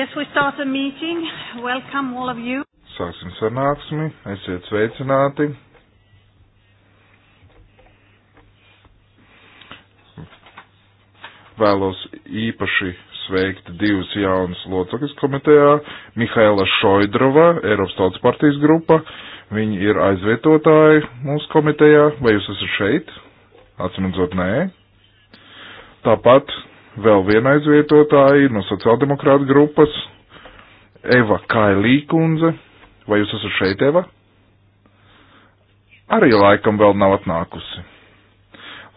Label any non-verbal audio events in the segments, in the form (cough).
Yes, we start a meeting. Welcome all of you. Sāksim sanāksmi. Esiet sveicināti. Vēlos īpaši sveikt divus jaunus locekļus komitejā. Mihaila Šoidrova, Eiropas Tautas partijas grupa. Viņi ir aizvietotāji mūsu komitejā. Vai jūs esat šeit? Atsimredzot, nē. Tāpat vēl viena aizvietotāja no sociāldemokrāta grupas, Eva Kailī kundze. Vai jūs esat šeit, Eva? Arī laikam vēl nav atnākusi.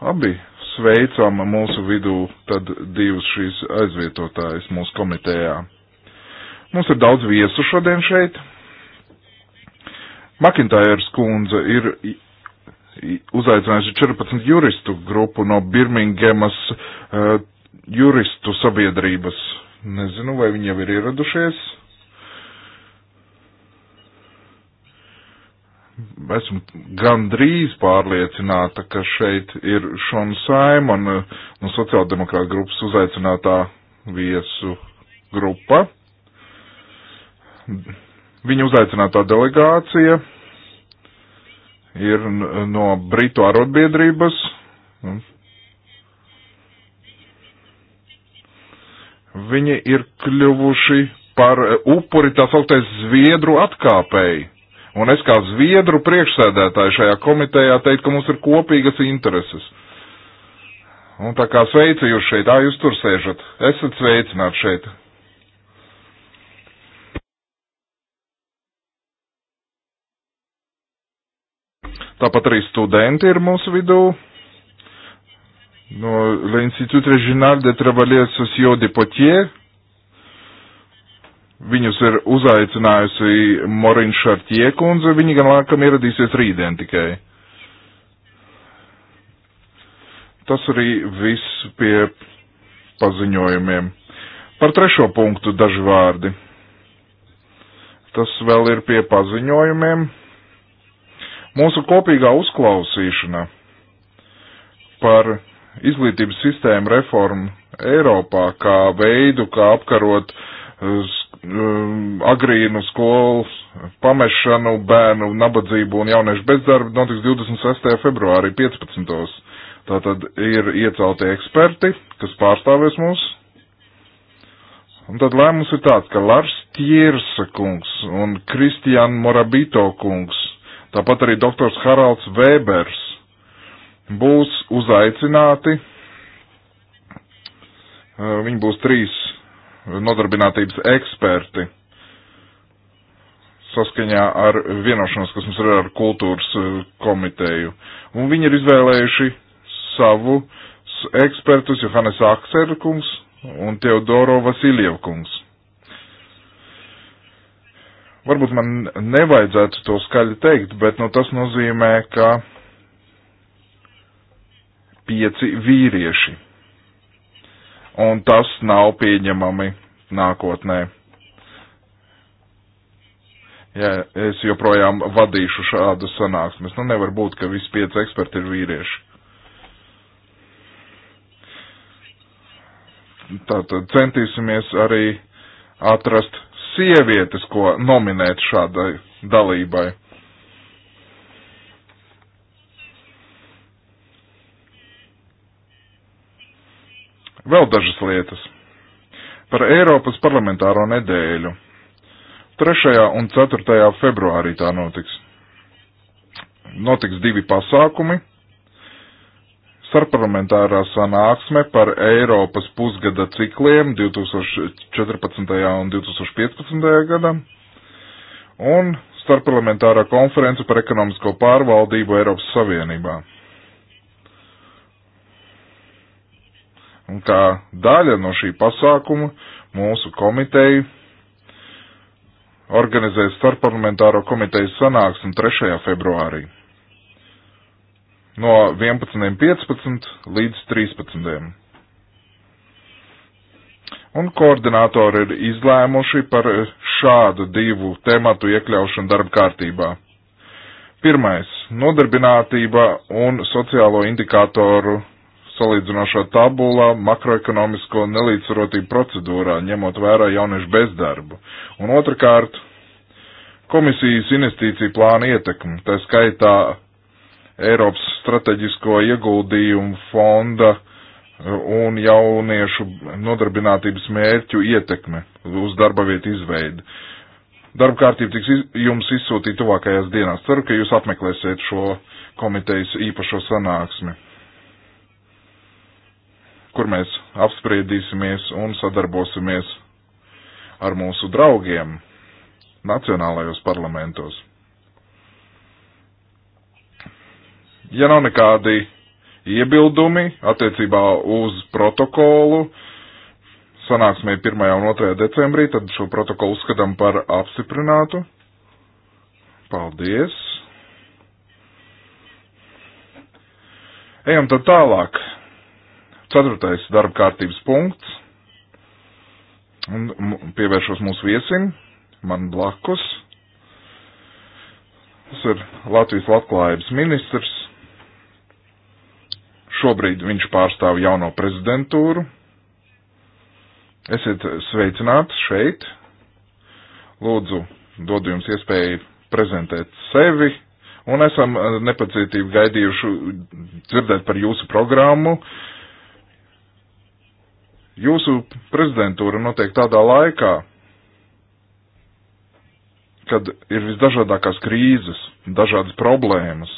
Abi sveicam mūsu vidū tad divus šīs aizvietotājas mūsu komitejā. Mums ir daudz viesu šodien šeit. Makintājers kundze ir uzaicinājusi 14 juristu grupu no Birmingemas uh, juristu sabiedrības. Nezinu, vai viņi jau ir ieradušies. esmu gandrīz pārliecināta, ka šeit ir Šona Saimona eh, no sociāldemokrāta grupas uzaicinātā viesu grupa. Viņa uzaicinātā delegācija ir no Britu arotbiedrības, viņi ir kļuvuši par e, upuri tā sauktais zviedru atkāpēji. Un es kā zviedru priekšsēdētāju šajā komitejā teicu, ka mums ir kopīgas intereses. Un tā kā sveicu jūs šeit, ā, jūs tur sēžat. Esat sveicināti šeit. Tāpat arī studenti ir mūsu vidū no l'Institut Reģional de Travalier Socio de Potier. Viņus ir uzaicinājusi Morina Šartie kundze, viņi gan laikam ieradīsies rītdien tikai. Tas arī viss pie paziņojumiem. Par trešo punktu daži vārdi. Tas vēl ir pie paziņojumiem. Mūsu kopīgā uzklausīšana par izglītības sistēmu reformu Eiropā kā veidu, kā apkarot eh, eh, agrīnu skolas pamešanu, bērnu nabadzību un jauniešu bezdarbu notiks 26. februārī 15. Tātad ir iecelti eksperti, kas pārstāvēs mūs. Un tad lēmums ir tāds, ka Lars Tiersa kungs un Kristian Morabito kungs, tāpat arī doktors Haralds Vēbers būs uzaicināti. Eh, viņi būs trīs nodarbinātības eksperti saskaņā ar vienošanos, kas mums ir ar kultūras eh, komiteju. Un viņi ir izvēlējuši savu ekspertus Johannes Akserkungs un Teodoro Vasiljevkungs. Varbūt man nevajadzētu to skaļi teikt, bet nu, tas nozīmē, ka pieci vīrieši. Un tas nav pieņemami nākotnē. Ja es joprojām vadīšu šādu sanāksmes, nu nevar būt, ka visi pieci eksperti ir vīrieši. Tātad centīsimies arī atrast sievietes, ko nominēt šādai dalībai. Vēl dažas lietas par Eiropas parlamentāro nedēļu. 3. un 4. februārī tā notiks. Notiks divi pasākumi. Sarparlamentārā sanāksme par Eiropas pusgada cikliem 2014. un 2015. gadam un starparlamentārā konference par ekonomisko pārvaldību Eiropas Savienībā. Un kā daļa no šī pasākuma mūsu komiteja organizēs starpparlamentāro komiteju sanāksmi 3. februārī no 11.15 līdz 13. Un koordinātori ir izlēmuši par šādu divu tematu iekļaušanu darba kārtībā. Pirmais - nodarbinātība un sociālo indikātoru salīdzinošā tabula makroekonomisko nelīdzsvarotību procedūrā, ņemot vērā jauniešu bezdarbu. Un otrkārt, komisijas investīciju plāna ietekmi, tā skaitā Eiropas strateģisko ieguldījumu fonda un jauniešu nodarbinātības mērķu ietekme uz darba vietu izveidi. Darba kārtība tiks iz, jums izsūtīta tuvākajās dienās. Ceru, ka jūs apmeklēsiet šo komitejas īpašo sanāksmi kur mēs apspriedīsimies un sadarbosimies ar mūsu draugiem nacionālajos parlamentos. Ja nav nekādi iebildumi attiecībā uz protokolu, sanāksmē 1. un 2. decembrī, tad šo protokolu uzskatām par apstiprinātu. Paldies! Ejam tad tālāk. Ceturtais darba kārtības punkts. Un pievēršos mūsu viesim, man blakus. Tas ir Latvijas labklājības ministrs. Šobrīd viņš pārstāv jauno prezidentūru. Esiet sveicināti šeit. Lūdzu, dodu jums iespēju prezentēt sevi, un esam eh, nepacietību gaidījuši dzirdēt par jūsu programmu, Jūsu prezidentūra notiek tādā laikā, kad ir visdažādākās krīzes, dažādas problēmas,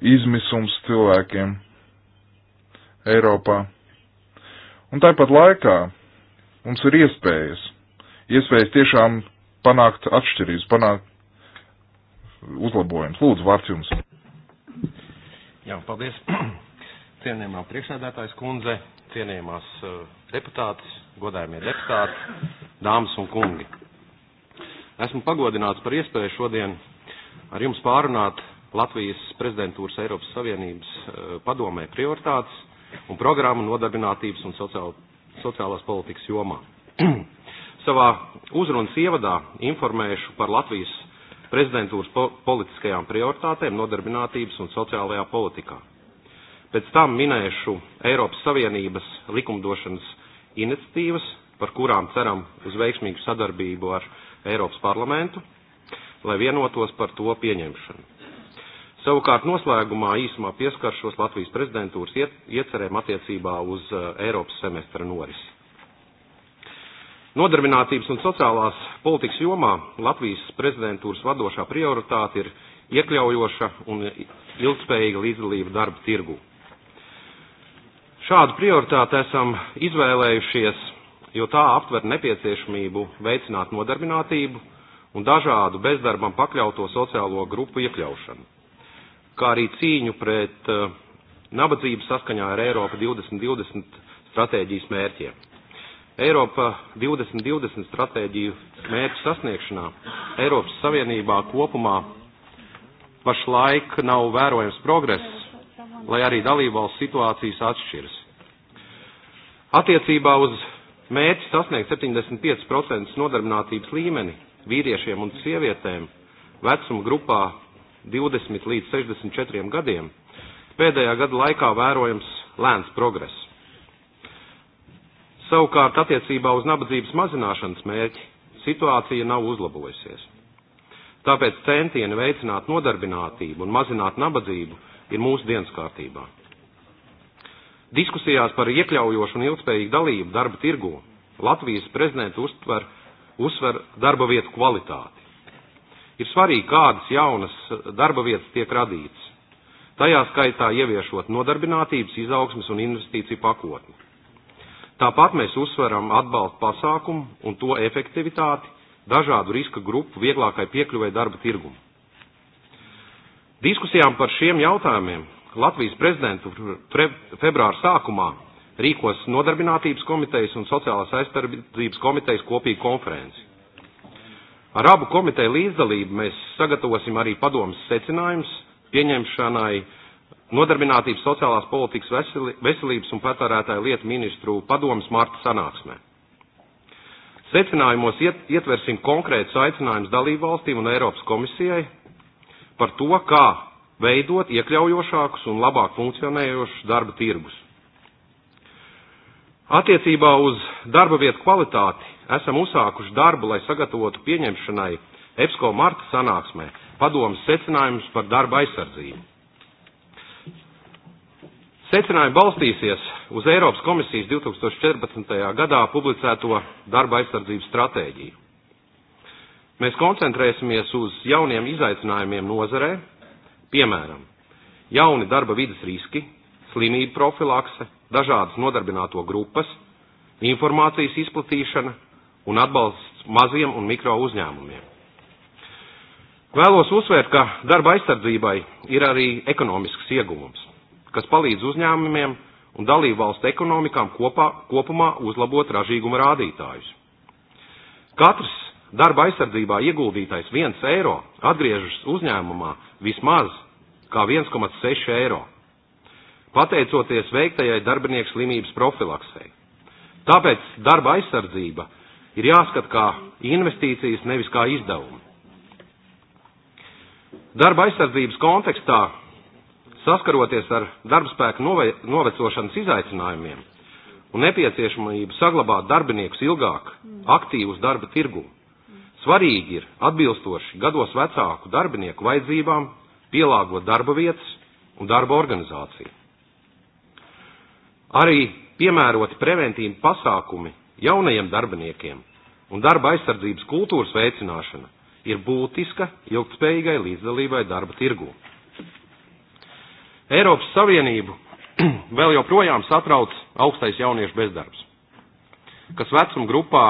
izmisums cilvēkiem Eiropā. Un tāpat laikā mums ir iespējas, iespējas tiešām panākt atšķirības, panākt uzlabojumus. Lūdzu, vārds jums. Jā, paldies. (clears throat) cienījumā priekšsēdētājs kundze, cienījumās e, deputātes, godājumie deputāti, dāmas un kungi. Esmu pagodināts par iespēju šodien ar jums pārunāt Latvijas prezidentūras Eiropas Savienības e, padomē prioritātes un programmu nodarbinātības un sociāla, sociālās politikas jomā. (clears throat) Savā uzrunas ievadā informēšu par Latvijas prezidentūras po politiskajām prioritātēm nodarbinātības un sociālajā politikā. Pēc tam minēšu Eiropas Savienības likumdošanas iniciatīvas, par kurām ceram uz veiksmīgu sadarbību ar Eiropas parlamentu, lai vienotos par to pieņemšanu. Savukārt noslēgumā īsumā pieskaršos Latvijas prezidentūras iecerēm attiecībā uz uh, Eiropas semestra norisi. Nodarbinātības un sociālās politikas jomā Latvijas prezidentūras vadošā prioritāte ir iekļaujoša un ilgspējīga līdzdalība darba tirgu. Šādu prioritāti esam izvēlējušies, jo tā aptver nepieciešamību veicināt nodarbinātību un dažādu bezdarbam pakļauto sociālo grupu iekļaušanu, kā arī cīņu pret eh, nabadzību saskaņā ar Eiropa 2020 stratēģijas mērķiem. Eiropa 2020 stratēģiju mērķu sasniegšanā Eiropas Savienībā kopumā pašlaik nav vērojams progress, lai arī dalībvalsts situācijas atšķiras. Attiecībā uz mērķi sasniegt 75% nodarbinātības līmeni vīriešiem un sievietēm vecuma grupā 20 līdz 64 gadiem pēdējā gada laikā vērojams lēns progress. Savukārt attiecībā uz nabadzības mazināšanas mērķi situācija nav uzlabojusies. Tāpēc centieni veicināt nodarbinātību un mazināt nabadzību ir mūsu dienas kārtībā. Diskusijās par iekļaujošu un ilgspējīgu dalību darba tirgu Latvijas prezidents uztver, uzsver darba vietu kvalitāti. Ir svarīgi, kādas jaunas darba vietas tiek radītas, tajā skaitā ieviešot nodarbinātības, izaugsmas un investīciju pakotni. Tāpat mēs uzsveram atbalstu pasākumu un to efektivitāti dažādu riska grupu vieglākai piekļuvai darba tirgumu. Diskusijām par šiem jautājumiem Latvijas prezidentu februāra sākumā rīkos Nodarbinātības komitejas un Sociālās aizstardzības komitejas kopīga konferenci. Ar abu komiteju līdzdalību mēs sagatavosim arī padomas secinājums pieņemšanai Nodarbinātības sociālās politikas veseli, veselības un patērētāju lietu ministru padomas marta sanāksmē. Secinājumos iet, ietversim konkrētus aicinājumus dalībvalstīm un Eiropas komisijai par to, kā veidot iekļaujošākus un labāk funkcionējošus darba tirgus. Attiecībā uz darba vietu kvalitāti esam uzsākuši darbu, lai sagatavotu pieņemšanai EPSCO marta sanāksmē padomas secinājumus par darba aizsardzību. Secinājumi balstīsies uz Eiropas komisijas 2014. gadā publicēto darba aizsardzības stratēģiju. Mēs koncentrēsimies uz jauniem izaicinājumiem nozarē, piemēram, jauni darba vidas riski, slimību profilakse, dažādas nodarbināto grupas, informācijas izplatīšana un atbalsts maziem un mikro uzņēmumiem. Vēlos uzsvērt, ka darba aizsardzībai ir arī ekonomisks iegumums, kas palīdz uzņēmumiem un dalību valstu ekonomikām kopā, kopumā uzlabot ražīguma rādītājus. Katrs darba aizsardzībā ieguldītais 1 eiro atgriežas uzņēmumā vismaz kā 1,6 eiro, pateicoties veiktajai darbinieku slimības profilaksei. Tāpēc darba aizsardzība ir jāskat kā investīcijas, nevis kā izdevumi. Darba aizsardzības kontekstā, saskaroties ar darbspēku nove, novecošanas izaicinājumiem un nepieciešamību saglabāt darbiniekus ilgāk aktīvus darba tirgu, Svarīgi ir atbilstoši gados vecāku darbinieku vajadzībām pielāgot darba vietas un darba organizāciju. Arī piemēroti preventīvi pasākumi jaunajiem darbiniekiem un darba aizsardzības kultūras veicināšana ir būtiska ilgspējīgai līdzdalībai darba tirgū. Eiropas Savienību (clears throat) vēl joprojām satrauc augstais jauniešu bezdarbs, kas vecuma grupā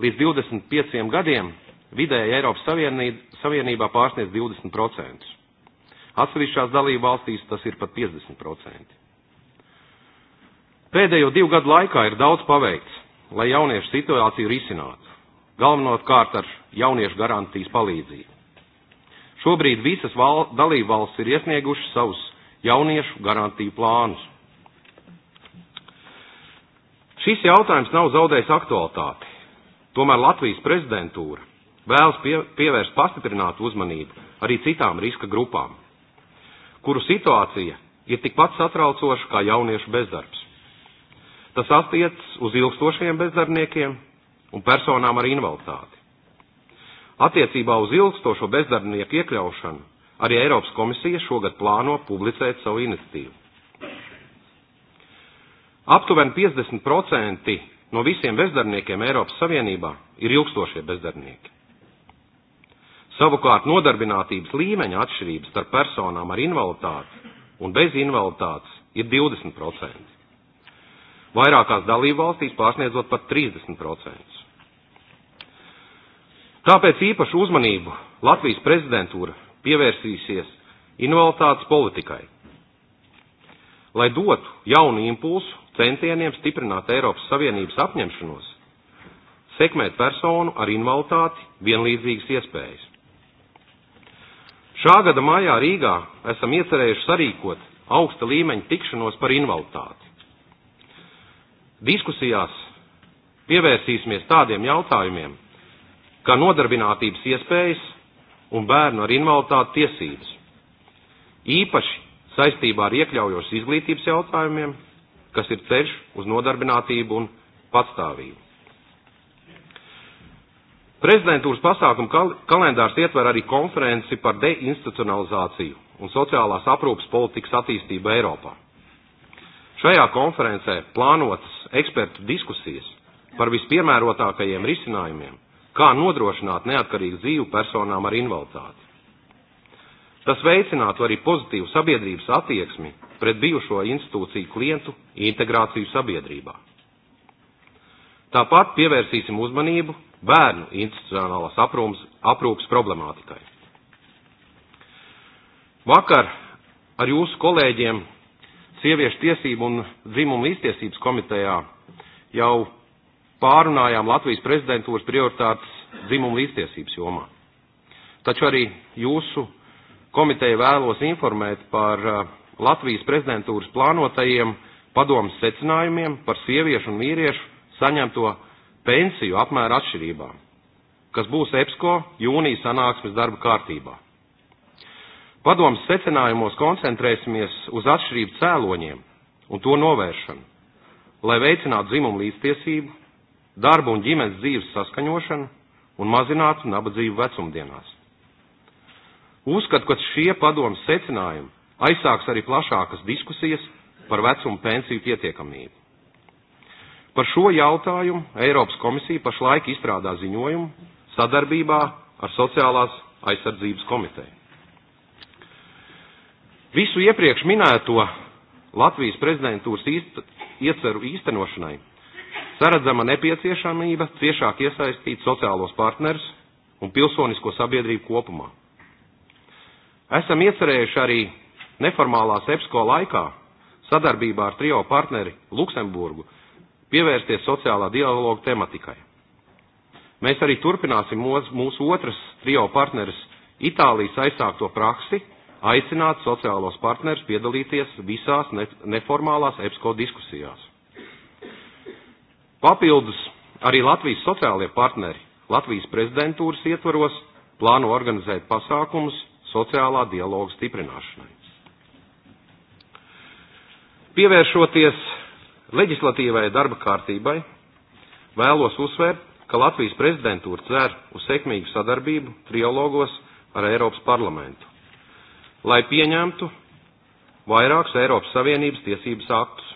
Līdz 25 gadiem vidēji Eiropas Savienībā pārsniedz 20%. Atsevišķās dalību valstīs tas ir pat 50%. Pēdējo divu gadu laikā ir daudz paveikts, lai jauniešu situāciju risinātu, galvenokārt ar jauniešu garantijas palīdzību. Šobrīd visas val dalību valsts ir iesniegušas savus jauniešu garantiju plānus. Šis jautājums nav zaudējis aktualitāti Tomēr Latvijas prezidentūra vēlas pie, pievērst pastiprinātu uzmanību arī citām riska grupām, kuru situācija ir tikpat satraucoša kā jauniešu bezdarbs. Tas attiecas uz ilgstošiem bezdarbniekiem un personām ar invaliditāti. Attiecībā uz ilgstošo bezdarbnieku iekļaušanu arī Eiropas komisija šogad plāno publicēt savu iniciatīvu. Aptuveni 50% No visiem bezdarbniekiem Eiropas Savienībā ir ilgstošie bezdarbnieki. Savukārt nodarbinātības līmeņa atšķirības starp personām ar invaliditāti un bez invaliditātes ir 20%, vairākās dalībvalstīs pārsniedzot pat 30%. Tāpēc īpašu uzmanību Latvijas prezidentūra pievērsīsies invaliditātes politikai, lai dotu jaunu impulsu centieniem stiprināt Eiropas Savienības apņemšanos, sekmēt personu ar invaliditāti vienlīdzīgas iespējas. Šā gada mājā Rīgā esam iecerējuši sarīkot augsta līmeņa tikšanos par invaliditāti. Diskusijās pievērsīsimies tādiem jautājumiem, kā nodarbinātības iespējas un bērnu ar invaliditāti tiesības, īpaši saistībā ar iekļaujošas izglītības jautājumiem kas ir ceļš uz nodarbinātību un patstāvību. Prezidentūras pasākumu kal kalendārs ietver arī konferenci par deinstitucionalizāciju un sociālās aprūpas politikas attīstību Eiropā. Šajā konferencē plānotas ekspertu diskusijas par vispiemērotākajiem risinājumiem, kā nodrošināt neatkarīgu dzīvu personām ar invaliditāti. Tas veicinātu arī pozitīvu sabiedrības attieksmi pret bijušo institūciju klientu integrāciju sabiedrībā. Tāpat pievērsīsim uzmanību bērnu institucionālās aprūms, aprūpas problemātikai. Vakar ar jūsu kolēģiem Sieviešu tiesību un dzimumu līdztiesības komitejā jau pārunājām Latvijas prezidentūras prioritātes dzimumu līdztiesības jomā. Taču arī jūsu komiteja vēlos informēt par uh, Latvijas prezidentūras plānotajiem padomas secinājumiem par sieviešu un vīriešu saņemto pensiju apmēra atšķirībām, kas būs EPSCO jūnija sanāksmes darba kārtībā. Padomas secinājumos koncentrēsimies uz atšķirību cēloņiem un to novēršanu, lai veicinātu dzimumu līdztiesību, darbu un ģimenes dzīves saskaņošanu un mazinātu nabadzību vecumdienās. Uzskatu, ka šie padomu secinājumi aizsāks arī plašākas diskusijas par vecumu pensiju pietiekamību. Par šo jautājumu Eiropas komisija pašlaik izstrādā ziņojumu sadarbībā ar Sociālās aizsardzības komiteju. Visu iepriekš minēto Latvijas prezidentūras īst, ieceru īstenošanai saredzama nepieciešamība ciešāk iesaistīt sociālos partnerus un pilsonisko sabiedrību kopumā. Esam iecerējuši arī neformālās EPSCO laikā sadarbībā ar trio partneri Luksemburgu pievērsties sociālā dialoga tematikai. Mēs arī turpināsim mūsu otras trio partneres Itālijas aizsākto praksi aicināt sociālos partnerus piedalīties visās neformālās EPSCO diskusijās. Papildus arī Latvijas sociālie partneri Latvijas prezidentūras ietvaros plāno organizēt pasākumus sociālā dialoga stiprināšanai. Pievēršoties leģislatīvai darba kārtībai, vēlos uzsvērt, ka Latvijas prezidentūra cer uz sekmīgu sadarbību trialogos ar Eiropas parlamentu, lai pieņemtu vairākus Eiropas Savienības tiesības aktus,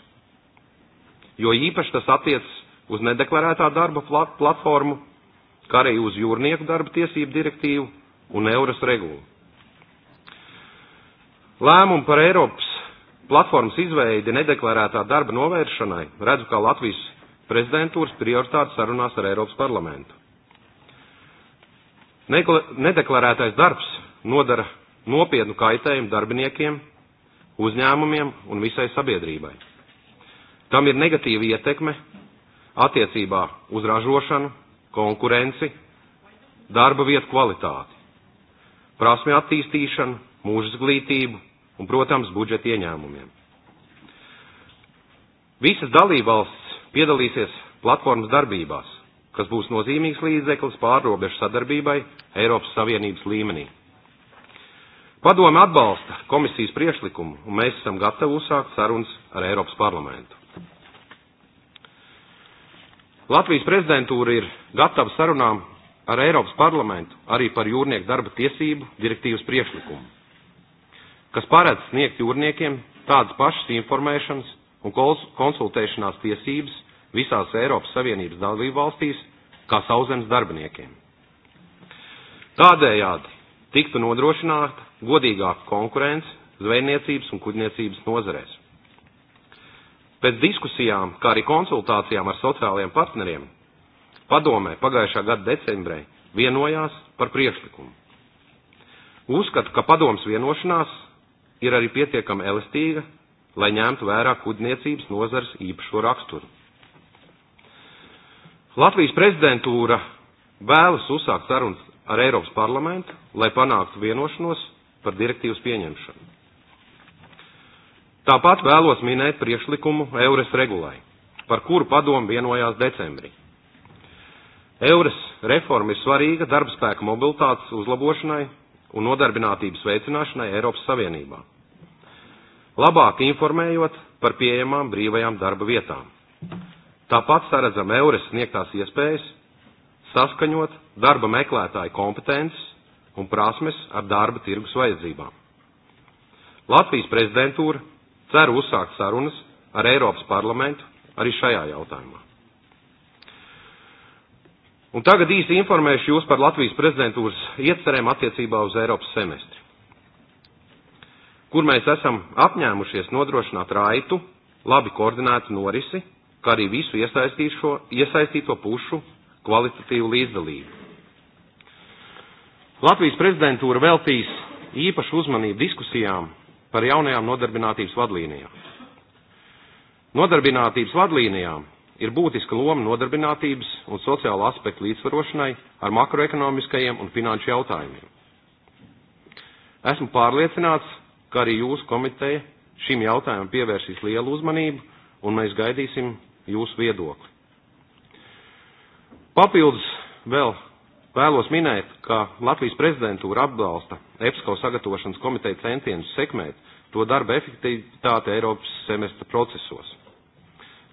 jo īpaši tas attiecas uz nedeklarētā darba platformu, kā arī uz jūrnieku darba tiesību direktīvu un Euras regulu. Lēmumu par Eiropas platformas izveidi nedeklarētā darba novēršanai redzu kā Latvijas prezidentūras prioritāti sarunās ar Eiropas parlamentu. Nedeklarētais darbs nodara nopietnu kaitējumu darbiniekiem, uzņēmumiem un visai sabiedrībai. Tam ir negatīva ietekme attiecībā uz ražošanu, konkurenci, darba vietu kvalitāti, prasmi attīstīšanu, mūža izglītību, un, protams, budžeta ieņēmumiem. Visas dalībvalsts piedalīsies platformas darbībās, kas būs nozīmīgs līdzeklis pārrobežu sadarbībai Eiropas Savienības līmenī. Padome atbalsta komisijas priešlikumu, un mēs esam gatavi uzsākt sarunas ar Eiropas parlamentu. Latvijas prezidentūra ir gatava sarunām ar Eiropas parlamentu arī par jūrnieku darba tiesību direktīvas priešlikumu kas paredz sniegt jūrniekiem tādas pašas informēšanas un konsultēšanās tiesības visās Eiropas Savienības dalību valstīs kā sauszemes darbiniekiem. Tādējādi tiktu nodrošināta godīgāka konkurence zvejniecības un kuģniecības nozarēs. Pēc diskusijām, kā arī konsultācijām ar sociālajiem partneriem, padomē pagājušā gada decembrē vienojās par priekšlikumu. Uzskatu, ka padoms vienošanās ir arī pietiekami elastīga, lai ņemtu vērā kudniecības nozars īpašo raksturu. Latvijas prezidentūra vēlas uzsākt sarunas ar Eiropas parlamentu, lai panāktu vienošanos par direktīvas pieņemšanu. Tāpat vēlos minēt priekšlikumu Eures regulai, par kuru padomu vienojās decembrī. Eures reforma ir svarīga darbspēka mobilitātes uzlabošanai un nodarbinātības veicināšanai Eiropas Savienībā, labāk informējot par pieejamām brīvajām darba vietām. Tāpat saredzam eures sniegtās iespējas saskaņot darba meklētāju kompetences un prasmes ar darba tirgus vajadzībām. Latvijas prezidentūra cer uzsākt sarunas ar Eiropas parlamentu arī šajā jautājumā. Un tagad īsi informēšu jūs par Latvijas prezidentūras iecerēm attiecībā uz Eiropas semestri, kur mēs esam apņēmušies nodrošināt raitu, labi koordinētu norisi, kā arī visu iesaistīto pušu kvalitatīvu līdzdalību. Latvijas prezidentūra veltīs īpašu uzmanību diskusijām par jaunajām nodarbinātības vadlīnijām. Nodarbinātības vadlīnijām ir būtiska loma nodarbinātības un sociāla aspekta līdzsvarošanai ar makroekonomiskajiem un finanšu jautājumiem. Esmu pārliecināts, ka arī jūsu komiteja šim jautājumam pievērsīs lielu uzmanību, un mēs gaidīsim jūsu viedokli. Papildus vēl vēlos minēt, ka Latvijas prezidentūra atbalsta EPSCO sagatavošanas komiteja centienus sekmēt to darba efektivitāti Eiropas semestra procesos.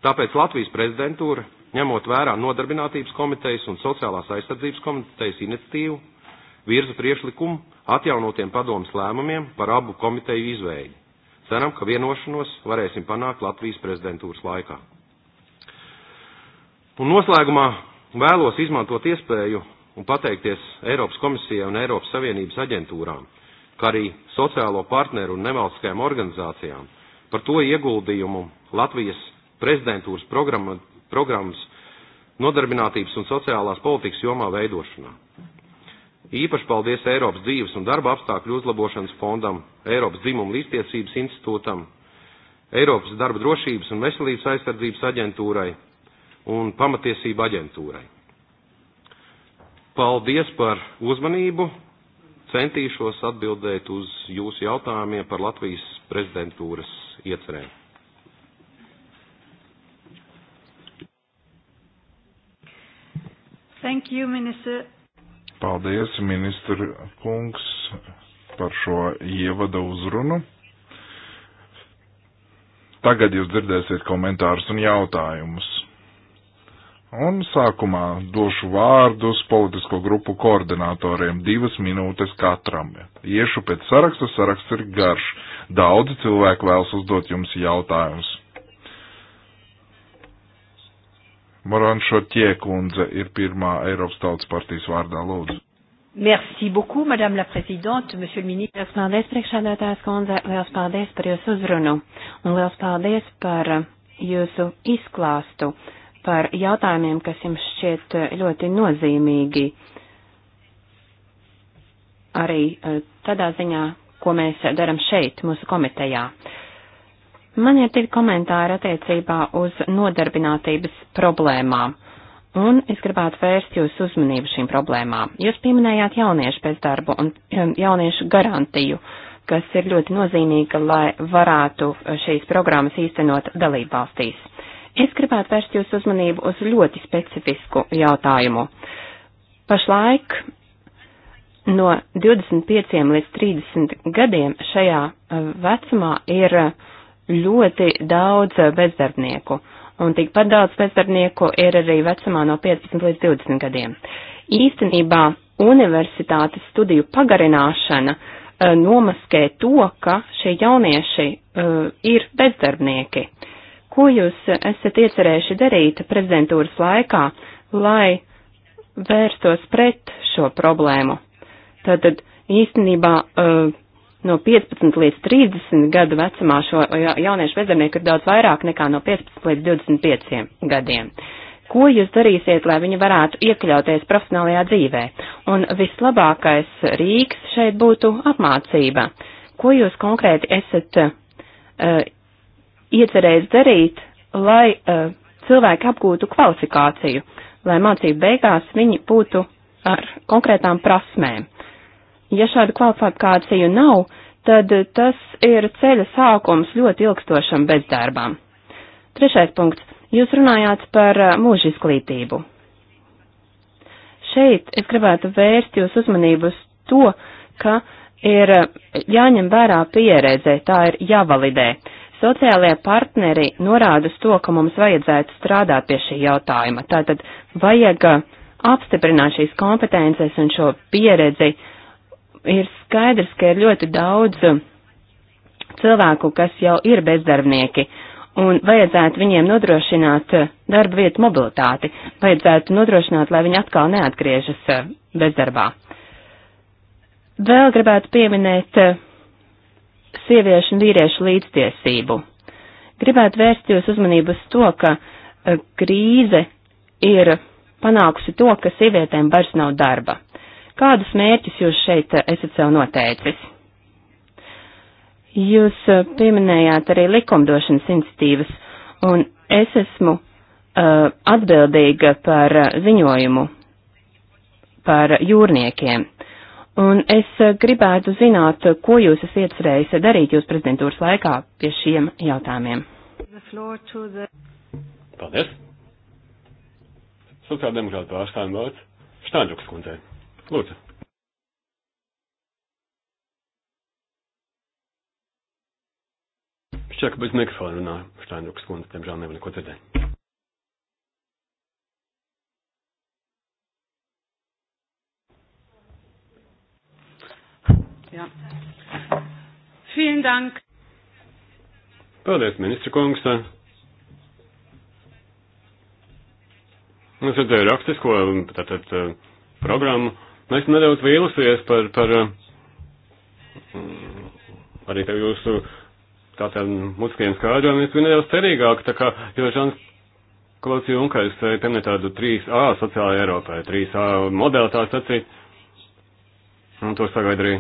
Tāpēc Latvijas prezidentūra, ņemot vērā Nodarbinātības komitejas un Sociālās aizsardzības komitejas iniciatīvu, virza priekšlikumu atjaunotiem padomas lēmumiem par abu komiteju izveidi. Ceram, ka vienošanos varēsim panākt Latvijas prezidentūras laikā. Un noslēgumā vēlos izmantot iespēju un pateikties Eiropas komisijai un Eiropas Savienības aģentūrām, kā arī sociālo partneru un nevalstiskajām organizācijām par to ieguldījumu Latvijas prezidentūras programma, programmas nodarbinātības un sociālās politikas jomā veidošanā. Īpaši paldies Eiropas dzīves un darba apstākļu uzlabošanas fondam, Eiropas dzimumu līdztiesības institūtam, Eiropas darba drošības un veselības aizsardzības aģentūrai un pamatiesība aģentūrai. Paldies par uzmanību. Centīšos atbildēt uz jūsu jautājumiem par Latvijas prezidentūras iecerēm. Thank you, minister. Paldies, ministra kungs, par šo ievada uzrunu. Tagad jūs dzirdēsiet komentārus un jautājumus. Un sākumā došu vārdus politisko grupu koordinatoriem divas minūtes katram. Iešu pēc saraksta, saraksts ir garš. Daudzi cilvēki vēlas uzdot jums jautājumus. Moranšo Tiekundze ir pirmā Eiropas Tautas partijas vārdā lūdzu. Merci beaucoup, Madame la Présidente, Monsieur le Ministre. Liels paldies, priekšādātājs kundze, liels paldies par jūsu uzrunu un liels paldies par jūsu izklāstu par jautājumiem, kas jums šķiet ļoti nozīmīgi. Arī eh, tādā ziņā, ko mēs daram šeit, mūsu komitejā. Uh, Man ir divi komentāri attiecībā uz nodarbinātības problēmām, un es gribētu vērst jūsu uzmanību šīm problēmām. Jūs pieminējāt jauniešu bezdarbu un ehm, jauniešu garantiju, kas ir ļoti nozīmīga, lai varētu eh, šīs programmas īstenot dalībvalstīs. Es gribētu vērst jūsu uzmanību uz ļoti specifisku jautājumu. Pašlaik no 25 līdz 30 gadiem šajā eh, vecumā ir uh, ļoti daudz eh, bezdarbnieku, un tikpat daudz bezdarbnieku ir arī vecumā no 15 līdz 20 gadiem. Īstenībā universitātes studiju pagarināšana uh, nomaskē to, ka šie jaunieši uh, ir bezdarbnieki. Ko jūs esat iecerējuši darīt prezidentūras laikā, lai vērstos pret šo problēmu? Tātad īstenībā uh, no 15 līdz 30 gadu vecumā šo jauniešu bezdarbnieku ir daudz vairāk nekā no 15 līdz 25 gadiem. Ko jūs darīsiet, lai viņi varētu iekļauties profesionālajā dzīvē? Un vislabākais rīks šeit būtu apmācība. Ko jūs konkrēti esat uh, iecerējis darīt, lai uh, cilvēki apgūtu kvalifikāciju, lai mācību beigās viņi būtu ar konkrētām prasmēm? Ja šāda kvalifikācija nav, tad tas ir ceļa sākums ļoti ilgstošam bezdarbām. Trešais punkts. Jūs runājāt par eh, mūža izglītību. Šeit es gribētu vērst jūs uzmanību uz to, ka ir eh, jāņem vērā pieredze, tā ir jāvalidē. Sociālajie partneri norāda uz to, ka mums vajadzētu strādāt pie šī jautājuma. Tātad vajag eh, apstiprināt šīs kompetences un šo pieredzi uh, ir skaidrs, ka ir ļoti daudz cilvēku, kas jau ir bezdarbnieki, un vajadzētu viņiem nodrošināt darba vietu mobilitāti, vajadzētu nodrošināt, lai viņi atkal neatgriežas bezdarbā. Vēl gribētu pieminēt sieviešu un vīriešu līdztiesību. Gribētu vērst jūs uzmanību uz to, ka eh, krīze ir panākusi to, ka sievietēm vairs nav darba. Kādus mērķus jūs šeit esat sev noteicis? Jūs eh, pieminējāt arī likumdošanas institīvas, un es esmu uh, atbildīga par eh, ziņojumu par jūrniekiem. Un es gribētu zināt, ko jūs esat iecerējis darīt jūs prezidentūras laikā pie šiem jautājumiem. The... Paldies! Sociāldemokrāta pārstāvja vārds Štāņģuks kundzei. Lūdzu. Šķiet, ka bez mikrofona runā Štainrukas kundze, diemžēl nevar neko dzirdēt. Jā. Vielen Dank. Paldies, ministra kungs. Mums ir rakstisko, tātad eh, programmu Nu, es nedaudz vīlusies par, par eh, arī tev jūsu tātad muskajiem skārģiem, es biju nedaudz cerīgāk, tā kā, jo Žans Klauds Junkais pieminē eh, tādu 3A sociālajā Eiropā, 3A modeli tā sacīt, un nu, to sagaida arī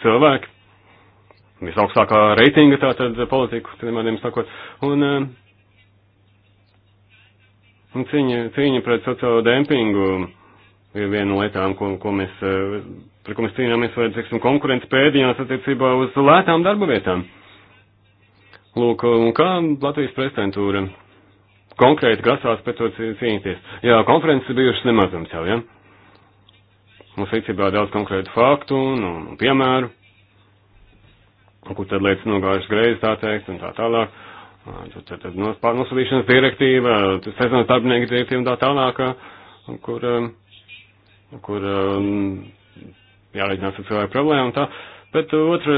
cilvēki. Visaugstākā reitinga tātad politiku, vienmēr sakot, un uh, Un cīņa, cīņa pret sociālo dempingu viena no lietām, ko, ko mēs, eh, par ko mēs cīnāmies, vai, teiksim, konkurences pēdījās attiecībā uz lētām darba vietām. Lūk, un kā Latvijas prezidentūra konkrēti grasās pret to cīnīties? Jā, konferences bijušas nemazums jau, jā. Ja? Mums rīcībā daudz konkrētu faktu un, un piemēru, kur tad lietas nogājušas greizi, tā teikt, un tā tālāk. Tad, tad, tad nosūtīšanas direktīva, sezonas darbinieku direktīva un tā tālāk, kur. Um, kur um, jārēģinās ar cilvēku problēmu un tā. Bet otra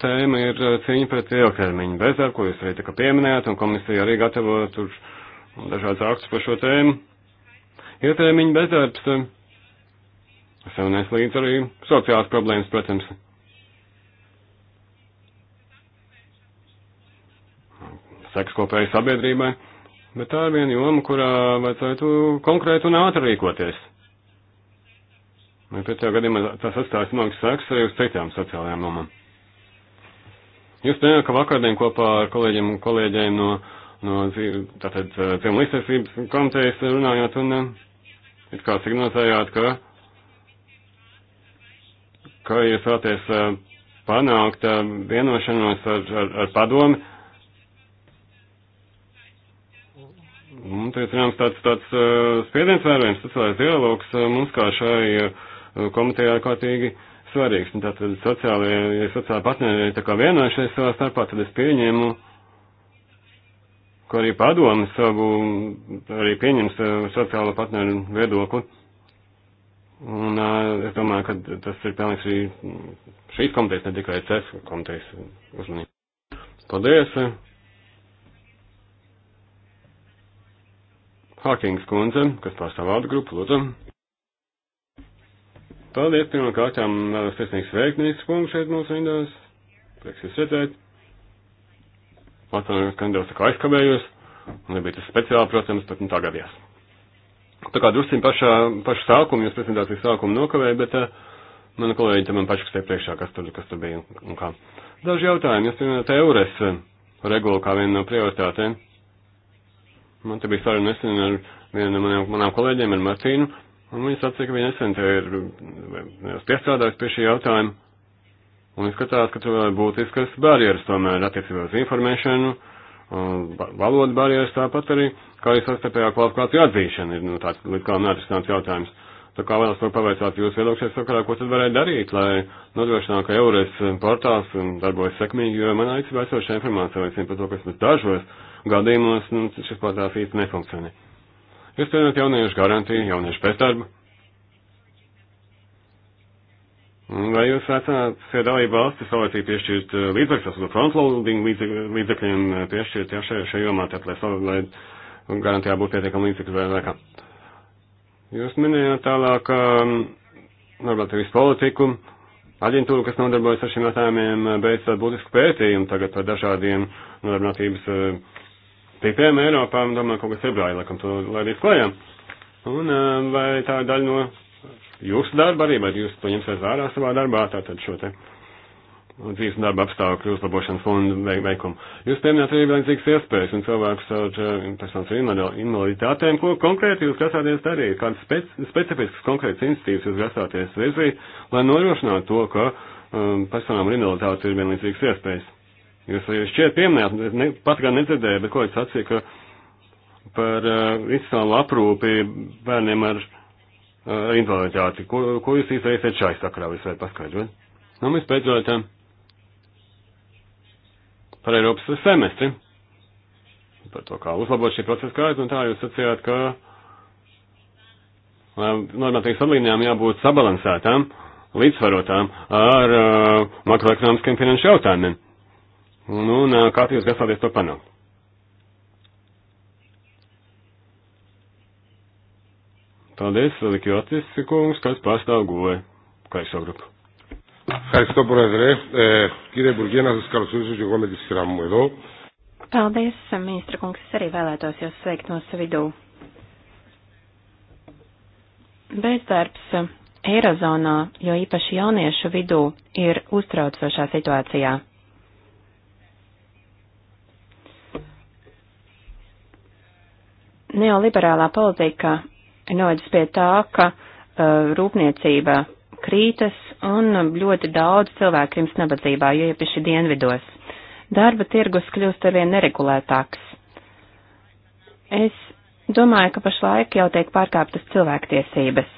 tēma ir uh, cīņa pret ilgtermiņu bezdarbu, ko jūs arī tā kā pieminējāt, un komisija arī gatavo tur dažādas aktus par šo tēmu. Ilgtermiņu bezdarbs uh, sev nes līdz arī sociālās problēmas, protams. Seks kopēji sabiedrībai, bet tā ir viena joma, kurā vajadzētu konkrēti un ātri rīkoties. Un pēc tā gadījumā tas atstās smagas sekas arī uz citām sociālajām nomām. Jūs teicāt, ka vakardien kopā ar kolēģiem un kolēģiem no, no tātad cilvēku līdztiesības komitejas runājāt un it kā signalizējāt, ka, ka jūs vēlaties panākt vienošanos ar, ar, ar padomi. Un, tā ir, zināms, tāds, tāds spiediens vērojams, sociālais dialogs mums kā šai uh, Uh, komiteja ārkārtīgi svarīgs. Un tātad sociālajie, sociālajie partneri tā kā vienojušies savā starpā, tad es pieņēmu, ka arī padomu savu, arī pieņems uh, sociālo partneru viedokli. Un uh, es domāju, ka tas ir pelnīgs šī, šīs komitejas, ne tikai CES komitejas uzmanību. Paldies! Hārkings kundze, kas pārstāv vārdu grupu, lūdzu. Paldies, pirmā kārtām vēlos tiesnīgs sveikt ministru kungu šeit mūsu rindās. Prieks jūs redzēt. Atvainojos, ka nedaudz tā kā aizkavējos. Nebija tas speciāli, protams, bet nu tā gadījās. Tā kā drusciņ pašā, pašu sākumu, jūs prezentācijas sākumu nokavēju, bet uh, mana kolēģi tam man paškas priekšā, kas tur, kas tur bija un kā. Daži jautājumi. Jūs pieminējāt eures eh, regulu kā vienu no prioritātēm. Man te bija saruna nesen ar vienu no maniem, manām kolēģiem, ar Martīnu. Un viņi sacīja, ka viņi nesen te ir piestrādājis pie šī jautājuma. Un izskatās, ka tur vēl ir būtiskas barjeras tomēr attiecībā uz informēšanu, valodu barjeras tāpat arī, kā arī sastarpējā kvalifikācija atzīšana ir nu, tāds līdz kā neatrisināts jautājums. Tā kā vēlas to pavaicāt jūs viedokšies sakarā, ko tad varēja darīt, lai nodrošinātu, ka Eures portāls um, darbojas sekmīgi, jo man aicināja esošā informācija liecina par to, ka vismaz dažos gadījumos nu, šis portāls īsti nefunkcionē. Izstrādāt jauniešu garantiju, jauniešu pēcdarbu. Vai jūs aicināt dalību valsti savlaicīgi piešķirt eh, līdzekļus, tātad frontloading līdzekļiem eh, piešķirt jau šajā, šajā jomā, tātad, lai, lai garantijā būtu pietiekami līdzekļi vai laikā? Jūs minējāt tālāk normatīvis um, politiku, aģentūru, kas nodarbojas ar šiem jautājumiem, eh, beidzot būtisku pētījumu tagad par dažādiem nodarbinātības uh, piektajām Eiropām, domāju, kaut kas februārī, laikam, to laidīs klajā. Un vai tā ir daļa no jūsu darba arī, vai jūs to ņemsiet vērā savā darbā, tātad šo te nu, dzīves un darba apstākļu uzlabošanas fondu veikumu. Jūs pieminējāt arī vienlīdzīgas iespējas un cilvēkus ar personas ar invaliditātēm, ko konkrēti jūs grasāties darīt, kādas spec specifiskas konkrētas institīvas jūs grasāties virzīt, lai nodrošinātu to, ka um, personām ar invaliditāti ir vienlīdzīgas iespējas. Jūs šķiet pieminējāt, ne, pat gan nedzirdēju, bet ko es sacīju, ka par uh, izsālu aprūpi bērniem ar uh, invaliditāti. Ko, ko jūs izveicat šai sakarā, jūs varat paskaidrot? Nu, mēs pēdējot uh, par Eiropas semestri, par to, kā uzlabot šī procesa kārtu, un tā jūs sacījāt, ka uh, normatīvas atlīnijām jābūt sabalansētām, līdzsvarotām ar uh, makroekonomiskiem finanšu jautājumiem. Nu, un, un kā jūs grasāties to panākt? Paldies, Likjotis kungs, kas pārstāv goja e Kaiso grupu. Ευχαριστώ, Πρόεδρε. Ε, κύριε Υπουργέ, να σας καλωσορίσω και εγώ με τη σειρά μου εδώ. Paldies, ministra kungs, es arī vēlētos jūs sveikt mūsu vidū. Bezdarbs Eirozonā, jo īpaši jauniešu vidū, ir uztraucošā situācijā. Neoliberālā politika noved pie tā, ka uh, rūpniecība krītas un ļoti daudz cilvēku krims nabadzībā, jo iepiši dienvidos. Darba tirgus kļūst arvien neregulētāks. Es domāju, ka pašlaik jau tiek pārkāptas cilvēktiesības.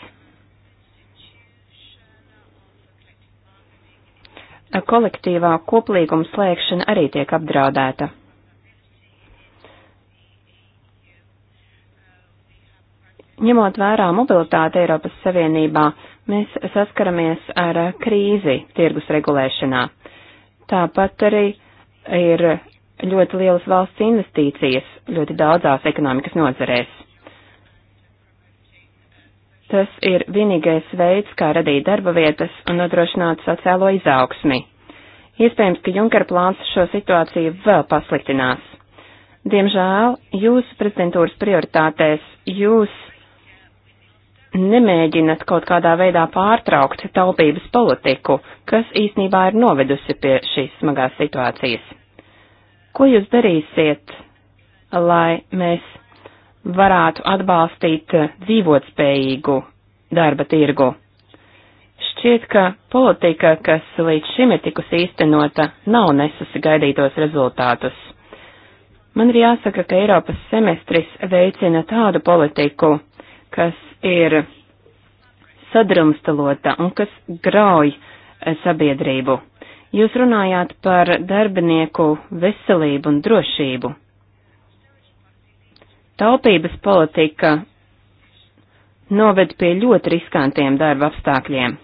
Kolektīvā koplīguma slēgšana arī tiek apdraudēta. Ņemot vērā mobilitāti Eiropas Savienībā, mēs saskaramies ar krīzi tirgus regulēšanā. Tāpat arī ir ļoti lielas valsts investīcijas ļoti daudzās ekonomikas nozarēs. Tas ir vienīgais veids, kā radīt darba vietas un nodrošināt sociālo izaugsmi. Iespējams, ka Junker plāns šo situāciju vēl pasliktinās. Diemžēl jūsu prezidentūras prioritātēs jūs nemēģinat kaut kādā veidā pārtraukt taupības politiku, kas īsnībā ir novedusi pie šīs smagās situācijas? Ko jūs darīsiet, lai mēs varētu atbalstīt dzīvotspējīgu darba tirgu? Šķiet, ka politika, kas līdz šim ir tikusi īstenota, nav nesusi gaidītos rezultātus. Man ir jāsaka, ka Eiropas semestris veicina tādu politiku, kas ir sadrumstalota un kas grauj eh, sabiedrību. Jūs runājāt par darbinieku veselību un drošību. Taupības politika noved pie ļoti riskantiem darba apstākļiem,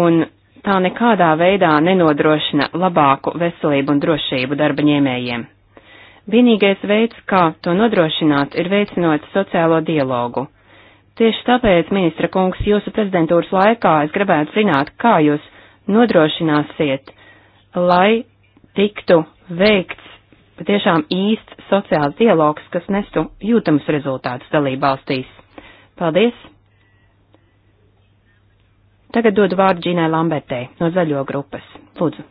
un tā nekādā veidā nenodrošina labāku veselību un drošību darba ņēmējiem. Vienīgais veids, kā to nodrošināt, ir veicinot sociālo dialogu Tieši tāpēc, ministra kungs, jūsu prezidentūras laikā es gribētu zināt, kā jūs nodrošināsiet, lai tiktu veikts patiešām īsts sociāls dialogs, kas nestu jūtamus rezultātus dalību valstīs. Paldies! Tagad dodu vārdu Džīnai Lambertei no Zaļo grupas. Lūdzu.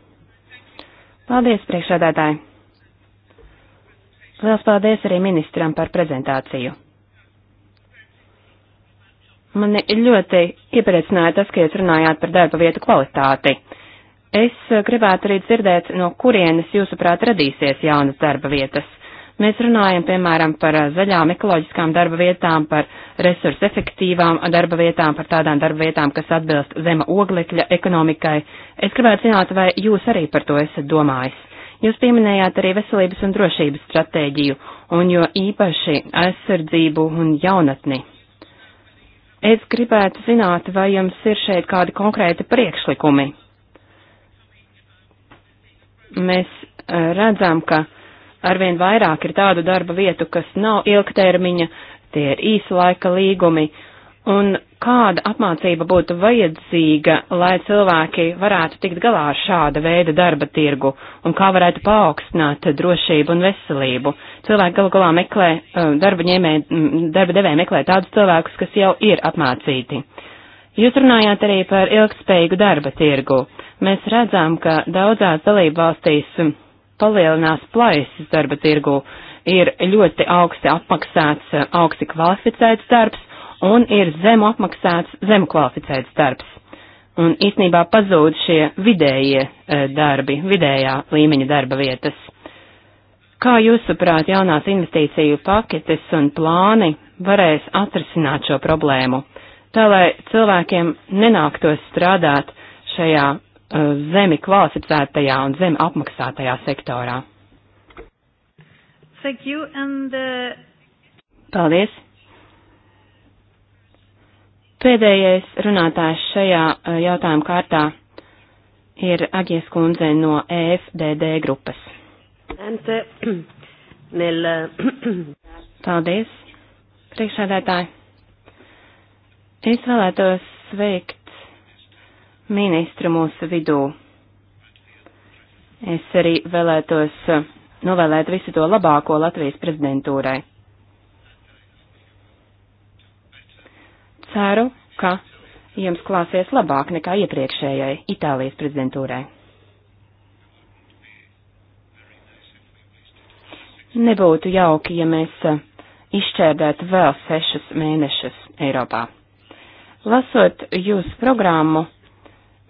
Paldies, priekšādātāji! Liels paldies arī ministram par prezentāciju. Mani ļoti iepriecināja tas, ka jūs runājāt par darba vietu kvalitāti. Es eh, gribētu arī dzirdēt, no kurienes jūsuprāt radīsies jaunas darba vietas. Mēs runājam, piemēram, par eh, zaļām ekoloģiskām darba vietām, par resursu efektīvām darba vietām, par tādām darba vietām, kas atbilst zema oglekļa ekonomikai. Es gribētu zināt, vai jūs arī par to esat domājis. Jūs pieminējāt arī veselības un drošības stratēģiju, un jo īpaši aizsardzību un jaunatni. Es gribētu zināt, vai jums ir šeit kādi konkrēti priekšlikumi. Mēs eh, redzam, ka arvien vairāk ir tādu darba vietu, kas nav ilgtermiņa, tie ir īsa laika līgumi, un kāda apmācība būtu vajadzīga, lai cilvēki varētu tikt galā ar šāda veida darba tirgu un kā varētu paaugstināt drošību un veselību. Cilvēki galu galā meklē, um, darba, ņēmē, darba devē meklē tādus cilvēkus, kas jau ir apmācīti. Jūs runājāt arī par ilgspējīgu darba tirgu. Mēs redzam, ka daudzās dalībvalstīs um, palielinās plaisas darba tirgu, ir ļoti augsti apmaksāts, um, augsti kvalificēts darbs, un ir zemu apmaksāts, zemu kvalificēts darbs. Un īsnībā pazūd šie vidējie eh, darbi, vidējā līmeņa darba vietas. Kā jūsuprāt, jaunās investīciju paketes un plāni varēs atrisināt šo problēmu, tā lai cilvēkiem nenāktos strādāt šajā uh, zemi kvalificētajā un zemi apmaksātajā sektorā? Thank you and, uh... Paldies! Pēdējais runātājs šajā jautājuma kārtā ir Agies kundze no EFDD grupas. (clears throat) (clears throat) Paldies, priekšādētāji. Es vēlētos sveikt ministru mūsu vidū. Es arī vēlētos novēlēt visu to labāko Latvijas prezidentūrai. Ceru, ka jums klāsies labāk nekā iepriekšējai Itālijas prezidentūrai. Nebūtu jauki, ja mēs uh, izšķērdētu vēl sešus mēnešus Eiropā. Lasot jūsu programmu,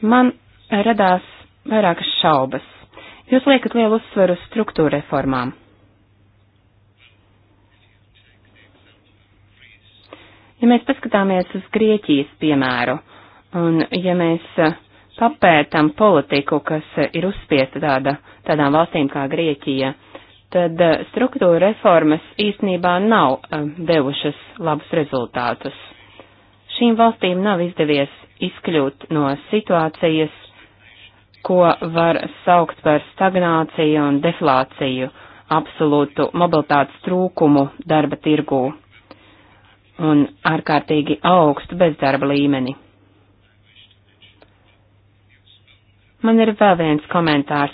man radās vairākas šaubas. Jūs liekat lielu uzsvaru struktūra reformām. Ja mēs paskatāmies uz Grieķijas piemēru, un ja mēs eh, papētam politiku, kas eh, ir uzspiesta tāda, tādām valstīm kā Grieķija, tad eh, struktūra reformas īstenībā nav devušas labus rezultātus. Šīm valstīm nav izdevies izkļūt no situācijas, ko var saukt par stagnāciju un deflāciju, absolūtu mobilitātes trūkumu darba tirgū un ārkārtīgi augstu bezdarba līmeni. Man ir vēl viens komentārs.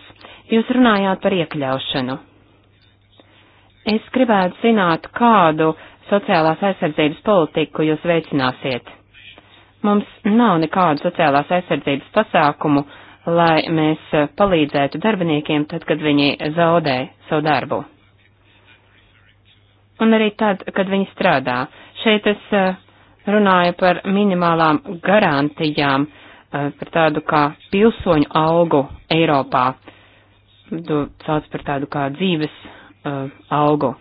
Jūs runājāt par iekļaušanu. Es gribētu zināt, kādu sociālās aizsardzības politiku jūs veicināsiet. Mums nav nekādu sociālās aizsardzības pasākumu, lai mēs palīdzētu darbiniekiem tad, kad viņi zaudē savu darbu. Un arī tad, kad viņi strādā. Šeit es eh, runāju par minimālām garantijām, eh, par tādu kā pilsoņu algu Eiropā. To sauc par tādu kā dzīves uh, algu.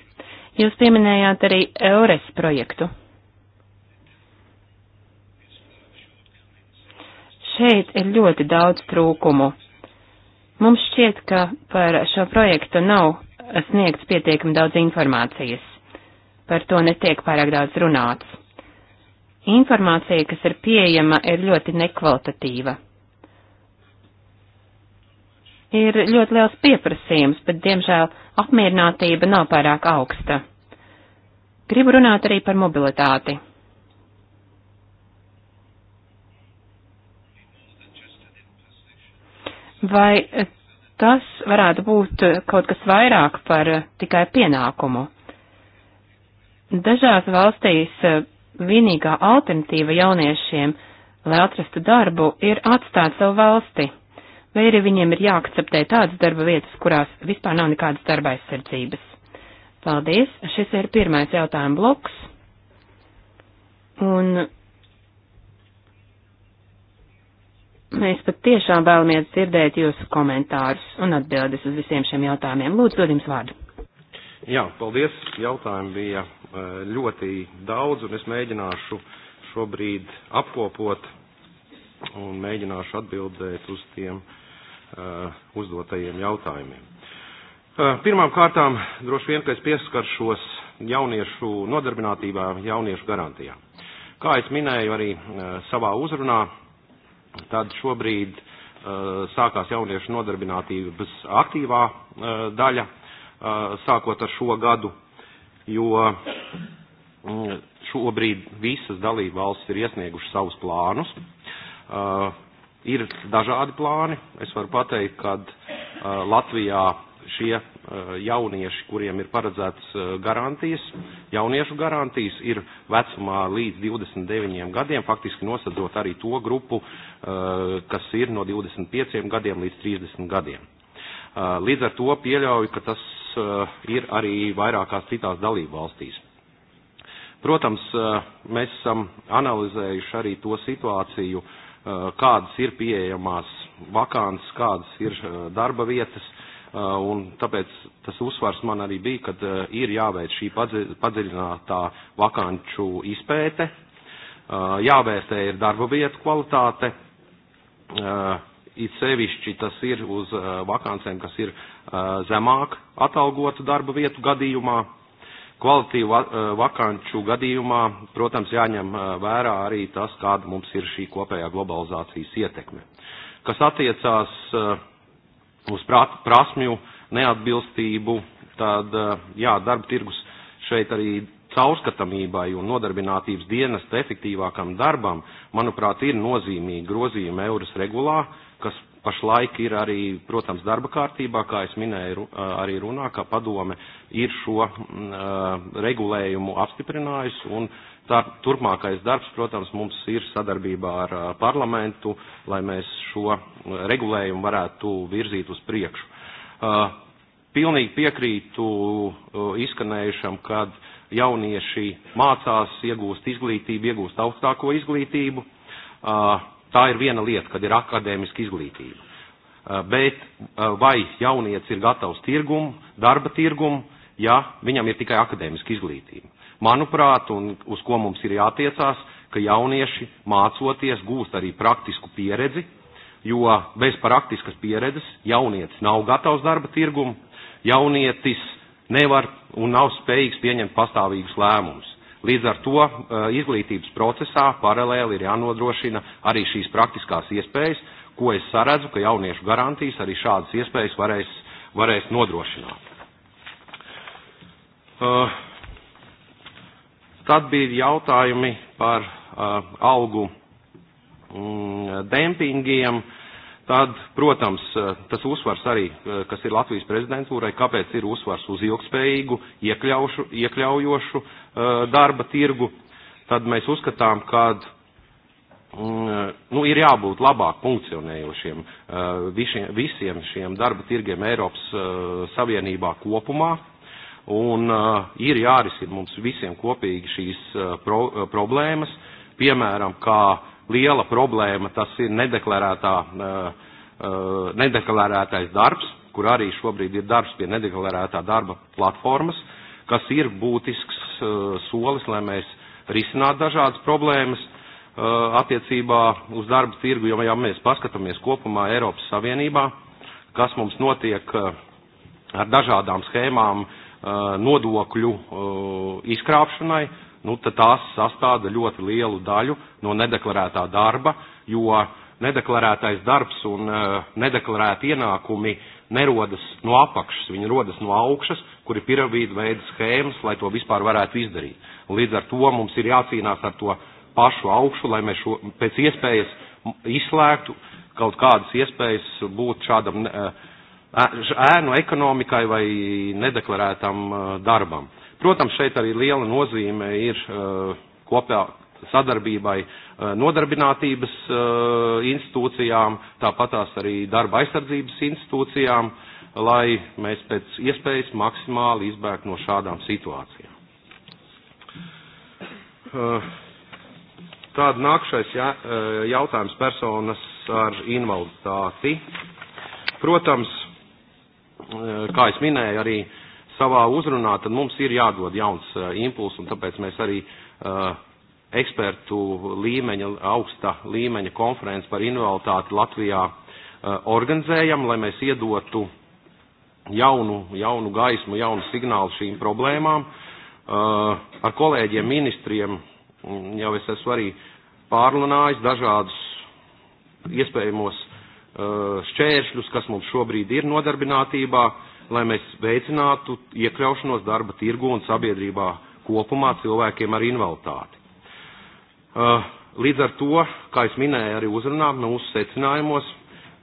Jūs pieminējāt arī Eures projektu. Šeit ir ļoti daudz trūkumu. Mums šķiet, ka par šo projektu nav sniegts pietiekami daudz informācijas par to netiek pārāk daudz runāts. Informācija, kas ir pieejama, ir ļoti nekvalitatīva. Ir ļoti liels pieprasījums, bet, diemžēl, apmierinātība nav pārāk augsta. Gribu runāt arī par mobilitāti. Vai tas varētu būt kaut kas vairāk par tikai pienākumu? Dažās valstīs eh, vienīgā alternatīva jauniešiem, lai atrastu darbu, ir atstāt savu valsti, vai arī viņiem ir jāakceptē tādas darba vietas, kurās vispār nav nekādas darba aizsardzības. Paldies, šis ir pirmais jautājuma bloks. Un mēs pat tiešām vēlamies dzirdēt jūsu komentārus un atbildes uz visiem šiem jautājumiem. Lūdzu, dod jums vārdu. Jā, paldies. Jautājumi bija Eh, ļoti daudz, un es mēģināšu šobrīd apkopot un mēģināšu atbildēt uz tiem uh, uzdotajiem jautājumiem. Uh, pirmām kārtām droši vien, ka es pieskaršos jauniešu nodarbinātībā, jauniešu garantijā. Kā es minēju arī uh, savā uzrunā, tad šobrīd sākās jauniešu nodarbinātības aktīvā daļa, sākot ar šo gadu, jo mm, šobrīd visas dalība valsts ir iesniegušas savus plānus. Uh, ir dažādi plāni. Es varu pateikt, ka uh, Latvijā šie uh, jaunieši, kuriem ir paredzētas uh, garantijas, jauniešu garantijas, ir vecumā līdz 29 gadiem, faktiski nosadzot arī to grupu, uh, kas ir no 25 gadiem līdz 30 gadiem. Uh, līdz ar to pieļauju, ka tas Uh, ir arī vairākās citās dalību valstīs. Protams, uh, mēs esam analizējuši arī to situāciju, uh, kādas ir pieejamās vakāns, kādas ir darba vietas, un tāpēc tas uzsvars man arī bija, kad ir jāveic šī padziļinātā vakanču izpēte, jāvērtē ir darba vietu kvalitāte, it sevišķi tas ir uz uh, vakancēm, kas ir uh, zemāk atalgotu darba vietu gadījumā. Kvalitīvu uh, vakanču gadījumā, protams, jāņem vērā arī tas, kāda mums ir šī kopējā globalizācijas ietekme. Kas attiecās uz prasmju neatbilstību, tad, jā, darba tirgus šeit arī caurskatāmībai un nodarbinātības dienesta efektīvākam darbam, manuprāt, ir nozīmīgi grozījumi euras regulā, kas pašlaik ir arī, protams, darba kārtībā, kā es minēju arī runā, kā padome ir šo mm, regulējumu apstiprinājusi un tā, turpmākais darbs, protams, mums ir sadarbībā ar parlamentu, lai mēs šo regulējumu varētu virzīt uz priekšu. Pilnīgi piekrītu izskanējušam, kad jaunieši mācās, iegūst izglītību, iegūst augstāko izglītību. Uh, Tā ir viena lieta, kad ir akadēmiska izglītība. Eh, bet eh, vai jaunieci ir gatavs tirgumu, darba tirgumu, ja viņam ir tikai akadēmiska izglītība? Manuprāt, un uz ko mums ir jātiecās, ka jaunieši mācoties gūst arī praktisku pieredzi, jo bez praktiskas pieredzes jaunietis nav gatavs darba tirgumu, jaunietis nevar un nav spējīgs pieņemt pastāvīgus lēmumus. Līdz ar to eh, izglītības procesā paralēli ir jānodrošina arī šīs praktiskās iespējas, ko es saredzu, ka jauniešu garantijas arī šādas iespējas varēs, varēs nodrošināt. Uh, tad bija jautājumi par uh, algu mm, dempingiem. Tad, protams, tas uzsvars arī, kas ir Latvijas prezidentūrai, kāpēc ir uzsvars uz ilgspējīgu, iekļaušu, iekļaujošu darba tirgu, tad mēs uzskatām, ka mm, nu, ir jābūt labāk funkcionējošiem visiem, visiem šiem darba tirgiem Eiropas Savienībā kopumā. Un uh, ir jārisina mums visiem kopīgi šīs uh, pro, problēmas, piemēram, kā liela problēma tas ir nedeklarētā, uh, uh, nedeklarētais darbs, kur arī šobrīd ir darbs pie nedeklarētā darba platformas, kas ir būtisks uh, solis, lai mēs risinātu dažādas problēmas uh, attiecībā uz darba tirgu, jo, ja mēs paskatāmies kopumā Eiropas Savienībā, kas mums notiek uh, ar dažādām schēmām uh, nodokļu uh, izkrāpšanai, nu, tad tās sastāda ļoti lielu daļu no nedeklarētā darba, jo nedeklarētais darbs un uh, nedeklarēti ienākumi nerodas no apakšas, viņi rodas no augšas, kur ir piramīda veida schēmas, lai to vispār varētu izdarīt. Līdz ar to mums ir jācīnās ar to pašu augšu, lai mēs šo pēc iespējas izslēgtu kaut kādas iespējas būt šādam eh, ēnu ekonomikai vai nedeklarētam eh, darbam. Protams, šeit arī liela nozīme ir eh, kopējā sadarbībai nodarbinātības institūcijām, tāpatās arī darba aizsardzības institūcijām, uh, lai mēs pēc iespējas maksimāli izbēgtu no šādām situācijām. Eh, Tāda nākšais eh, jautājums personas ar invaliditāti. Protams, eh, kā es minēju, arī savā uzrunā, tad mums ir jādod jauns impuls, un tāpēc mēs arī uh, ekspertu līmeņa, augsta līmeņa konferenci par invaliditāti Latvijā uh, organizējam, lai mēs iedotu uh, jaunu, jaunu gaismu, jaunu signālu šīm problēmām. Uh, ar kolēģiem ministriem mm, jau es esmu arī pārlunājis dažādus iespējamos uh, šķēršļus, kas mums šobrīd ir nodarbinātībā, lai mēs veicinātu iekļaušanos darba tirgu un sabiedrībā kopumā cilvēkiem ar invaliditāti. Uh, līdz ar to, kā es minēju arī uzrunā, mūsu secinājumos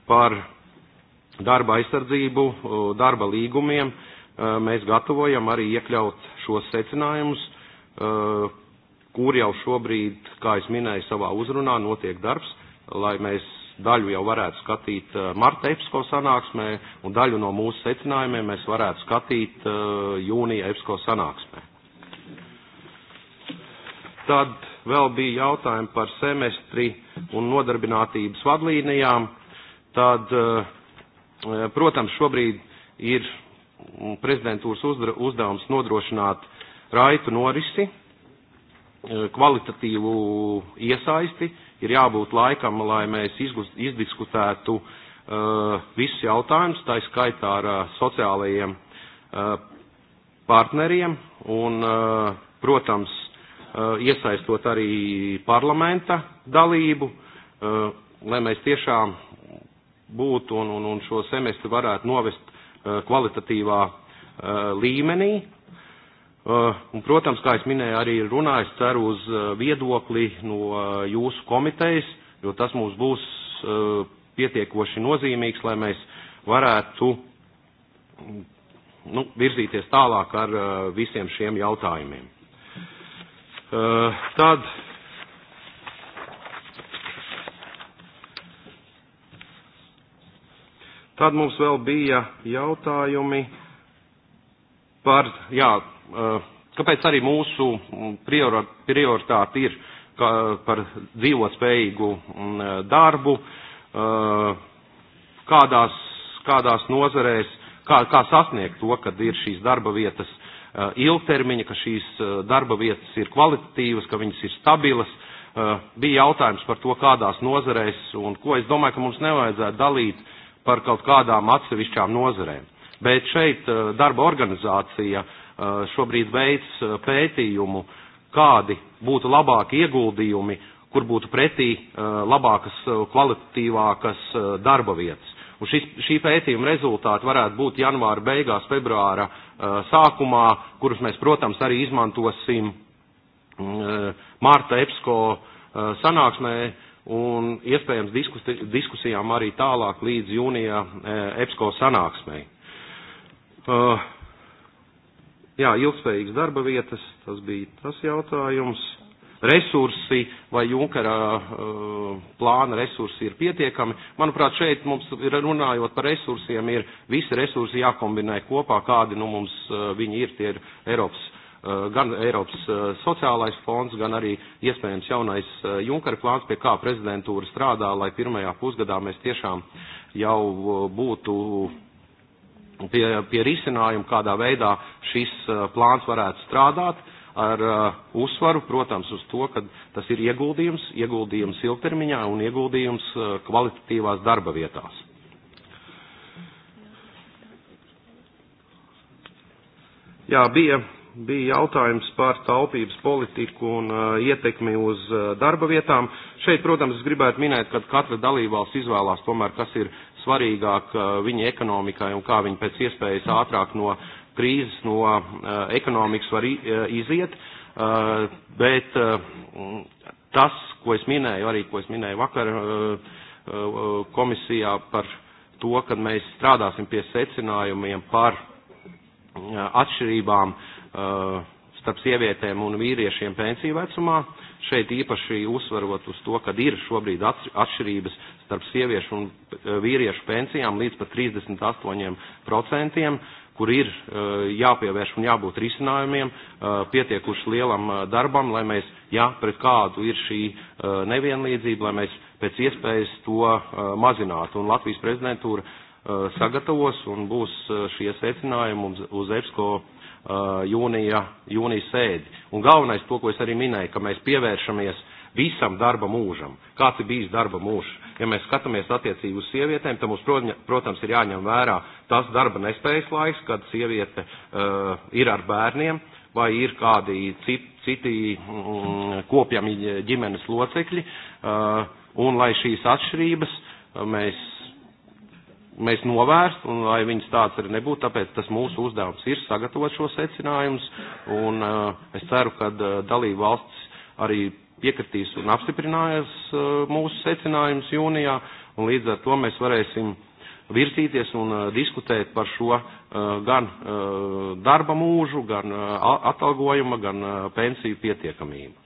par darba aizsardzību darba līgumiem, e, mēs gatavojam arī iekļaut šos secinājumus, e, kur jau šobrīd, kā es minēju savā uzrunā, notiek darbs, lai mēs daļu jau varētu skatīt e, marta EPSCO sanāksmē un daļu no mūsu secinājumiem mēs varētu skatīt jūnija EPSCO sanāksmē. Tad vēl bija jautājumi par semestri un nodarbinātības vadlīnijām. Tad uh, Eh, protams, šobrīd ir mm, prezidentūras uzdevums nodrošināt raitu norisi, eh, kvalitatīvu iesaisti, ir jābūt laikam, lai mēs izdiskutētu uh, visus jautājumus, tā skaitā ar uh, sociālajiem uh, partneriem un, protams, iesaistot arī parlamenta dalību, lai mēs tiešām būtu un, un, un šo semestri varētu novest eh, kvalitatīvā eh, līmenī. Eh, un, protams, kā es minēju, arī runājis ceru uz viedokli no jūsu komitejas, jo tas mums būs pietiekoši nozīmīgs, lai mēs varētu nu, virzīties tālāk ar visiem šiem jautājumiem. Tad Tad mums vēl bija jautājumi par, jā, eh, kāpēc arī mūsu priori, prioritāte ir kā, par dzīvotspējīgu mm, darbu, eh, kādās, kādās nozarēs, kā, kā sasniegt to, kad ir šīs darba vietas eh, ilgtermiņa, ka šīs darba vietas ir kvalitatīvas, ka viņas ir stabilas. Bija jautājums par to, kādās nozarēs un ko es domāju, ka mums nevajadzētu dalīt uh, par kaut kādām atsevišķām nozarēm. Bet šeit eh, darba organizācija eh, šobrīd veids eh, pētījumu, kādi būtu labāki ieguldījumi, kur būtu pretī labākas, kvalitatīvākas darba vietas. Un šis, šī pētījuma rezultāti varētu būt janvāra beigās, februāra sākumā, kurus mēs, protams, arī izmantosim Mārta mm, EPSCO sanāksmē, un iespējams diskusi, diskusijām arī tālāk līdz jūnija EPSCO sanāksmei. Uh, jā, ilgspējīgas darba vietas, tas bija tas jautājums. Resursi vai Junkara uh, e, plāna resursi ir pietiekami. Manuprāt, šeit mums ir runājot par resursiem, ir visi resursi jākombinē kopā, kādi nu mums uh, viņi ir, tie ir Eiropas Eh, gan Eiropas eh, sociālais fonds, gan arī iespējams jaunais eh, Junkara plāns, pie kā prezidentūra strādā, lai pirmajā pusgadā mēs tiešām jau būtu pie, pie risinājuma, kādā veidā šis plāns varētu strādāt ar uh, uzsvaru, protams, uz to, ka tas ir ieguldījums, ieguldījums ilgtermiņā un ieguldījums uh, kvalitatīvās darba vietās. Jā, bija bija jautājums par taupības politiku un uh, ietekmi uz uh, darba vietām. Šeit, protams, es gribētu minēt, ka katra dalībvalsts izvēlās tomēr, kas ir svarīgāk uh, viņa ekonomikai un kā viņi pēc iespējas ātrāk no krīzes, no uh, ekonomikas var i, uh, iziet. Uh, bet uh, tas, ko es minēju, arī ko es minēju vakar uh, uh, komisijā par to, kad mēs strādāsim pie secinājumiem par uh, atšķirībām uh, Uh, starp sievietēm un vīriešiem pensiju vecumā. Šeit īpaši uzsverot uz to, ka ir šobrīd atšķirības starp sieviešu un uh, vīriešu pensijām līdz pat 38%, kur ir uh, jāpievērš un jābūt risinājumiem, pietiekuši lielam darbam, lai mēs, ja pret kādu ir šī nevienlīdzība, lai mēs pēc iespējas to mazinātu. Un Latvijas prezidentūra sagatavos un būs šie secinājumi uz EPSCO jūnija, jūnija sēdi. Un galvenais to, ko es arī minēju, ka mēs pievēršamies visam darba mūžam. Kāds ir bijis darba mūžs? Ja mēs skatāmies attiecīgi uz sievietēm, tad mums, protams, ir jāņem vērā tas darba nespējas laiks, kad sieviete uh, ir ar bērniem vai ir kādi citi, citi mm, kopjami ģimenes locekļi. Uh, un lai šīs atšķirības mēs mēs novērst, un lai viņas tāds arī nebūtu, tāpēc tas mūsu uzdevums ir sagatavot šo secinājumus, un uh, es ceru, ka uh, dalību valsts arī piekritīs un apstiprinājās uh, eh, mūsu secinājumus jūnijā, un līdz ar to mēs varēsim virzīties un uh, diskutēt par šo uh, gan uh, darba mūžu, gan uh, atalgojuma, gan uh, pensiju pietiekamību.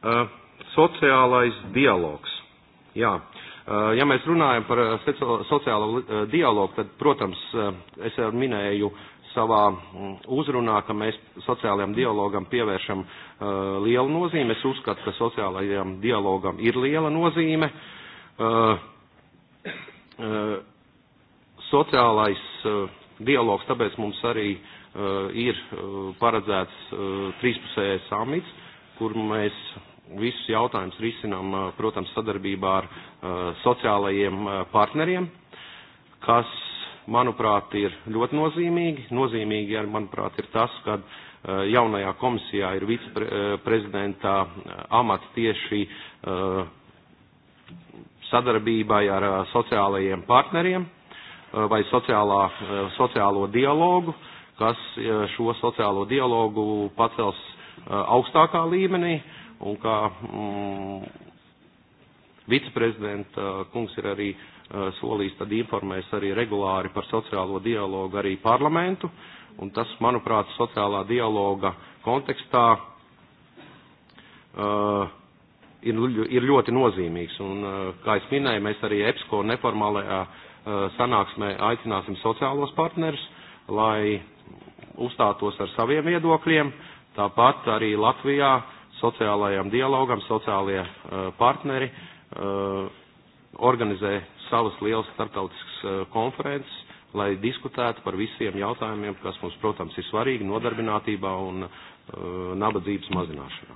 Uh, sociālais dialogs. Jā. Ja mēs runājam par sociālo dialogu, tad, protams, es jau minēju savā mm, uzrunā, ka mēs sociālajam dialogam pievēršam lielu nozīmi. Es uzskatu, ka sociālajam dialogam ir liela nozīme. Sociālais dialogs, tāpēc mums arī ir paredzēts trīspusējais samits, kur mēs Visus jautājumus risinām, protams, sadarbībā ar sociālajiem partneriem, kas, manuprāt, ir ļoti nozīmīgi. Nozīmīgi, manuprāt, ir tas, ka jaunajā komisijā ir viceprezidentā amats tieši sadarbībai ar sociālajiem partneriem vai sociālā, sociālo dialogu, kas šo sociālo dialogu pacels augstākā līmenī. Uh, Un kā mm, viceprezidenta kungs ir arī solījis, tad informēs arī regulāri par sociālo dialogu arī parlamentu. Un tas, manuprāt, sociālā dialoga kontekstā uh, ir, ir ļoti nozīmīgs. Un, uh, kā es minēju, mēs arī EPSCO neformālajā uh, sanāksmē aicināsim sociālos partnerus, lai uzstātos ar saviem viedokļiem. Tāpat arī Latvijā uh, sociālajam dialogam, sociālie e, partneri e, organizē savas lielas startautiskas e, konferences, lai diskutētu par visiem jautājumiem, kas mums, protams, ir svarīgi nodarbinātībā un nabadzības mazināšanā.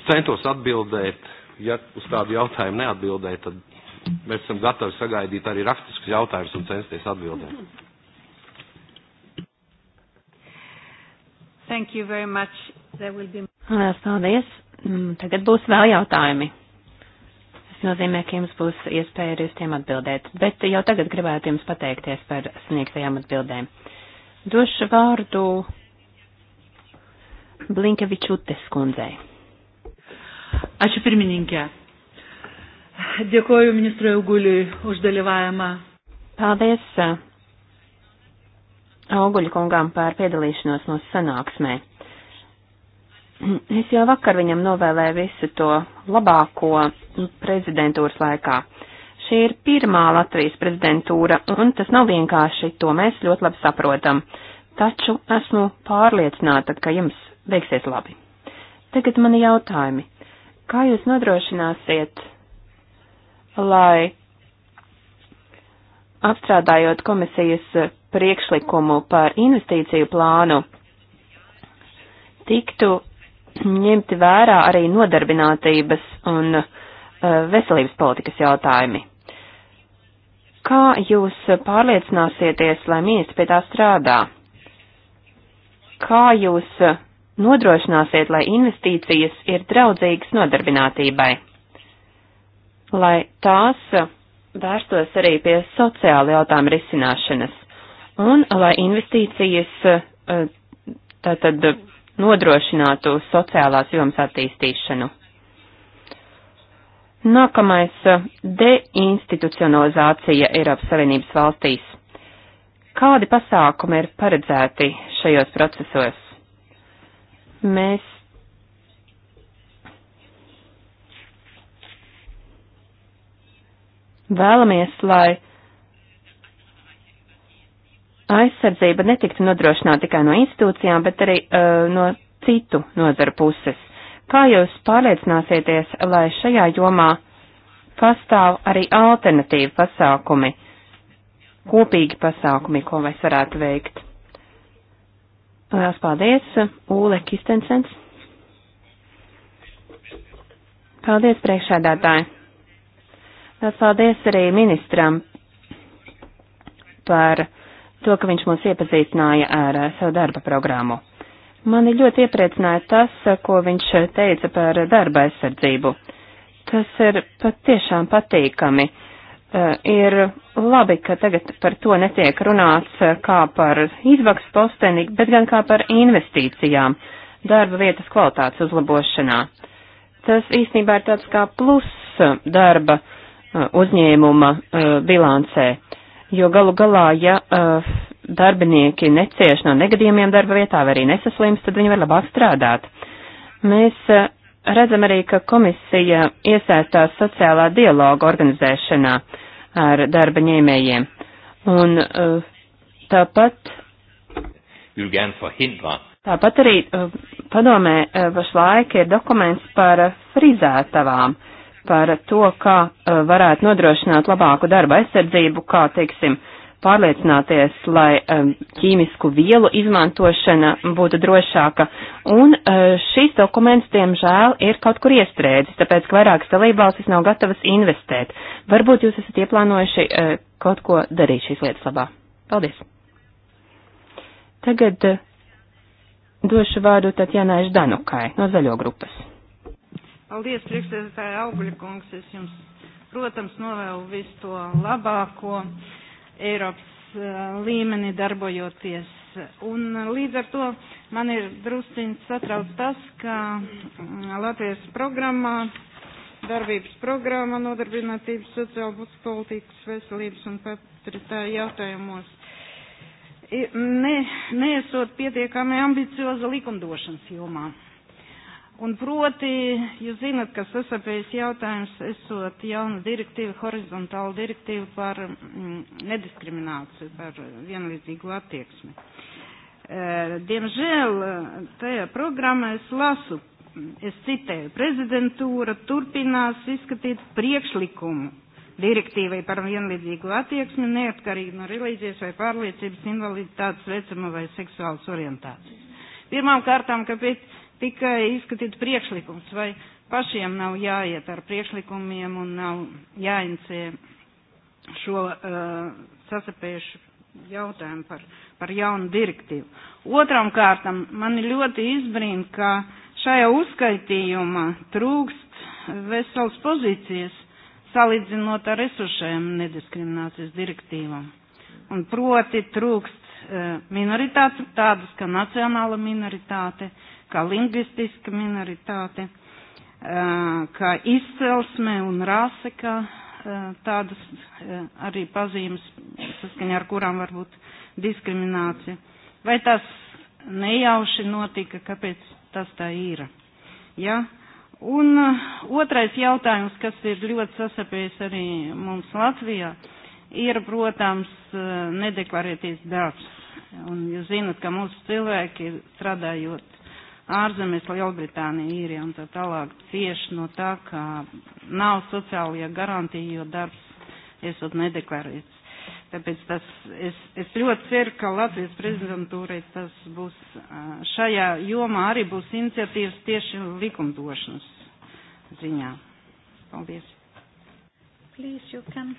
Es centos atbildēt, ja uz tādu jautājumu neatbildēju, tad mēs esam gatavi sagaidīt arī rakstiskus jautājumus un censties atbildēt. Thank you very much. Be... Paldies. Mm, tagad būs vēl jautājumi. Tas nozīmē, ka jums būs iespēja arī uz tiem atbildēt. Bet jau tagad gribētu jums pateikties par sniegtajām atbildēm. Došu vārdu Blinkevičutes kundzei. Ačiū pirmininkė. Dėkoju ministrui Auguliui už dalyvavimą. Paldies eh, Auguļu kungām par piedalīšanos mūsu sanāksmē. Es jau vakar viņam novēlēju visu to labāko prezidentūras laikā. Šī ir pirmā Latvijas prezidentūra, un tas nav vienkārši, to mēs ļoti labi saprotam. Taču esmu pārliecināta, ka jums veiksies labi. Tagad mani jautājumi. Kā jūs nodrošināsiet, lai apstrādājot komisijas priekšlikumu par investīciju plānu, tiktu ņemti vērā arī nodarbinātības un eh, veselības politikas jautājumi. Kā jūs pārliecināsieties, lai ministri pie tā strādā? Kā jūs nodrošināsiet, lai investīcijas ir draudzīgas nodarbinātībai? Lai tās vērstos arī pie sociāla jautājuma risināšanas un lai investīcijas eh, tātad nodrošinātu sociālās jomas attīstīšanu. Nākamais uh, - deinstitucionalizācija Eiropas Savienības valstīs. Kādi pasākumi ir paredzēti šajos procesos? Mēs vēlamies, lai aizsardzība netiktu nodrošināta tikai no institūcijām, bet arī uh, no citu nozaru puses. Kā jūs pārliecināsieties, lai šajā jomā pastāv arī alternatīvi pasākumi, kopīgi pasākumi, ko mēs varētu veikt? Lielas paldies, Ūle Kistensens. Paldies, priekšādātāji. Lielas paldies arī ministram par to, ka viņš mūs iepazīstināja ar eh, savu darba programmu. Mani ļoti iepriecināja tas, eh, ko viņš teica par darba aizsardzību. Tas ir patiešām patīkami. Eh, ir labi, ka tagad par to netiek runāts kā par izmaksu posteni, bet gan kā par investīcijām darba vietas kvalitātes uzlabošanā. Tas īstenībā ir tāds kā pluss darba uzņēmuma bilancē. Uh, jo galu galā, ja uh, darbinieki necieš no negadījumiem darba vietā vai arī nesaslims, tad viņi var labāk strādāt. Mēs uh, redzam arī, ka komisija iesaistās sociālā dialoga organizēšanā ar darba ņēmējiem. Un uh, tāpat. Tāpat arī uh, padomē pašlaik ir dokuments par frizētavām. Uh, par to, kā eh, varētu nodrošināt labāku darba aizsardzību, kā, teiksim, pārliecināties, lai eh, ķīmisku vielu izmantošana būtu drošāka. Un eh, šīs dokuments, diemžēl, ir kaut kur iestrēdzis, tāpēc, ka vairākas dalībvalstis nav gatavas investēt. Varbūt jūs esat ieplānojuši kaut ko darīt šīs lietas labā. Paldies! Tagad došu vārdu Tatjanai Ždanukai no Zaļo grupas. Paldies, priekšsēdētāji Auguļkungs. Es jums, protams, novēlu visu to labāko Eiropas eh, līmeni darbojoties. Un eh, līdz ar to man ir drusciņš satrauc tas, ka mm, Latvijas programmā, darbības programmā nodarbinātības sociālās politikas veselības un patritā jautājumos ne, neesot pietiekami ambicioza likumdošanas jomā. Un proti, jūs zinat, ka sasapējis jautājums esot jauna direktīva, horizontāla direktīva par mm, nediskrimināciju, par vienlīdzīgu attieksmi. E, diemžēl e, tajā programmā es lasu, es citēju, prezidentūra turpinās izskatīt priekšlikumu direktīvai par vienlīdzīgu attieksmi neatkarīgi no reliģijas vai pārliecības invaliditātes vecuma vai seksuālas orientācijas. Pirmām kārtām, kāpēc tika izskatīts priekšlikums, vai pašiem nav jāiet ar priekšlikumiem un nav jāinicē šo uh, sasapējušu jautājumu par, par jaunu direktīvu. Otram kārtam mani ļoti izbrīn, ka šajā uzskaitījumā trūkst vesels pozīcijas salīdzinot ar esošajām nediskriminācijas direktīvām. Un proti trūkst uh, minoritātes tādas, kā nacionāla minoritāte, kā lingvistiska minoritāte, kā izcelsme un rase, kā tādas arī pazīmes, saskaņā ar kurām var būt diskriminācija. Vai tas nejauši notika, kāpēc tas tā ir? Ja? Un otrais jautājums, kas ir ļoti sasapējis arī mums Latvijā, ir, protams, nedeklarēties darbs. Un jūs zinat, ka mūsu cilvēki strādājot ārzemēs, Lielbritānija, Īrija un tā tālāk cieši no tā, ka nav sociālajā garantija, jo darbs esot nedeklarēts. Tāpēc tas, es, es ļoti ceru, ka Latvijas prezidentūrai tas būs šajā jomā arī būs iniciatīvas tieši likumdošanas ziņā. Paldies. Please, you can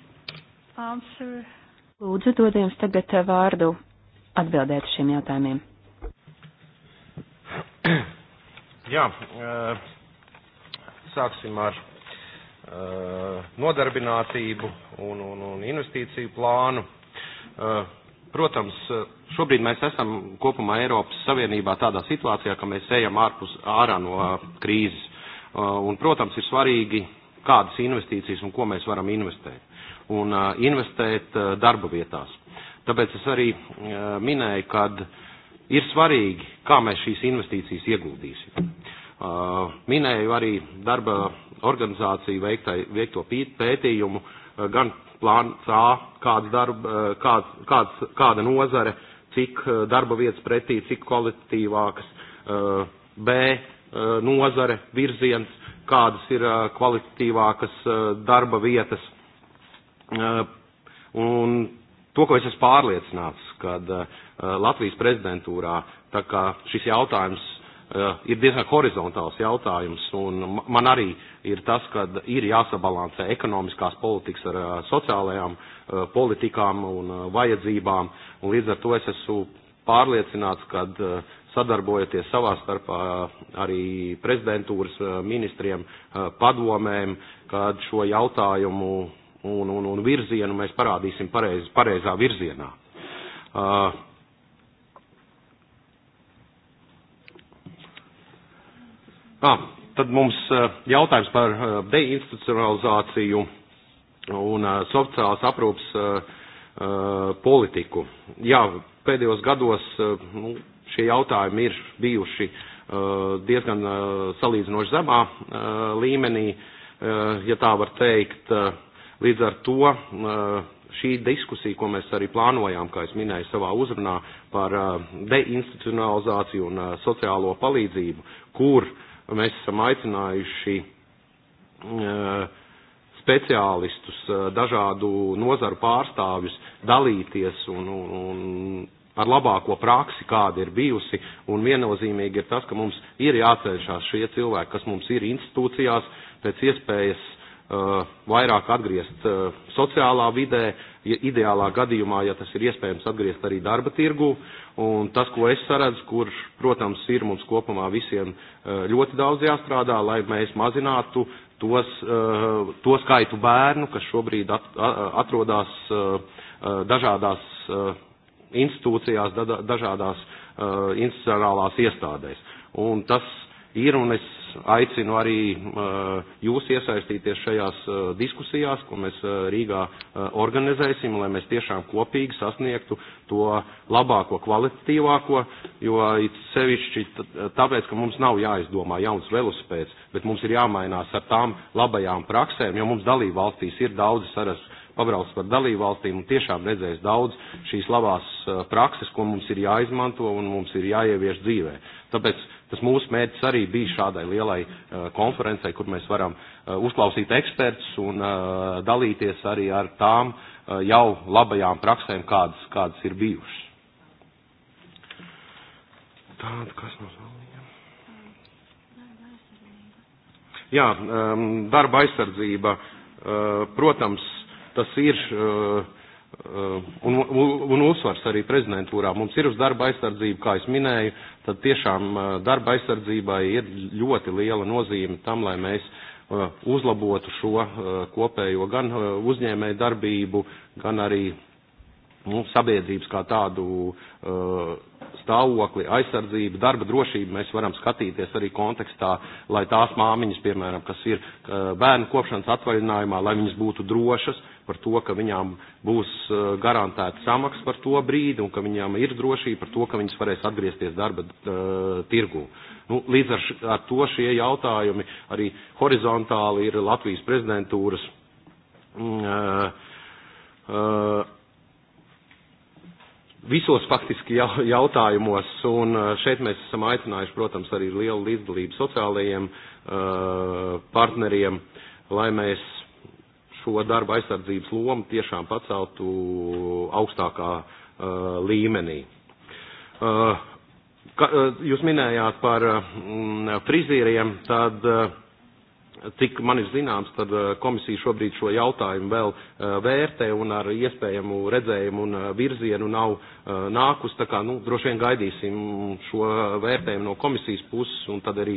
answer. Lūdzu, dod jums tagad vārdu atbildēt šiem jautājumiem. Jā, eh, sāksim ar eh, nodarbinātību un, un, un investīciju plānu. Eh, protams, šobrīd mēs esam kopumā Eiropas Savienībā tādā situācijā, ka mēs ejam ārpus ārā no krīzes. Un, protams, ir svarīgi, kādas investīcijas un ko mēs varam investēt. Un investēt darba vietās. Tāpēc es arī minēju, kad uh, ir svarīgi, kā mēs šīs investīcijas ieguldīsim. Uh, minēju arī darba organizāciju veiktai, veikto pētījumu, uh, gan plāns A, kāds darba, uh, kāds, kāds, kāda nozare, cik darba vietas pretī, cik kvalitīvākas, B nozare, virziens, kādas ir kvalitīvākas darba vietas. Un to, ko es esmu pārliecināts, kad uh, Eh, Latvijas prezidentūrā. Tā kā šis jautājums eh, ir diezgan horizontāls jautājums, un man arī ir tas, ka ir jāsabalansē ekonomiskās politikas ar eh, sociālajām politikām un vajadzībām, un līdz ar to es esmu pārliecināts, ka sadarbojoties savā starpā arī prezidentūras ministriem, padomēm, kad šo jautājumu un, un, un virzienu mēs parādīsim pareiz, pareizā virzienā. Uh, Ah, tad mums eh, jautājums par eh, deinstitucionalizāciju un eh, sociālās aprūpas politiku. Jā, pēdējos gados nu, šie jautājumi ir bijuši diezgan salīdzinoši zemā līmenī, ja tā var teikt. Līdz ar to šī diskusija, ko mēs arī plānojām, kā es minēju savā uzrunā, par deinstitucionalizāciju un sociālo palīdzību, kur uh, Mēs esam aicinājuši e, speciālistus, e, dažādu nozaru pārstāvjus dalīties un, un, un ar labāko praksi, kāda ir bijusi, un viennozīmīgi ir tas, ka mums ir jācenšas šie cilvēki, kas mums ir institūcijās, pēc iespējas Eh, vairāk atgriezt eh, sociālā vidē, ideālā gadījumā, ja tas ir iespējams, atgriezt arī darba tirgu. Un tas, ko es saredzu, kur, protams, ir mums kopumā visiem eh, ļoti daudz jāstrādā, lai mēs mazinātu tos, to skaitu bērnu, kas šobrīd atrodas dažādās institūcijās, dažādās institucionālās iestādēs. Un tas ir, un es aicinu arī eh, jūs iesaistīties šajās eh, diskusijās, ko mēs eh, Rīgā organizēsim, lai mēs tiešām kopīgi sasniegtu to labāko, kvalitatīvāko, jo it sevišķi tāpēc, ka mums nav jāizdomā jauns velospēds, bet mums ir jāmainās ar tām labajām praksēm, jo mums dalība valstīs ir daudz saras pabrauc par dalību valstīm un tiešām redzēs daudz šīs labās eh, prakses, ko mums ir jāizmanto un mums ir jāievieš dzīvē. Tāpēc tas mūsu mērķis arī bija šādai lielai eh, konferencei, kur mēs varam eh, uzklausīt ekspertus un dalīties arī ar tām jau labajām praksēm, kādas, kādas ir bijušas. Tāda, kas no zālījām? Jā, ehm, darba aizsardzība, protams, tas ir uh, uh, un, un uzsvars arī prezidentūrā. Mums ir uz darba aizsardzību, kā es minēju, tad tiešām uh, darba aizsardzībai ir ļoti liela nozīme tam, lai mēs uh, uzlabotu šo kopējo gan uzņēmēju darbību, gan arī nu, sabiedrības kā tādu stāvokli, aizsardzību, darba drošību mēs varam skatīties arī kontekstā, lai tās māmiņas, piemēram, kas ir bērnu kopšanas atvaļinājumā, lai viņas būtu drošas, par to, ka viņām būs uh, garantēta samaksa par to brīdi un ka viņām ir drošība par to, ka viņas varēs atgriezties darba uh, tirgū. Nu, līdz ar, š, ar to šie jautājumi arī horizontāli ir Latvijas prezidentūras mm, uh, uh, visos faktiski jautājumos, un uh, šeit mēs esam aicinājuši, protams, arī lielu līdzdalību sociālajiem uh, partneriem, lai mēs šo darba aizsardzības lomu tiešām paceltu augstākā uh, līmenī. Uh, ka, uh, jūs minējāt par mm, frizieriem, tad, uh, cik man ir zināms, tad uh, komisija šobrīd šo jautājumu vēl uh, vērtē un ar iespējamu redzējumu un virzienu nav nākus, tā kā, nu, droši vien gaidīsim šo vērtējumu no komisijas puses un tad arī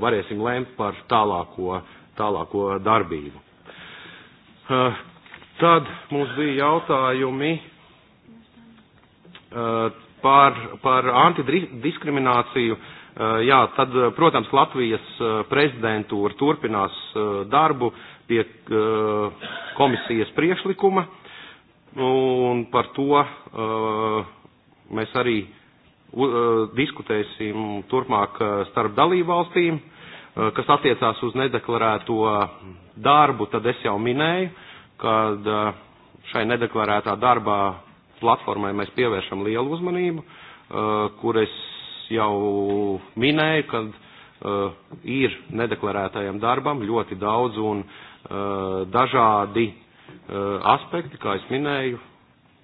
varēsim lēmt par tālāko, tālāko darbību. Uh, tad mums bija jautājumi uh, par, par antidiskrimināciju. Uh, jā, tad, protams, Latvijas prezidentūra turpinās darbu pie komisijas priekšlikuma, un par to mēs arī diskutēsim turpmāk starp dalībvalstīm. Eh, kas attiecās uz nedeklarēto darbu, tad es jau minēju, ka eh, šai nedeklarētā darbā platformai mēs pievēršam lielu uzmanību, eh, kur es jau minēju, ka ir nedeklarētajam darbam ļoti daudz un dažādi aspekti, kā es minēju,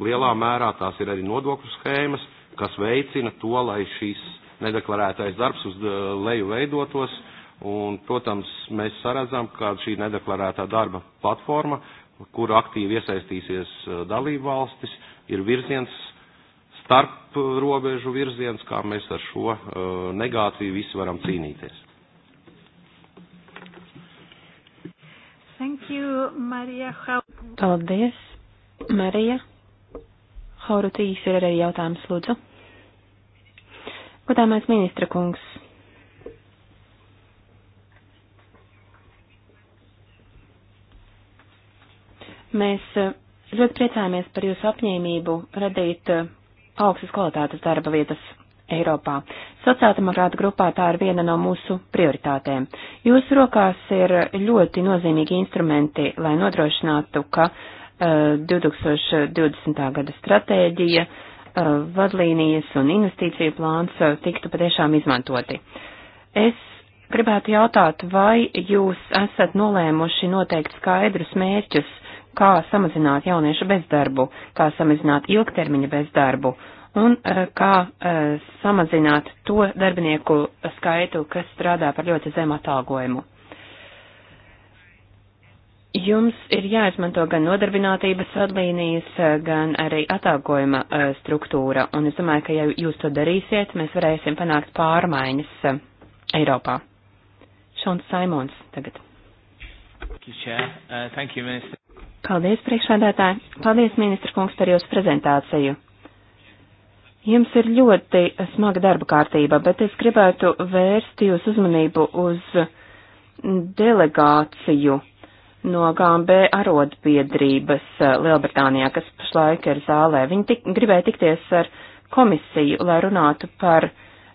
lielā mērā tās ir arī nodokļu schēmas, kas veicina to, lai šīs nedeklarētais darbs uz leju veidotos uh, Un, protams, mēs saredzam, ka šī nedeklarētā darba platforma, kur aktīvi iesaistīsies e, dalību valstis, ir virziens starp robežu virziens, kā mēs ar šo e, negāciju visi varam cīnīties. Thank you, Marija. Paldies, Marija. Haurutīs ir arī jautājums, lūdzu. Godāmais ministra kungs, Mēs eh, ļoti priecājamies par jūsu apņēmību radīt eh, augstas kvalitātes darba vietas Eiropā. Sociāldemokrāta grupā tā ir viena no mūsu prioritātēm. Jūsu rokās ir ļoti nozīmīgi instrumenti, lai nodrošinātu, ka uh, eh, 2020. gada stratēģija, uh, vadlīnijas un investīciju plāns uh, tiktu patiešām izmantoti. Es gribētu jautāt, vai jūs esat nolēmuši noteikt skaidrus mērķus, kā samazināt jauniešu bezdarbu, kā samazināt ilgtermiņa bezdarbu un eh, kā eh, samazināt to darbinieku skaitu, kas strādā par ļoti zemu atalgojumu. Jums ir jāizmanto gan nodarbinātības vadlīnijas, eh, gan arī atalgojuma struktūra, un es domāju, ka ja jūs to darīsiet, mēs varēsim panākt pārmaiņas Eiropā. Šons Saimons tagad. Thank you, Chair. Uh, thank you, Minister. Paldies, priekšādātāji. Paldies, ministra kungs, par jūsu prezentāciju. Jums ir ļoti smaga darba kārtība, bet es gribētu vērst jūsu uzmanību uz delegāciju no GMB arotbiedrības eh, Lielbritānijā, kas pašlaik ir zālē. Viņi tik, gribēja tikties ar komisiju, lai runātu par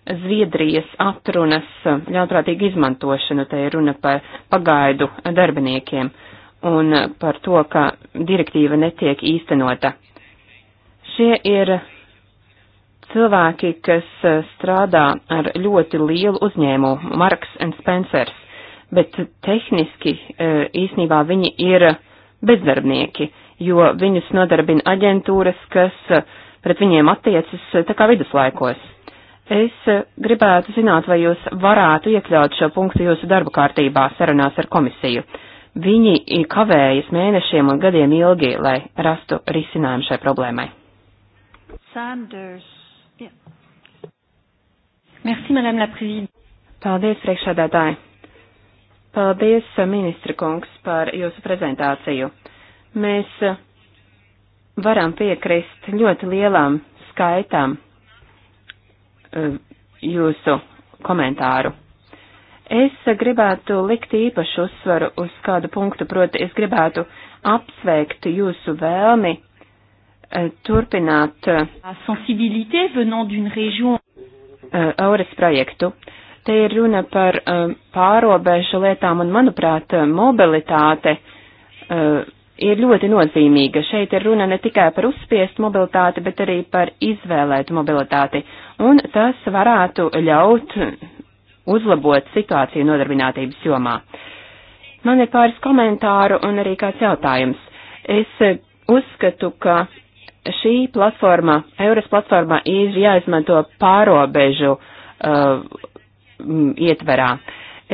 Zviedrijas atrunas ļautrātīgu izmantošanu. Te ir runa par pagaidu darbiniekiem. Uh, un par to, ka direktīva netiek īstenota. Šie ir cilvēki, kas eh, strādā ar ļoti lielu uzņēmumu, Marks un Spencers, bet tehniski eh, īsnībā viņi ir bezdarbnieki, jo viņus nodarbina aģentūras, kas eh, pret viņiem attiecas tā kā viduslaikos. Es gribētu zināt, vai jūs varētu iekļaut šo punktu jūsu darba kārtībā sarunās ar komisiju. Viņi kavējas mēnešiem un gadiem ilgi, lai rastu risinājumu šai problēmai. Sanders. Yeah. Merci, Madame la Présidente. Paldies, priekšādātāji. Paldies, ministra kungs, par jūsu prezentāciju. Mēs varam piekrist ļoti lielām skaitām eh, jūsu komentāru. Es gribētu likt īpašu uzsvaru uz kādu punktu, proti es gribētu apsveikt jūsu vēlmi e, turpināt e, e, Auras projektu. Te ir runa par pārobežu lietām un, manuprāt, mobilitāte ir ļoti nozīmīga. Šeit ir runa ne tikai par uzspiest mobilitāti, bet arī par izvēlēt mobilitāti. Un tas varētu ļaut uzlabot situāciju nodarbinātības jomā. Man ir pāris komentāru un arī kāds jautājums. Es e, uzskatu, ka šī platforma, Eiras platforma, ir jāizmanto pārobežu uh, ietverā.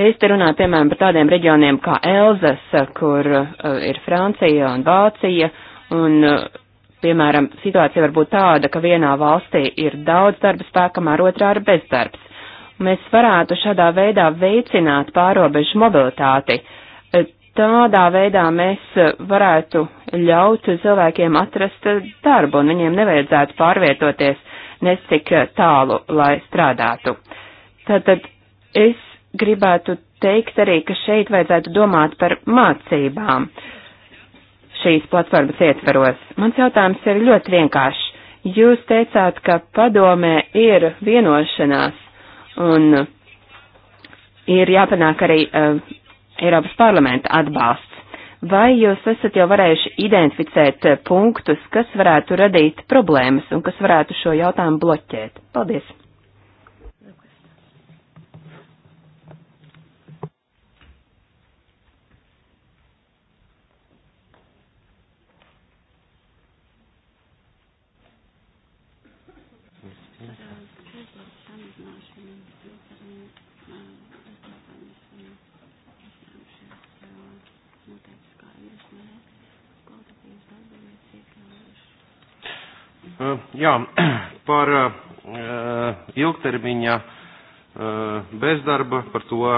Es te runāju, piemēram, par tādiem reģioniem kā Elzas, kur uh, ir Francija un Vācija, un, uh, piemēram, situācija var būt tāda, ka vienā valstī ir daudz darba spēkamā, otrā ir bezdarbs. Mēs varētu šādā veidā veicināt pārobežu mobilitāti. E, Tādā veidā mēs varētu ļaut cilvēkiem atrast darbu, un viņiem nevajadzētu pārvietoties nesik tālu, lai strādātu. Tātad es gribētu teikt arī, ka šeit vajadzētu domāt par mācībām šīs platformas ietveros. Mans jautājums ir ļoti vienkāršs. Jūs teicāt, ka padomē ir vienošanās Un uh, ir jāpanāk arī uh, Eiropas parlamenta atbalsts. Vai jūs esat jau varējuši identificēt uh, punktus, kas varētu radīt problēmas un kas varētu šo jautājumu bloķēt? Paldies! Jā, (clears throat) par ilgtermiņa bezdarba, par to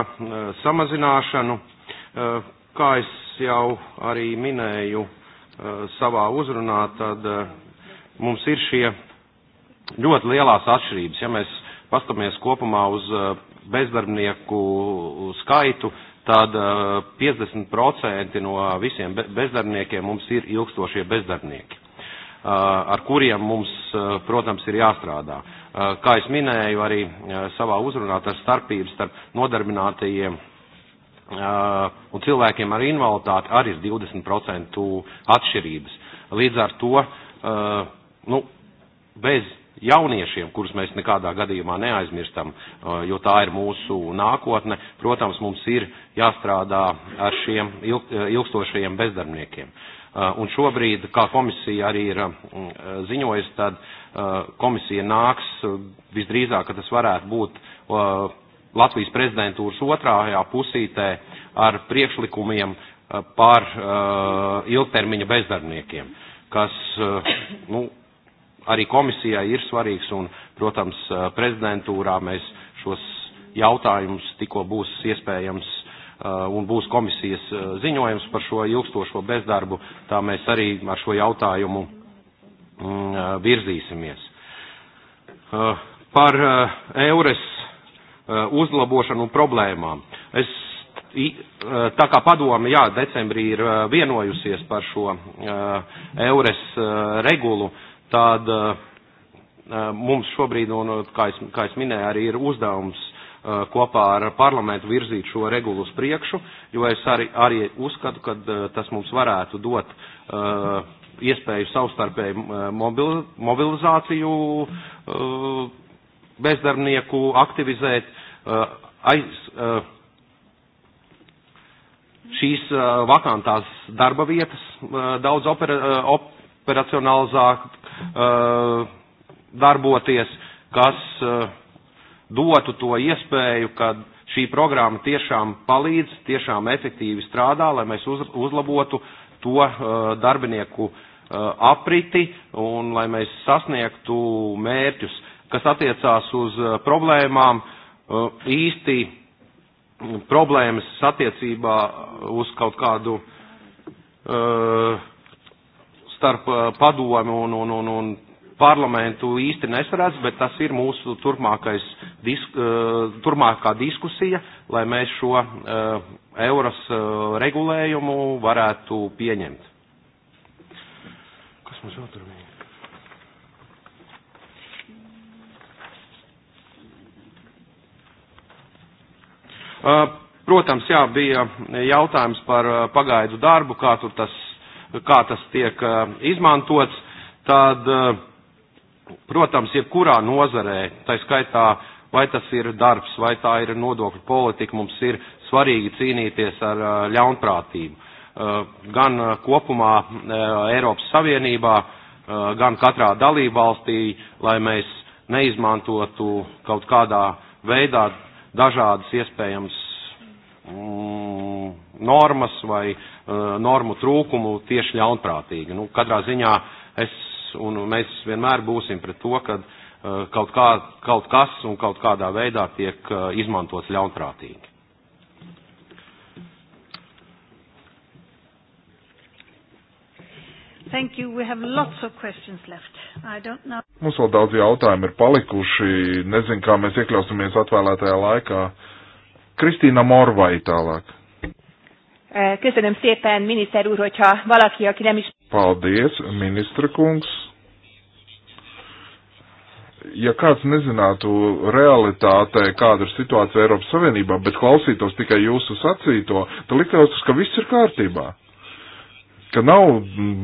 samazināšanu, kā es jau arī minēju savā uzrunā, tad mums ir šie ļoti lielās atšķirības. Ja mēs pastamies kopumā uz bezdarbnieku skaitu, tad 50% no visiem bezdarbniekiem mums ir ilgstošie bezdarbnieki ar kuriem mums, eh, protams, ir jāstrādā. Eh, kā es minēju arī eh, savā uzrunā, tas starpības starp nodarbinātajiem un cilvēkiem ar invaliditāti arī ir 20% atšķirības. Līdz ar to, nu, bez jauniešiem, kurus mēs nekādā gadījumā neaizmirstam, jo tā ir mūsu nākotne, protams, mums ir jāstrādā ar šiem ilgstošajiem bezdarbniekiem. Uh, Eh, un šobrīd, kā komisija arī ir eh, ziņojusi, tad eh, komisija nāks visdrīzāk, ka tas varētu būt Latvijas prezidentūras otrajā pusītē ar priekšlikumiem par ilgtermiņa bezdarniekiem, kas nu, arī komisijai ir svarīgs un, protams, prezidentūrā mēs šos jautājumus tikko būs iespējams Uh, un būs komisijas uh, ziņojums par šo ilgstošo bezdarbu, tā mēs arī ar šo jautājumu mm, uh, virzīsimies. Par eures uzlabošanu problēmām. Es tā kā padome, jā, decembrī ir vienojusies par šo eures regulu, tad mums šobrīd, un, kā, es, kā es minēju, arī ir uzdevums Uh, kopā ar parlamentu virzīt šo regulu uz priekšu, jo es arī, arī uzskatu, ka uh, tas mums varētu dot uh, iespēju savstarpēju mobil, mobilizāciju bezdarbnieku aktivizēt, aiz, šīs vakantās darba vietas daudz opera, operacionālāk darboties, kas dotu to iespēju, ka šī programma tiešām palīdz, tiešām efektīvi strādā, lai mēs uz, uzlabotu to uh, darbinieku uh, apriti un lai mēs sasniegtu mērķus, kas attiecās uz uh, problēmām, uh, īsti mm, problēmas attiecībā uz kaut kādu uh, starp uh, padomu un, un, un, un parlamentu īsti nesaredz, bet tas ir mūsu turpmākais, disk, eh, turpmākā diskusija, lai mēs šo uh, euras uh, regulējumu varētu pieņemt. Kas mums vēl tur bija? Uh, protams, jā, bija jautājums par pagaidu darbu, kā, tas, kā tas tiek izmantots. Tad uh, Protams, jebkurā nozarē, tai skaitā, vai tas ir darbs, vai tā ir nodokļu politika, mums ir svarīgi cīnīties ar ļaunprātību. Gan kopumā Eiropas Savienībā, gan katrā dalībvalstī, lai mēs neizmantotu kaut kādā veidā dažādas iespējams mm, normas vai uh, normu trūkumu tieši ļaunprātīgi. Nu, katrā ziņā es un mēs vienmēr būsim pret to, ka uh, eh, kaut, kā, kaut kas un kaut kādā veidā tiek uh, izmantots ļaunprātīgi. Thank you. We have lots of questions left. I don't know. Mums vēl daudz jautājumu ir palikuši. Nezinu, kā mēs iekļausimies atvēlētajā laikā. Kristīna Morvai tālāk. Eh, köszönöm szépen, miniszter úr, hogyha valaki, aki nem is... Paldies, ministra kungs. Ja kāds nezinātu realitātē, kāda ir situācija Eiropas Savienībā, bet klausītos tikai jūsu sacīto, tad liktos, ka viss ir kārtībā. Ka nav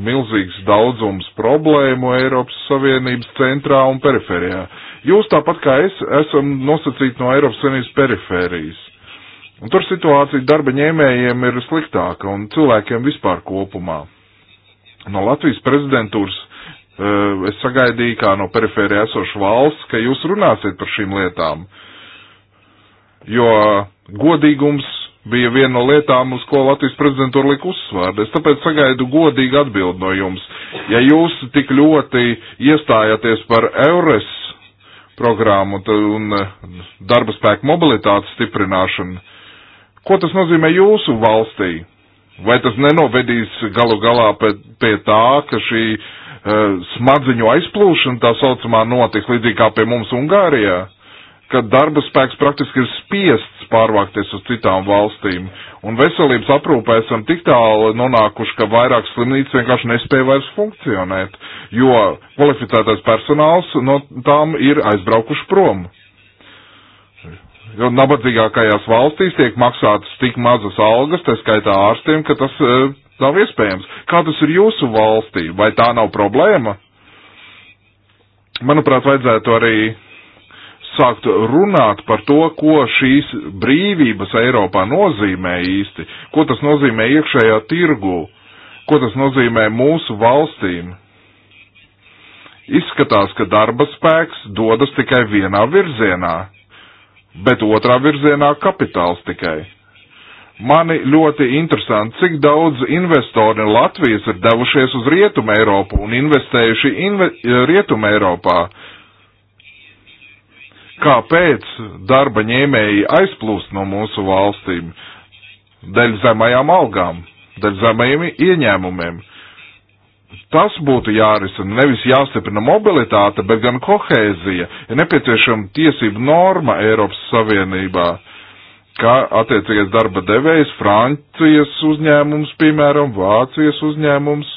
milzīgs daudzums problēmu Eiropas Savienības centrā un periferijā. Jūs tāpat kā es esam nosacīti no Eiropas Savienības perifērijas. Un tur situācija darba ņēmējiem ir sliktāka un cilvēkiem vispār kopumā. No Latvijas prezidentūras eh, es sagaidīju, kā no perifērija esošu valsts, ka jūs runāsiet par šīm lietām. Jo godīgums bija viena no lietām, uz ko Latvijas prezidentūra lika uzsvārdu. Es tāpēc sagaidu godīgu atbildi no jums. Ja jūs tik ļoti iestājāties par Eures programmu un eh, darba spēku mobilitātes stiprināšanu, ko tas nozīmē jūsu valstī? Vai tas nenovedīs galu galā pie, pie tā, ka šī uh, smadziņu aizplūšana tā saucamā notiks līdzīgi kā pie mums Ungārijā, kad darba spēks praktiski ir spiests pārvākties uz citām valstīm, un veselības aprūpē esam tik tālu nonākuši, ka vairāk slimnīcas vienkārši nespēja vairs funkcionēt, jo kvalificētais personāls no tām ir aizbraukuši prom. Jo nabadzīgākajās valstīs tiek maksātas tik mazas algas, tā skaitā ārstiem, ka tas e, nav iespējams. Kā tas ir jūsu valstī? Vai tā nav problēma? Manuprāt, vajadzētu arī sākt runāt par to, ko šīs brīvības Eiropā nozīmē īsti, ko tas nozīmē iekšējā tirgu, ko tas nozīmē mūsu valstīm. Izskatās, ka darba spēks dodas tikai vienā virzienā bet otrā virzienā kapitāls tikai. Mani ļoti interesanti, cik daudz investori no Latvijas ir devušies uz Rietumu Eiropu un investējuši inve Rietumu Eiropā. Kāpēc darba ņēmēji aizplūst no mūsu valstīm? Dēļ zemajām algām, dēļ zemajiem ieņēmumiem. Uh, Tas būtu jārisina, nevis jāstiprina mobilitāte, bet gan kohēzija. Ir nepieciešama tiesība norma Eiropas Savienībā, kā attiecīgais darba devējs, Francijas uzņēmums, piemēram, Vācijas uzņēmums.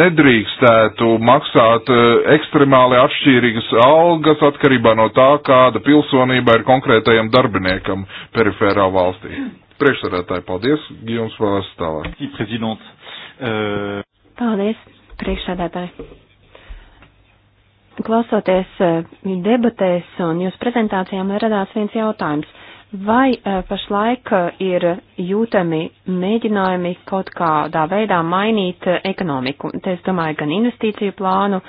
Nedrīkstētu maksāt e, ekstremāli atšķirīgas algas atkarībā no tā, kāda pilsonība ir konkrētajam darbiniekam perifērā valstī. Mm. Priekšsarētāji, paldies, Gijoms Vārs tālāk. Euh, paldies, priekšsarētāji. Klausoties eh, debatēs un jūsu prezentācijām radās viens jautājums. Vai eh, pašlaik eh, ir jūtami mēģinājumi kaut kādā veidā mainīt ekonomiku? Te es domāju gan investīciju plānu,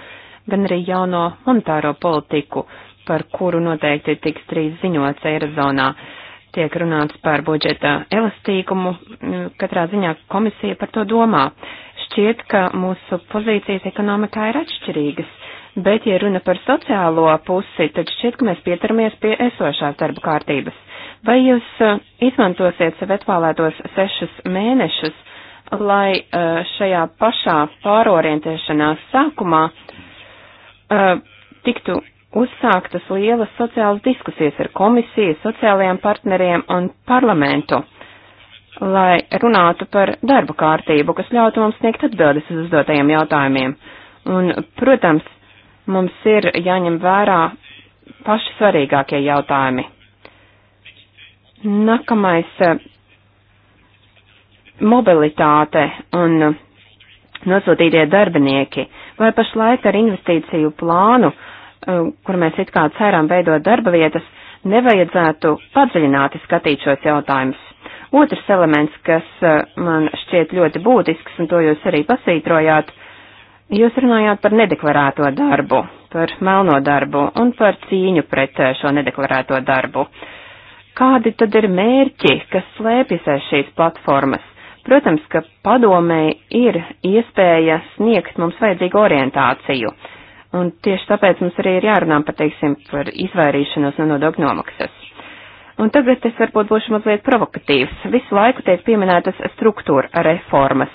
gan arī jauno monetāro politiku, par kuru noteikti tiks trīs ziņots Eirozonā. Uh, tiek runāts par budžeta elastīgumu. Mm, katrā ziņā komisija par to domā. Šķiet, ka mūsu pozīcijas ekonomikā ir atšķirīgas, bet, ja runa par sociālo pusi, tad šķiet, ka mēs pieturamies pie esošās darba kārtības. Vai jūs eh, izmantosiet sev atvēlētos sešus mēnešus, lai eh, šajā pašā pārorientēšanās sākumā eh, tiktu uzsāktas lielas sociālas diskusijas ar komisiju, sociālajiem partneriem un parlamentu, lai runātu par darba kārtību, kas ļautu mums sniegt atbildes uz uzdotajiem jautājumiem. Un, protams, mums ir jāņem vērā paši svarīgākie jautājumi. Nākamais eh, - mobilitāte un nosūtītie darbinieki. Vai pašlaik ar investīciju plānu Um, kur mēs it kā ceram veidot darba vietas, nevajadzētu padziļināti skatīt šos jautājumus. Otrs elements, kas uh, man šķiet ļoti būtisks, un to jūs arī pasītrojāt, jūs runājāt par nedeklarēto darbu, par melno darbu un par cīņu pret uh, šo nedeklarēto darbu. Kādi tad ir mērķi, kas slēpjas aiz šīs platformas? Protams, ka padomē ir iespēja sniegt mums vajadzīgu orientāciju. Uh, Un tieši tāpēc mums arī ir jārunā par, teiksim, par izvairīšanos no nodokļu nomaksas. Un tagad es varbūt būšu mazliet provokatīvs. Visu laiku tiek pieminētas struktūra reformas.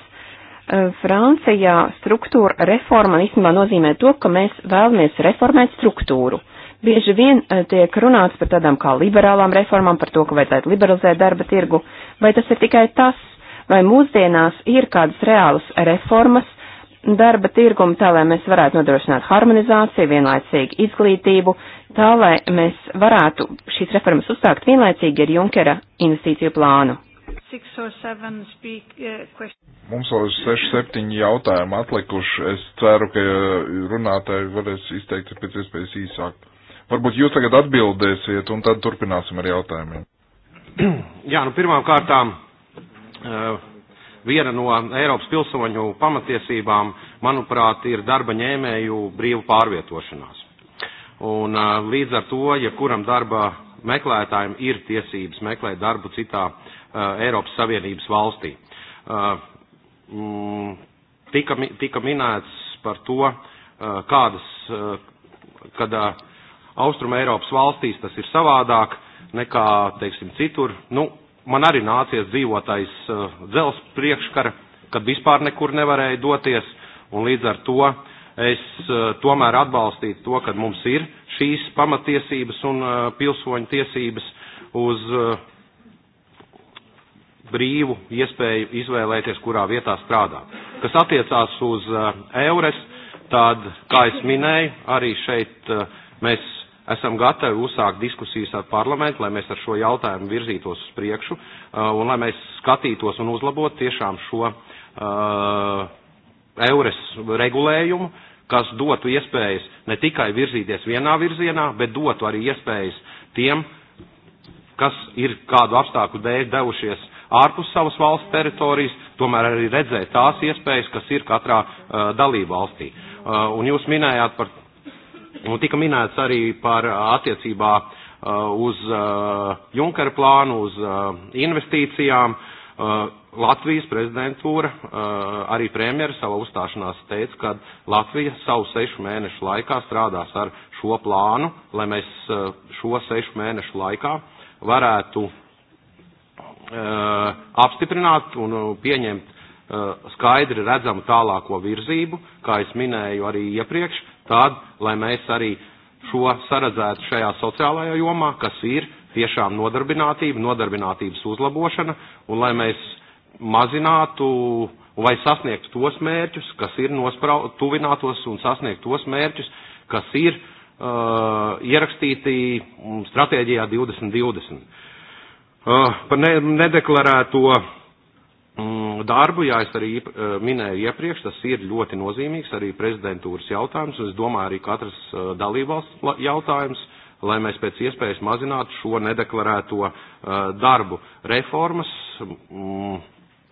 Eh, Francijā struktūra reforma īstenībā nozīmē to, ka mēs vēlamies reformēt struktūru. Bieži vien eh, tiek runāts par tādām kā liberālām reformām, par to, ka vajadzētu liberalizēt darba tirgu. Vai tas ir tikai tas, vai mūsdienās ir kādas reālas reformas, darba tirgumu, tā lai mēs varētu nodrošināt harmonizāciju, vienlaicīgi izglītību, tā lai mēs varētu šīs reformas uzsākt vienlaicīgi ar Junkera investīciju plānu. Speak, uh, Mums vēl ir 6-7 jautājumi atlikuši. Es ceru, ka uh, runātāji varēs izteikt pēc iespējas īsāk. Varbūt jūs tagad atbildēsiet, un tad turpināsim ar jautājumiem. (clears throat) Jā, nu pirmām kārtām. Uh, viena no Eiropas pilsoņu pamatiesībām, manuprāt, ir darba ņēmēju brīva pārvietošanās. Un līdz ar to, ja kuram darba meklētājiem ir tiesības meklēt darbu citā uh, Eiropas Savienības valstī. Uh, mm, tika, tika minēts par to, uh, kādas, kad Austruma Eiropas valstīs tas ir savādāk nekā, teiksim, citur. Nu, man arī nācies dzīvot aiz uh, eh, dzels priekškara, kad vispār nekur nevarēja doties, un līdz ar to es uh, tomēr atbalstītu to, ka mums ir šīs pamatiesības un uh, pilsoņu tiesības uz brīvu iespēju izvēlēties, kurā vietā strādāt. Kas attiecās uz eures, tad, kā es minēju, arī šeit mēs esam gatavi uzsākt diskusijas ar parlamentu, lai mēs ar šo jautājumu virzītos uz priekšu uh, un lai mēs skatītos un uzlabotu tiešām šo uh, eures regulējumu, kas dotu iespējas ne tikai virzīties vienā virzienā, bet dotu arī iespējas tiem, kas ir kādu apstākļu dēļ devušies ārpus savas valsts teritorijas, tomēr arī redzēt tās iespējas, kas ir katrā uh, dalību valstī. Uh, un jūs minējāt par Un tika minēts arī par attiecībā uz Junkara plānu, uz investīcijām. Latvijas prezidentūra, arī premjera savā uzstāšanās teica, ka Latvija savu sešu mēnešu laikā strādās ar šo plānu, lai mēs šo sešu mēnešu laikā varētu apstiprināt un pieņemt skaidri redzamu tālāko virzību, kā es minēju arī iepriekš, tad, lai mēs arī šo saredzētu šajā sociālajā jomā, kas ir tiešām nodarbinātība, nodarbinātības uzlabošana, un lai mēs mazinātu vai sasniegtu tos mērķus, kas ir nosprau, tuvinātos un sasniegt tos mērķus, kas ir uh, ierakstīti mm, stratēģijā 2020. Uh, par ne, nedeklarēto uh, Mm, darbu, jā, es arī eh, minēju iepriekš, tas ir ļoti nozīmīgs arī prezidentūras jautājums, un es domāju arī katras eh, dalībvalsts jautājums, lai mēs pēc iespējas mazinātu šo nedeklarēto eh, darbu. Reformas, mm,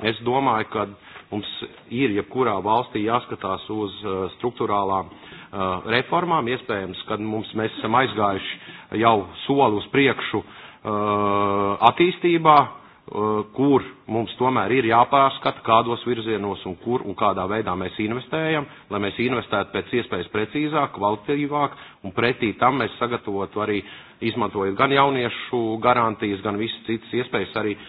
es domāju, ka mums ir jebkurā valstī jāskatās uz struktūrālām reformām, iespējams, kad mums mēs esam aizgājuši jau soli uz priekšu attīstībā, Eh, kur mums tomēr ir jāpārskata, kādos virzienos un kur un kādā veidā mēs investējam, lai mēs investētu pēc iespējas precīzāk, kvalitīvāk, un pretī tam mēs sagatavotu arī, izmantojot gan jauniešu garantijas, gan visas citas iespējas, arī eh,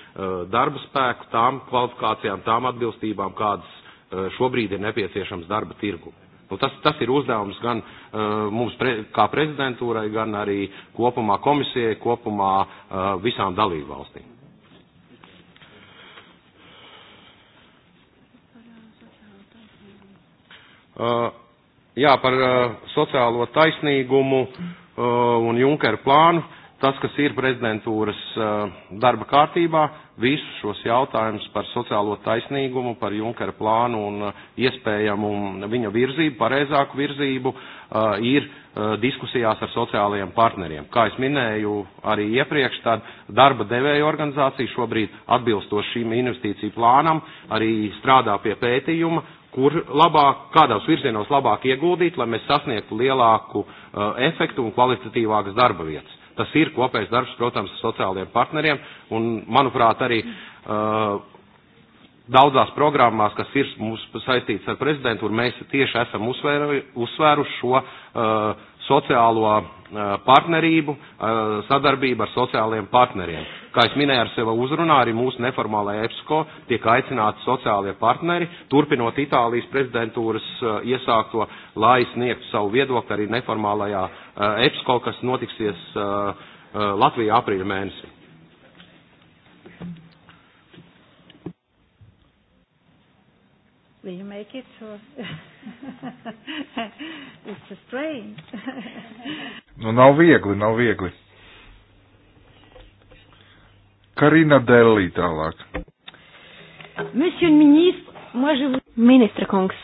darba spēku tām kvalifikācijām, tām atbilstībām, kādas eh, šobrīd ir nepieciešams darba tirgu. Nu, tas, tas ir uzdevums gan uh, mums pre, kā prezidentūrai, gan arī kopumā komisijai, kopumā uh, visām dalībvalstīm. Uh, jā, par uh, sociālo taisnīgumu uh, un Junkera plānu. Tas, kas ir prezidentūras darba kārtībā, visus šos jautājumus par sociālo taisnīgumu, par Junkera plānu un iespējamu viņa virzību, pareizāku virzību, ir diskusijās ar sociālajiem partneriem. Kā es minēju arī iepriekš, tad darba devēja organizācija šobrīd atbilstoši šīm investīciju plānam arī strādā pie pētījuma kur labāk, kādās virzienos labāk ieguldīt, lai mēs sasniegtu lielāku uh, efektu un kvalitatīvākas darba vietas. Tas ir kopējs darbs, protams, ar sociālajiem partneriem, un, manuprāt, arī uh, daudzās programmās, kas ir mums saistīts ar prezidentūru, mēs tieši esam uzsvēru, uzsvēruši šo uh, sociālo eh, partnerību, eh, sadarbību ar sociālajiem partneriem. Kā es minēju ar sevi uzrunā, arī mūsu neformālajā EPSCO tiek aicināti sociālie partneri, turpinot Itālijas prezidentūras eh, iesākto, lai sniegtu savu viedokli arī neformālajā EPSCO, kas notiksies Latvijā aprīļa mēnesī. Will you make it? Or (laughs) it's a strain. (laughs) nu, nav viegli, nav viegli. Karina Dellī tālāk. Monsieur le ministre, moi je vous... Ministra kungs,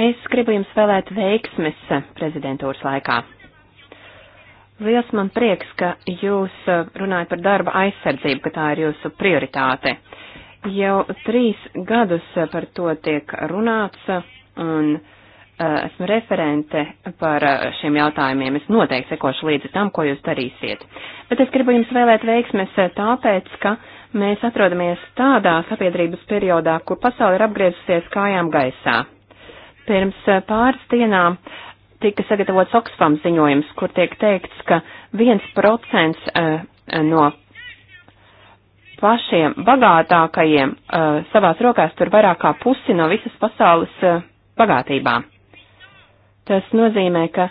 es gribu jums vēlēt veiksmes prezidentūras laikā. Liels man prieks, ka jūs runājat par darba aizsardzību, ka tā ir jūsu prioritāte. Uh, Jau trīs gadus par to tiek runāts, un uh, esmu referente par uh, šiem jautājumiem. Es noteikti sekošu līdzi tam, ko jūs darīsiet. Bet es gribu jums vēlēt veiksmes uh, tāpēc, ka mēs atrodamies tādā sabiedrības periodā, kur pasauli ir apgriezusies kājām gaisā. Pirms pāris dienām tika sagatavots Oxfam ziņojums, kur tiek teikts, ka 1% no pašiem bagātākajiem uh, savās rokās tur vairāk kā pusi no visas pasaules uh, bagātībām. Tas nozīmē, ka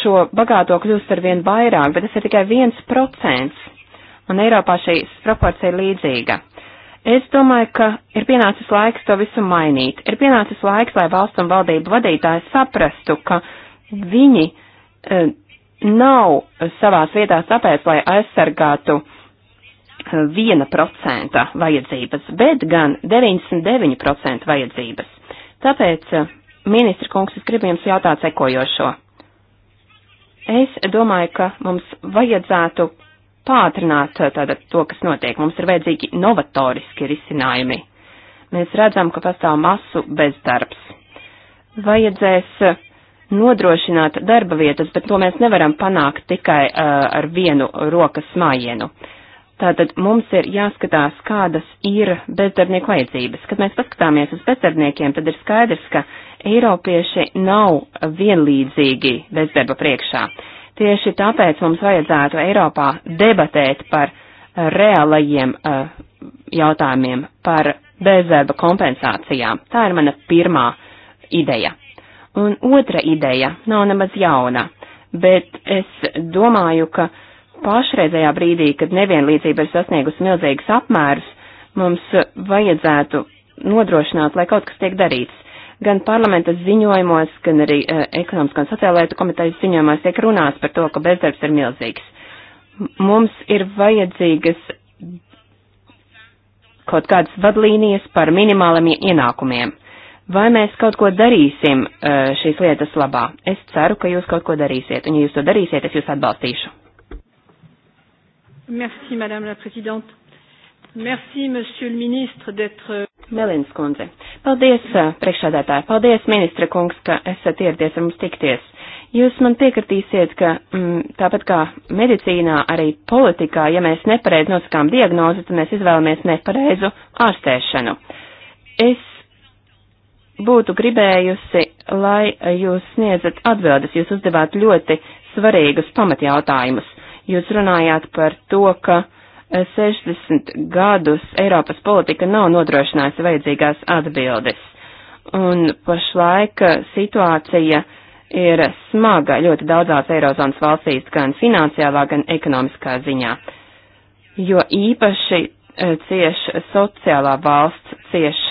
šo bagāto kļūst ar vien vairāk, bet tas ir tikai viens procents, un Eiropā šīs proporcija ir līdzīga. Es domāju, ka ir pienācis laiks to visu mainīt. Ir pienācis laiks, lai valsts un valdību vadītāji saprastu, ka viņi uh, nav savās vietās tāpēc, lai aizsargātu uh, 1% vajadzības, bet gan 99% vajadzības. Tāpēc, eh, ministra kungs, es gribu jums jautāt sekojošo. Es domāju, ka mums vajadzētu pātrināt eh, tātad to, kas notiek. Mums ir vajadzīgi novatoriski risinājumi. Mēs redzam, ka pastāv masu bezdarbs. Vajadzēs eh, nodrošināt darba vietas, bet to mēs nevaram panākt tikai uh, ar vienu rokas mājienu. Uh, Tātad mums ir jāskatās, kādas ir bezdarbnieku vajadzības. Kad mēs paskatāmies uz bezdarbniekiem, tad ir skaidrs, ka Eiropieši nav vienlīdzīgi bezdarba priekšā. Tieši tāpēc mums vajadzētu Eiropā debatēt par reālajiem uh, jautājumiem, par bezdarba kompensācijām. Tā ir mana pirmā ideja. Un otra ideja nav nemaz jauna, bet es domāju, ka uh, pašreizējā brīdī, kad nevienlīdzība ir sasniegusi milzīgas apmērus, mums vajadzētu nodrošināt, lai kaut kas tiek darīts. Gan parlamentas ziņojumos, gan arī uh, ekonomiskā un sociālajā komitejas ziņojumos tiek runāts par to, ka bezdarbs ir milzīgs. Mums ir vajadzīgas kaut kādas vadlīnijas par minimāliem ienākumiem. Vai mēs kaut ko darīsim eh, šīs lietas labā? Es ceru, ka jūs kaut ko darīsiet, un ja jūs to darīsiet, es jūs atbalstīšu. Merci, Madame la Présidente. Merci, Monsieur le Ministre, d'être. Melins kundze. Paldies, priekšādātāji. Paldies, ministra kungs, ka esat ieradies ar mums tikties. Jūs man piekritīsiet, ka mm, tāpat kā medicīnā, arī politikā, ja mēs nepareizi nosakām diagnozi, tad mēs izvēlamies nepareizu ārstēšanu. Es būtu gribējusi, lai jūs sniedzat atbildes, jūs uzdevāt ļoti svarīgus pamatjautājumus. Jūs runājāt par to, ka 60 eh, gadus Eiropas politika nav nodrošinājusi vajadzīgās atbildes. Un pašlaik eh, situācija ir smaga ļoti daudzās Eirozonas valstīs, gan finansiālā, gan ekonomiskā ziņā. Jo īpaši eh, cieš sociālā valsts, cieš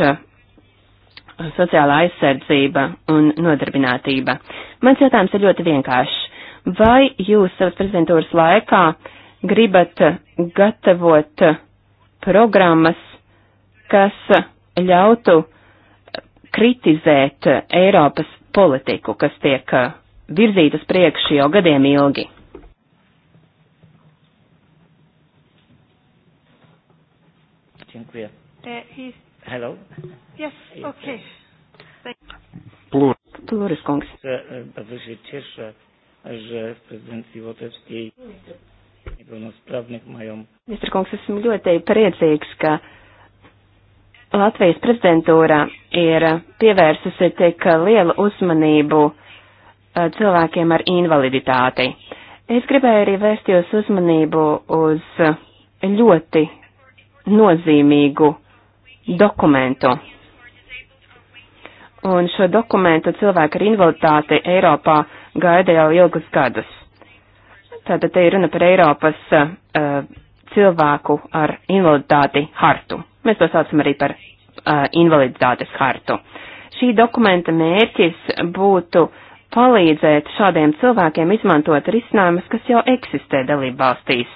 sociālā aizsardzība un nodarbinātība. Mans jautājums ir ļoti vienkāršs. Vai jūs savas prezidentūras laikā gribat gatavot programmas, kas ļautu kritizēt Eiropas politiku, kas tiek virzītas priekš jau gadiem ilgi? Dziękuję. Uh, Hello? Yes, okay. Pluris kungs. E, Bardzo się cieszę, że w prezydencji łotewskiej niepełnosprawnych mają. Ministra kungs, esmu ļoti priecīgs, ka Latvijas prezidentūra ir pievērsusi tik lielu uzmanību cilvēkiem ar invaliditāti. Es gribēju arī vērst jūs uzmanību uz ļoti nozīmīgu dokumentu. Un šo dokumentu cilvēku ar invaliditāti Eiropā uh, gaida jau ilgus gadus. Tātad te ir runa par Eiropas uh, cilvēku ar invaliditāti hartu. Mēs to saucam arī par uh, invaliditātes hartu. Šī dokumenta mērķis būtu palīdzēt šādiem cilvēkiem izmantot risinājumus, kas jau eksistē dalību valstīs.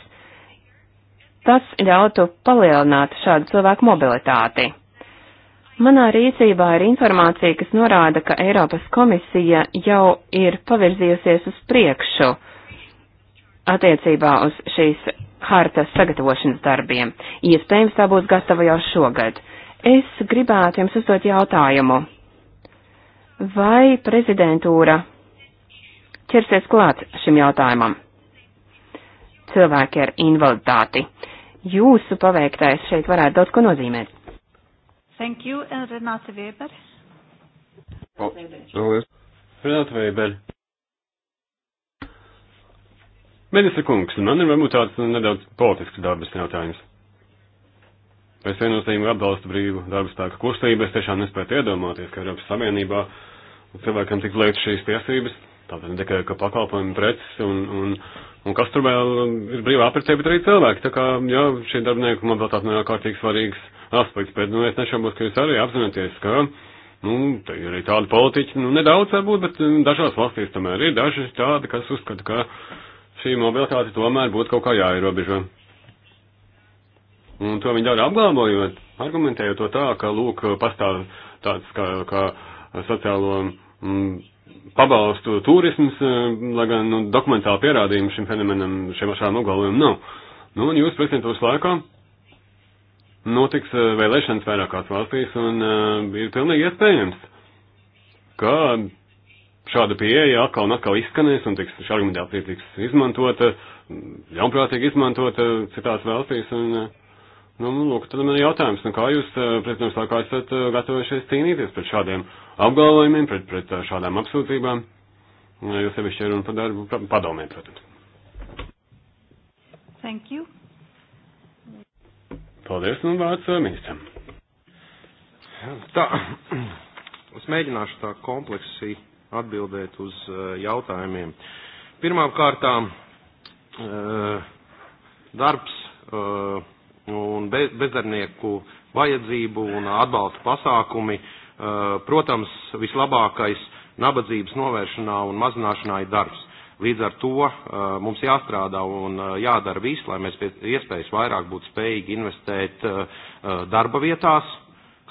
Tas ļautu palielināt šādu cilvēku mobilitāti. Manā rīcībā ir informācija, kas norāda, ka Eiropas komisija jau ir pavirzījusies uz priekšu attiecībā uz šīs hartas sagatavošanas darbiem. Iespējams, tā būs gatava jau šogad. Es gribētu jums uzdot jautājumu. Vai prezidentūra ķersies klāt šim jautājumam? Cilvēki ar invaliditāti. Jūsu paveiktais šeit varētu daudz ko nozīmēt. Thank you, and Renāte Weber. Paldies. Oh, Renāte Weber. Ministra kungs, man ir varbūt tāds nedaudz politisks dabas jautājums. Es viennozīmīgi atbalstu brīvu darba spēka kustību, es tiešām nespēju iedomāties, ka Eiropas Savienībā cilvēkam tik liekt šīs tiesības, tātad ne tikai, ka pakalpojumi preces un, un, Un kas tur vēl ir brīvā apritē, bet arī cilvēki. Tā kā, jā, šī darbinieku mobilitāte nav ārkārtīgi svarīgs aspekts, bet, nu, es nešaubos, ka jūs arī apzināties, ka, nu, te ir arī tādi politiķi, nu, nedaudz varbūt, bet mm, dažās valstīs tomēr ir daži tādi, kas uzskata, ka šī mobilitāte tomēr būtu kaut kā jāierobežo. Un to viņi dara apgalvojot, argumentējot to tā, ka, lūk, pastāv tāds kā, kā sociālo. Mm, pabalstu turisms, eh, lai gan nu, dokumentāli pierādījumi šim fenomenam, šiem šādam nogalījumam nav. Nu, un jūs prezidentūras laikā notiks eh, vēlēšanas vairākās valstīs, un uh, ir pilnīgi iespējams, ka šāda pieeja atkal un atkal izskanēs, un tiks, šī argumentācija tiks izmantota, ļaunprātīgi izmantota citās valstīs, un, uh, nu, lūk, tad man ir jautājums, nu, kā jūs uh, prezidentūras laikā esat uh, gatavojušies cīnīties pret šādiem uh, apgalvojumiem, pret, pret uh, šādām apsūdzībām, uh, jo sevišķi runa par darbu padomē, protams. Thank you. Paldies, un vārds uh, ministram. Tā, (clears throat) es mēģināšu tā kompleksi atbildēt uz jautājumiem. Pirmām kārtām, darbs un bezdarbnieku vajadzību un atbalsta pasākumi Eh, protams, vislabākais nabadzības novēršanā un mazināšanā ir darbs. Līdz ar to eh, mums jāstrādā un eh, jādara viss, lai mēs pēc iespējas vairāk būtu spējīgi investēt darba vietās,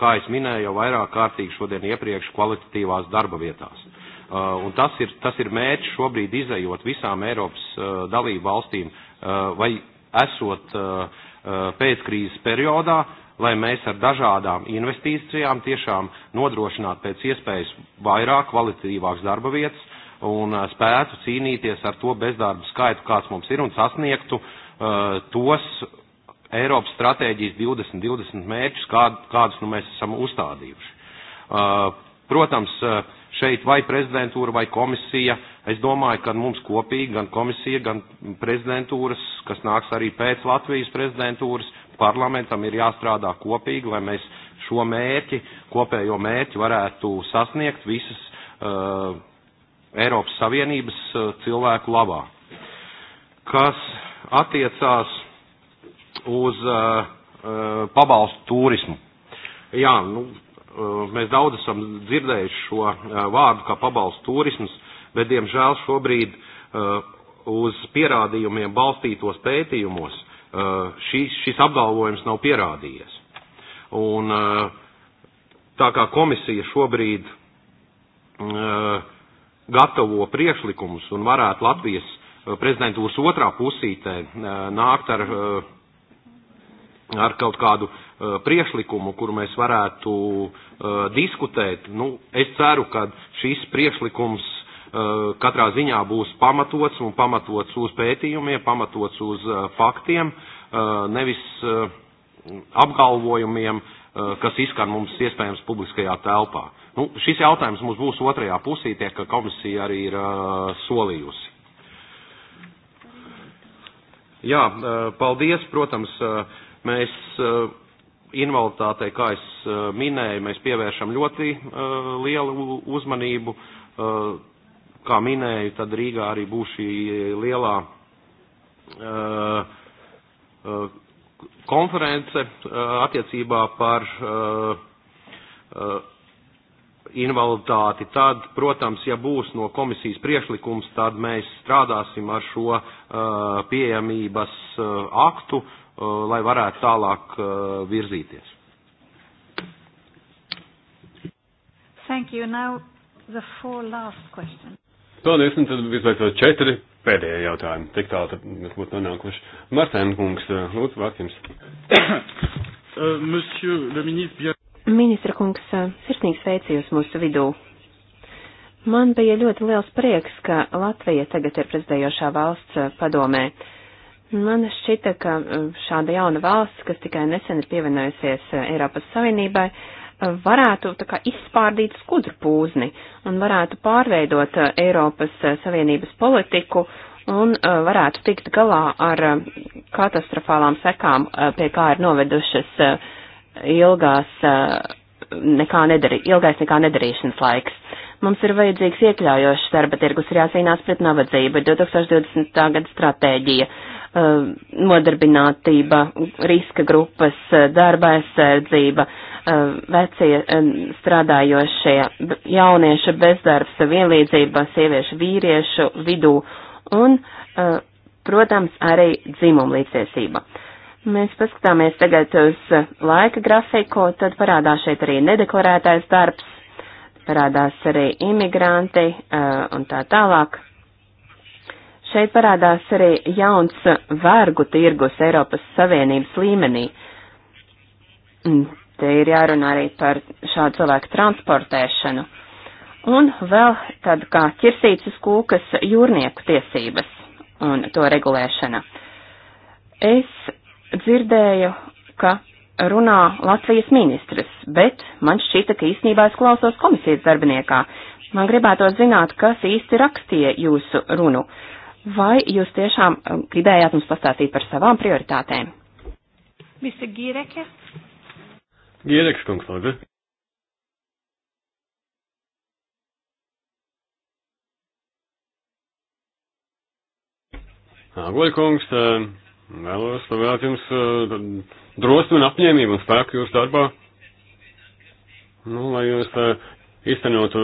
kā es minēju jau vairāk kārtīgi šodien iepriekš, kvalitatīvās darba vietās. Un tas ir, tas ir mērķis šobrīd izējot visām Eiropas dalību valstīm vai esot pēc krīzes periodā, lai mēs ar dažādām investīcijām tiešām nodrošinātu pēc iespējas vairāk kvalitīvākas darba vietas un spētu cīnīties ar to bezdarbu skaitu, kāds mums ir, un sasniegtu uh, tos Eiropas stratēģijas 2020 mērķus, kād, kādus nu, mēs esam uzstādījuši. Uh, protams, uh, šeit vai prezidentūra vai komisija. Es domāju, ka mums kopīgi gan komisija, gan prezidentūras, kas nāks arī pēc Latvijas prezidentūras, parlamentam ir jāstrādā kopīgi, lai mēs šo mērķi, kopējo mērķi varētu sasniegt visas uh, Eiropas Savienības uh, cilvēku labā. Kas attiecās uz uh, uh, pabalstu turismu. Jā, nu, uh, mēs daudz esam dzirdējuši šo uh, vārdu kā pabalstu turisms, bet diemžēl šobrīd uh, uz pierādījumiem balstītos pētījumos Uh, šis, šis apgalvojums nav pierādījies. Un uh, tā kā komisija šobrīd uh, gatavo priekšlikumus un varētu Latvijas prezidentūras otrā pusītē nākt ar, ar kaut kādu priekšlikumu, kur mēs varētu diskutēt. Nu, es ceru, ka šis priekšlikums Eh, katrā ziņā būs pamatots un pamatots uz pētījumiem, pamatots uz eh, faktiem, eh, nevis apgalvojumiem, kas izskan mums iespējams publiskajā telpā. Nu, šis jautājums mums būs otrajā pusītē, ka komisija arī ir solījusi. Jā, paldies, protams, mēs invaliditātei, kā es minēju, mēs pievēršam ļoti lielu uzmanību kā minēju, tad Rīgā arī būs šī lielā uh, uh, konference uh, attiecībā par invaliditāti. Tad, protams, ja būs no komisijas priešlikums, tad mēs strādāsim ar šo pieejamības aktu, lai varētu tālāk virzīties. Thank you. Now the four last questions. Paldies, un tad visbeidzot četri pēdējie jautājumi. Tik tālu tad mēs būtu nonākuši. Martēna kungs, lūdzu, vārds jums. (coughs) Euh, Ministra kungs, sirsnīgi sveicu jūs mūsu vidū. Man bija ļoti liels prieks, ka Latvija tagad ir prezidējošā valsts uh, padomē. Man šķita, ka uh, šāda jauna valsts, kas tikai nesen ir pievienojusies uh, Eiropas Savienībai, uh, varētu tā kā izspārdīt skudru pūzni un varētu pārveidot uh, Eiropas uh, Savienības politiku un uh, varētu tikt galā ar um, katastrofālām sekām, pie kā ir novedušas ilgās nekā nedari, ilgais nekā nedarīšanas laiks. Mums ir vajadzīgs iekļaujošs darba tirgus, ir jācīnās pret nabadzību, 2020. gada stratēģija, nodarbinātība, riska grupas, darba aizsardzība, E, vecie e, strādājošie jaunieša bezdarbs, vienlīdzība sieviešu vīriešu vidū un, e, protams, arī dzimumlīdztiesība. Mēs paskatāmies tagad uz laika grafiku, tad parādās šeit arī nedeklarētais darbs, parādās arī imigranti un tā tālāk. Šeit parādās arī jauns vergu tirgus Eiropas Savienības līmenī mm te ir jārunā arī par šādu cilvēku transportēšanu. Un vēl tad kā ķirsītas kūkas jūrnieku tiesības un to regulēšana. Es dzirdēju, ka runā Latvijas ministrs, bet man šķita, ka īsnībā es klausos komisijas darbiniekā. Man gribētu zināt, kas īsti rakstīja jūsu runu. Vai jūs tiešām um, gribējāt mums pastāstīt par savām prioritātēm? Mr. Gireke. Gierekškungs, lūdzu. Goļkungs, vēlos pavēlēt jums drosmi un apņēmību un spēku jūsu darbā. Nu, lai jūs īstenotu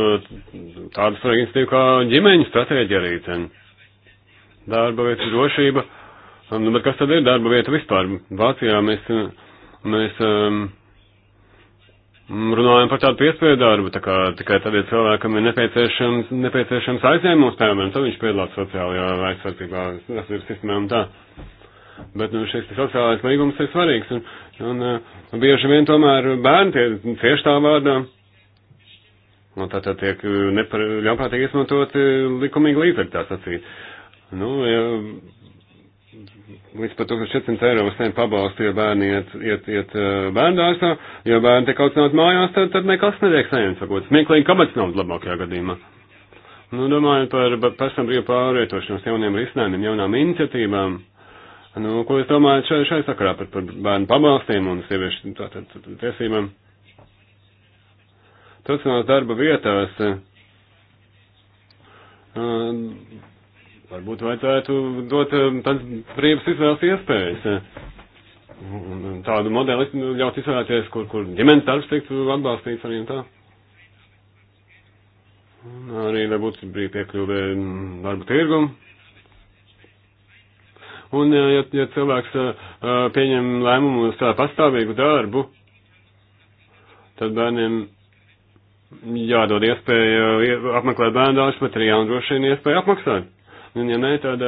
tādu svarīgu institīvu kā ģimeņu stratēģija arī. Ten. Darba vietas drošība. Nu, bet kas tad ir darba vieta vispār? Vācijā mēs, mēs um, Mm, runājam par tādu piespiedu darbu, tā kā tikai tādiem cilvēkam ir nepieciešams, nepieciešams aizņēmums, piemēram, tad viņš piedalās sociālajā aizsardzībā, aizsardzības sistēmā un tā. Bet nu, šis sociālais līgums ir svarīgs, un, un, un uh, bieži vien tomēr bērni tie cieši tā vārdā. Un tā tad tiek uh, nepar, ļaunprātīgi izmantot uh, likumīgi līdzekļi, tā sacīt. Nu, ja līdz pat 1400 eiro saņem pabalstu, ja bērni iet, iet, iet uh, bērndārsā, ja bērni tiek audzināt mājās, tad, tad nekas netiek saņemts, sakot, smieklīgi kabats nav labākajā gadījumā. Nu, domājot par personam brīvu pārvietošanos jauniem risinājumiem, jaunām iniciatīvām, nu, ko es domāju šai, šai sakarā par, par bērnu pabalstiem un sieviešu tātad tiesībām. Turpinās darba vietās. Uh, varbūt vajadzētu dot um, tad brīvas izvēles iespējas. Un tādu modeli ļaut izvēlēties, kur, kur ģimenes darbs tiktu atbalstīts arī tā. Un arī, lai būtu brīvi piekļuvē mm, darba tirgumu. Un, ja, ja cilvēks uh, uh, pieņem lēmumu uz tādu pastāvīgu darbu, tad bērniem jādod iespēja uh, apmeklēt bērnu dārstu materiālu un droši vien iespēja apmaksāt. Un, ja nē, tad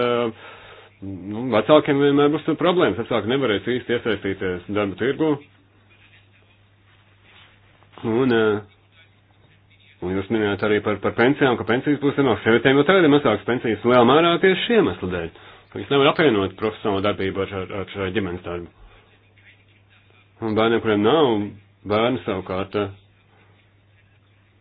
nu, vecākiem vienmēr būs problēmas. Vecāki nevarēs īsti iesaistīties darba tirgu. Un, un jūs minējāt arī par, par pensijām, ka pensijas būs zemākas. Sievietēm jau tagad ir mazākas pensijas lielā mērā tieši šiem iemeslu dēļ. Viņas nevar apvienot profesionālo darbību ar, ar, ar ģimenes darbu. Un bērniem, kuriem nav bērni savukārt,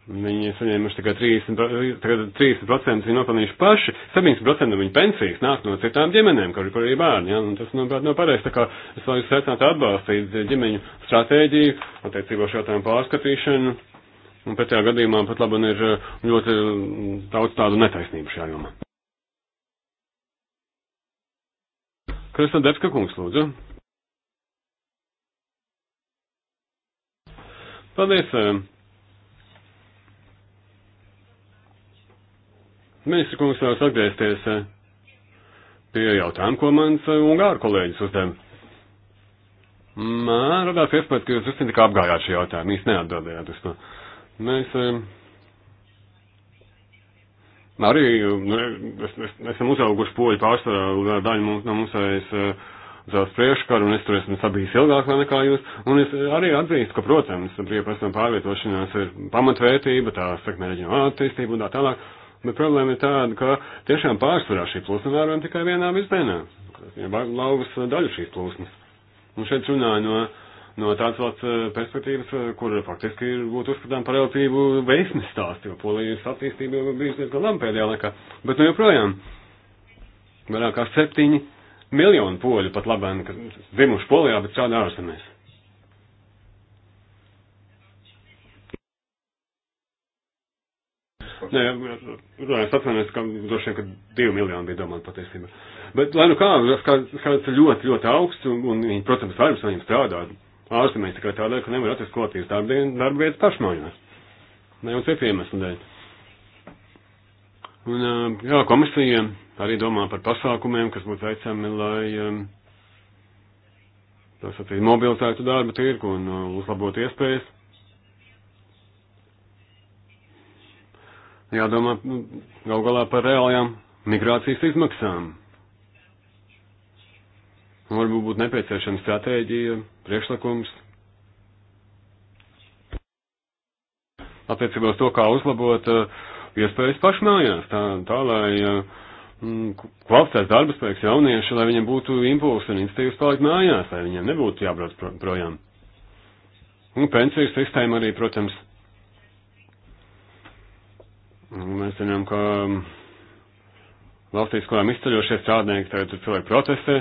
Viņi saņēmuši tikai 30%, tagad 30% ir nopelnījuši paši, 70% no viņu pensijas nāk no citām ģimenēm, kur, kur ir bērni, ja, un nu, tas, manuprāt, nav nu, pareizi, tā kā es vēl jūs aicinātu atbalstīt ģimeņu stratēģiju, attiecībā šo jautājumu pārskatīšanu, un pretējā gadījumā pat labi ir eh, ļoti mm, daudz tādu netaisnību šajā jomā. Krista Debska kungs, lūdzu. Paldies. Eh, Ministra kungs vēlas atgriezties eh, pie jautājuma, ko mans eh, ungāru kolēģis uzdeva. Man radās iespējas, ka jūs visiem tik apgājāt šo jautājumu, jūs neatbildējāt uz to. Mēs eh, arī nu, esam uzauguši poļu pārsvarā, daļa mums, no mums aiz zelts priekškaru, un es tur esmu sabijis ilgāk nekā jūs. Un es arī atzīstu, ka, protams, brīvprasam pārvietošanās ir pamatvērtība, tā sekmēģina attīstība un tā tālāk. Tā Bet problēma ir tāda, ka tiešām pārsvarā šī plūsma vērojam tikai vienā virzienā. Lauvas daļa šīs plūsmas. Un šeit runāju no, no tādas valsts eh, perspektīvas, eh, kur faktiski ir būtu uzskatām par relatīvu veiksmes stāstu, jo polijas attīstība jau bijusi diezgan laba pēdējā laikā. Bet nu joprojām vairāk kā septiņi miljoni poļu pat labāk, kas zimuši polijā, bet strādā ārzemēs. Runājot, atvainojos, ka droši vien, ka divi miljoni bija domāti patiesībā. Bet, lai nu kā, skaits ir ļoti, ļoti augsts, un, un viņi, protams, vairums no viņiem strādā ārzemēs tikai tādēļ, ka nevar atrast kvalitīvas darba vietas pašmājās. Ne jau citu iemeslu dēļ. Un, jā, komisija arī domā par pasākumiem, kas būtu veicami, lai, tā sacīt, mobilizētu darba tirku un uzlabotu iespējas. jādomā nu, gal galā par reālajām migrācijas izmaksām. Un varbūt būtu nepieciešama stratēģija, priekšlikums. Attiecībā uz to, kā uzlabot uh, iespējas pašmājās, tā, tā lai uh, mm, kvalificēts darba spēks jaunieši, lai viņiem būtu impulsi un institīvs palikt mājās, lai viņiem nebūtu jābrauc projām. Un pensiju sistēma arī, protams, Nu, mēs zinām, ka um, valstīs, kurām izceļošie strādnieki, tagad tur cilvēki protestē.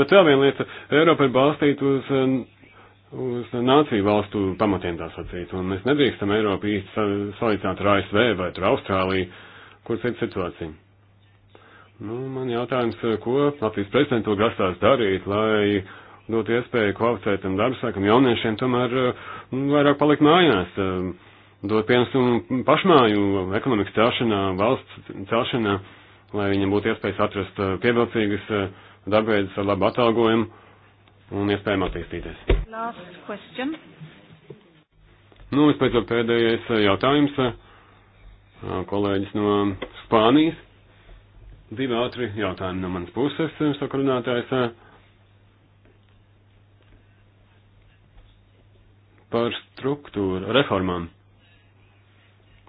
Bet vēl viena lieta, Eiropa ir balstīta uz, um, uz nāciju valstu pamatiem tā sacīt, un mēs nedrīkstam Eiropu īsti salīdzināt ar ASV vai tur Austrāliju, kur cita situācija. Nu, man jautājums, ko Latvijas prezidents to grasās darīt, lai dot iespēju kvalificētam darbsākam jauniešiem tomēr eh, nu, vairāk palikt mājās, eh, dot pienesumu pašmāju ekonomikas celšanā, valsts celšanā, lai viņiem būtu iespējas atrast eh, pievilcīgas darbveidus ar labu atalgojumu un iespējām attīstīties. Nu, vispēcot pēdējais jautājums, kolēģis no Spānijas. Divi ātri jautājumi no manas puses, sakarunātājs. par struktūru reformām.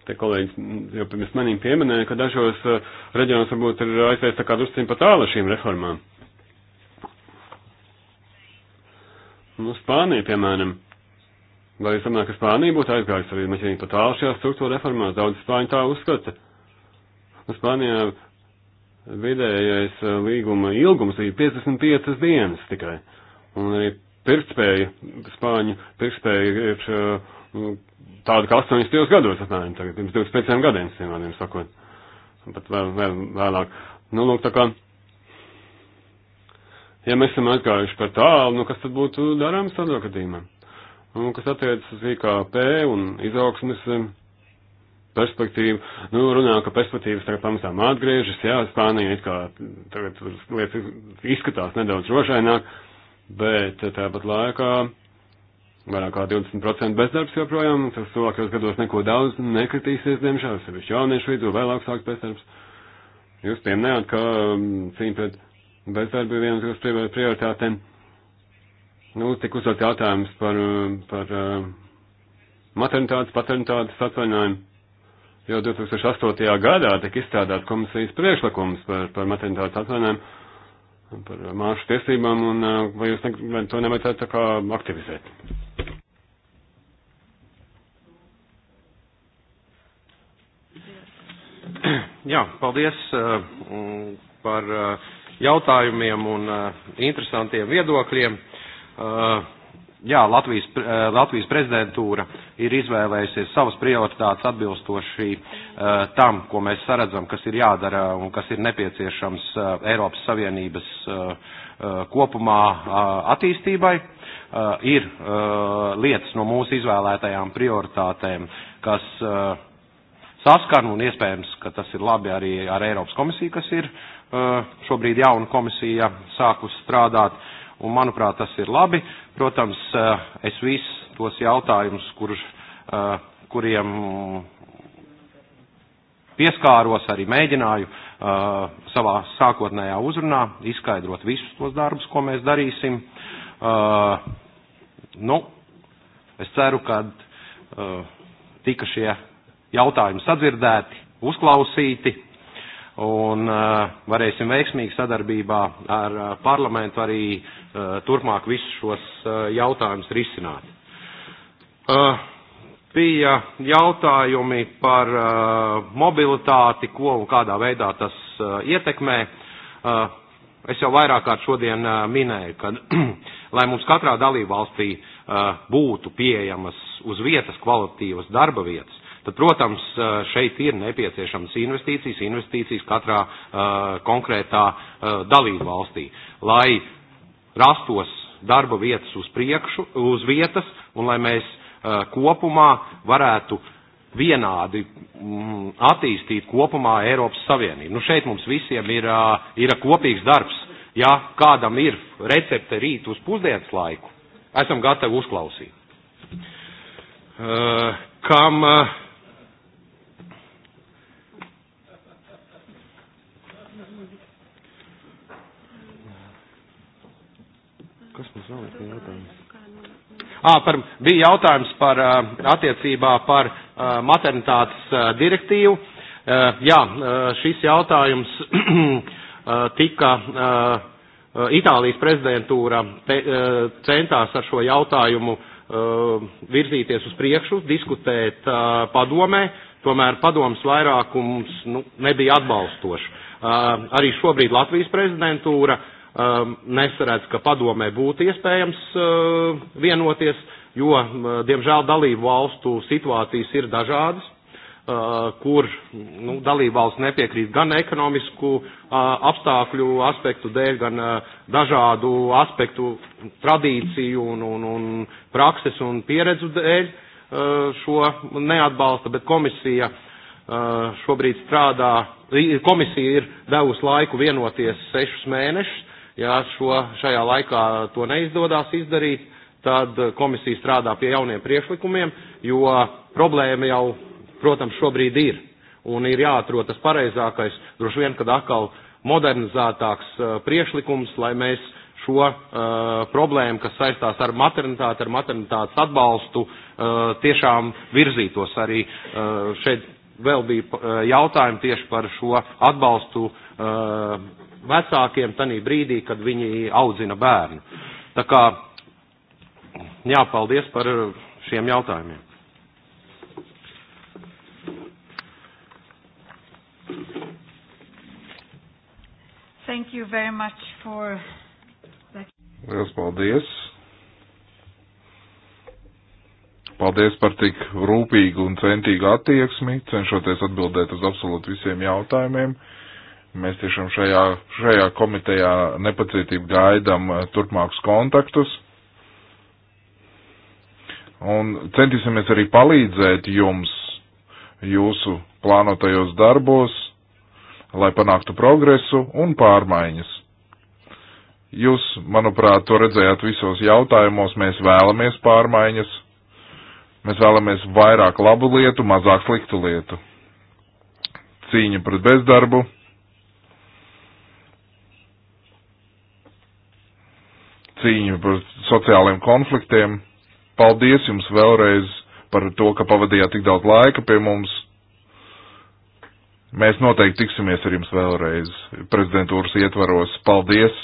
Te kolēģis jau pirms manīm pieminēja, ka dažos eh, reģionos varbūt ir aizies tā kā drusciņ pat tālu šīm reformām. Nu, Spānija, piemēram. Vai es domāju, ka Spānija būtu aizgājusi arī maķinīgi pat tālu šajā struktūra reformā? Daudz Spāņu tā uzskata. Un nu, Spānijā vidējais eh, līguma ilgums bija 55 dienas tikai. Un arī pirktspēja, spāņu pirktspēja ir eh, tāda kā 80. gados apmēram, tagad pirms 25 gadiem, vienādiem sakot. Pat vēl, vēl, vēlāk. Nu, lūk, tā kā, ja mēs esam atgājuši par tālu, nu, kas tad būtu darāms tādā gadījumā? Un nu, kas attiecas uz IKP un izaugsmes eh, perspektīvu, nu, runā, ka perspektīvas tagad pamazām atgriežas, jā, Spānija it kā tagad lietas izskatās nedaudz rožaināk bet tāpat laikā vairāk kā 20% bezdarbs joprojām, tas tuvākajos gados neko daudz nekritīsies, diemžēl, sevišķi jauniešu vidū vēl augstāks bezdarbs. Jūs pieminējāt, ka um, cīņa pret bezdarbu ir viena no jūsu prioritātēm. Nu, tik uzdot jautājums par, um, par um, maternitātes, paternitātes atvaļinājumu. Jau 2008. gadā tika izstrādāts komisijas priekšlikums par, par maternitātes atvaļinājumu par māšu tiesībām, un vai jūs ne, vai to nevajadzētu tā kā aktivizēt? Jā, paldies uh, par uh, jautājumiem un uh, interesantiem viedokļiem. Uh, jā, Latvijas, eh, Latvijas prezidentūra ir izvēlējusies savas prioritātes atbilstoši eh, tam, ko mēs saredzam, kas ir jādara un kas ir nepieciešams eh, Eiropas Savienības kopumā attīstībai. Ir lietas no mūsu izvēlētajām prioritātēm, kas saskana un iespējams, ka tas ir labi arī ar Eiropas komisiju, kas ir šobrīd jauna komisija sākus strādāt. Uh, un manuprāt tas ir labi. Protams, eh, es visus tos jautājumus, kur, eh, kuriem mm, pieskāros, arī mēģināju eh, savā sākotnējā uzrunā izskaidrot visus tos darbus, ko mēs darīsim. Nu, es ceru, ka tika šie jautājumi sadzirdēti, uzklausīti un uh, varēsim veiksmīgi sadarbībā ar uh, parlamentu arī uh, turpmāk visus šos uh, jautājumus risināt. Uh, bija jautājumi par uh, mobilitāti, ko un kādā veidā tas ietekmē. Es jau vairāk kārt šodien minēju, ka, (clears throat) lai mums katrā dalībvalstī būtu pieejamas uz vietas kvalitīvas darba vietas, tad, protams, šeit ir nepieciešamas investīcijas, investīcijas katrā uh, konkrētā uh, dalību valstī, lai rastos darba vietas uz priekšu, uz vietas, un lai mēs uh, kopumā varētu vienādi mm, attīstīt kopumā Eiropas Savienību. Nu, šeit mums visiem ir, ir kopīgs darbs. Ja kādam ir recepte rīt uz pusdienas laiku, esam gatavi uzklausīt. Uh, kam uh, Kas mums vēl ir jautājums? À, par, bija jautājums par attiecībā par maternitātes direktīvu. Jā, šis jautājums (clears throat) tika Itālijas prezidentūra te, centās ar šo jautājumu virzīties uz priekšu, diskutēt padomē, tomēr padomas vairākums nu, nebija atbalstošs. Arī šobrīd Latvijas prezidentūra uh, Um, nesaredz, ka padomē būtu iespējams uh, vienoties, jo, uh, diemžēl, dalību valstu situācijas ir dažādas, uh, kur nu, dalību valsts nepiekrīt gan ekonomisku apstākļu aspektu dēļ, gan dažādu aspektu tradīciju un, un, un prakses un pieredzu dēļ šo neatbalsta, bet komisija šobrīd strādā, komisija ir devusi laiku vienoties sešus mēnešus, Ja šo, šajā laikā to neizdodas izdarīt, tad komisija strādā pie jauniem priekšlikumiem, jo problēma jau, protams, šobrīd ir. Un ir jāatrod tas pareizākais, droši vien, kad atkal modernizētāks eh, priekšlikums, lai mēs šo uh, problēmu, kas saistās ar maternitāti, ar maternitātes atbalstu, uh, tiešām virzītos arī uh, šeit vēl bija jautājumi tieši par šo atbalstu vecākiem tanī brīdī, kad viņi audzina bērnu. Tā kā jāpaldies par šiem jautājumiem. Thank you very much for that. Liels paldies. Paldies par tik rūpīgu un centīgu attieksmi, cenšoties atbildēt uz absolūti visiem jautājumiem. Mēs tiešām šajā, šajā komitejā nepacietību gaidām eh, turpmākus kontaktus. Un centīsimies arī palīdzēt jums jūsu plānotajos darbos, lai panāktu progresu un pārmaiņas. Jūs, manuprāt, to redzējāt visos jautājumos, mēs vēlamies pārmaiņas, mēs vēlamies vairāk labu lietu, mazāk sliktu lietu. Cīņa pret bezdarbu, cīņu par sociāliem konfliktiem. Paldies jums vēlreiz par to, ka pavadījāt tik daudz laika pie mums. Mēs noteikti tiksimies ar jums vēlreiz prezidentūras ietvaros. Paldies!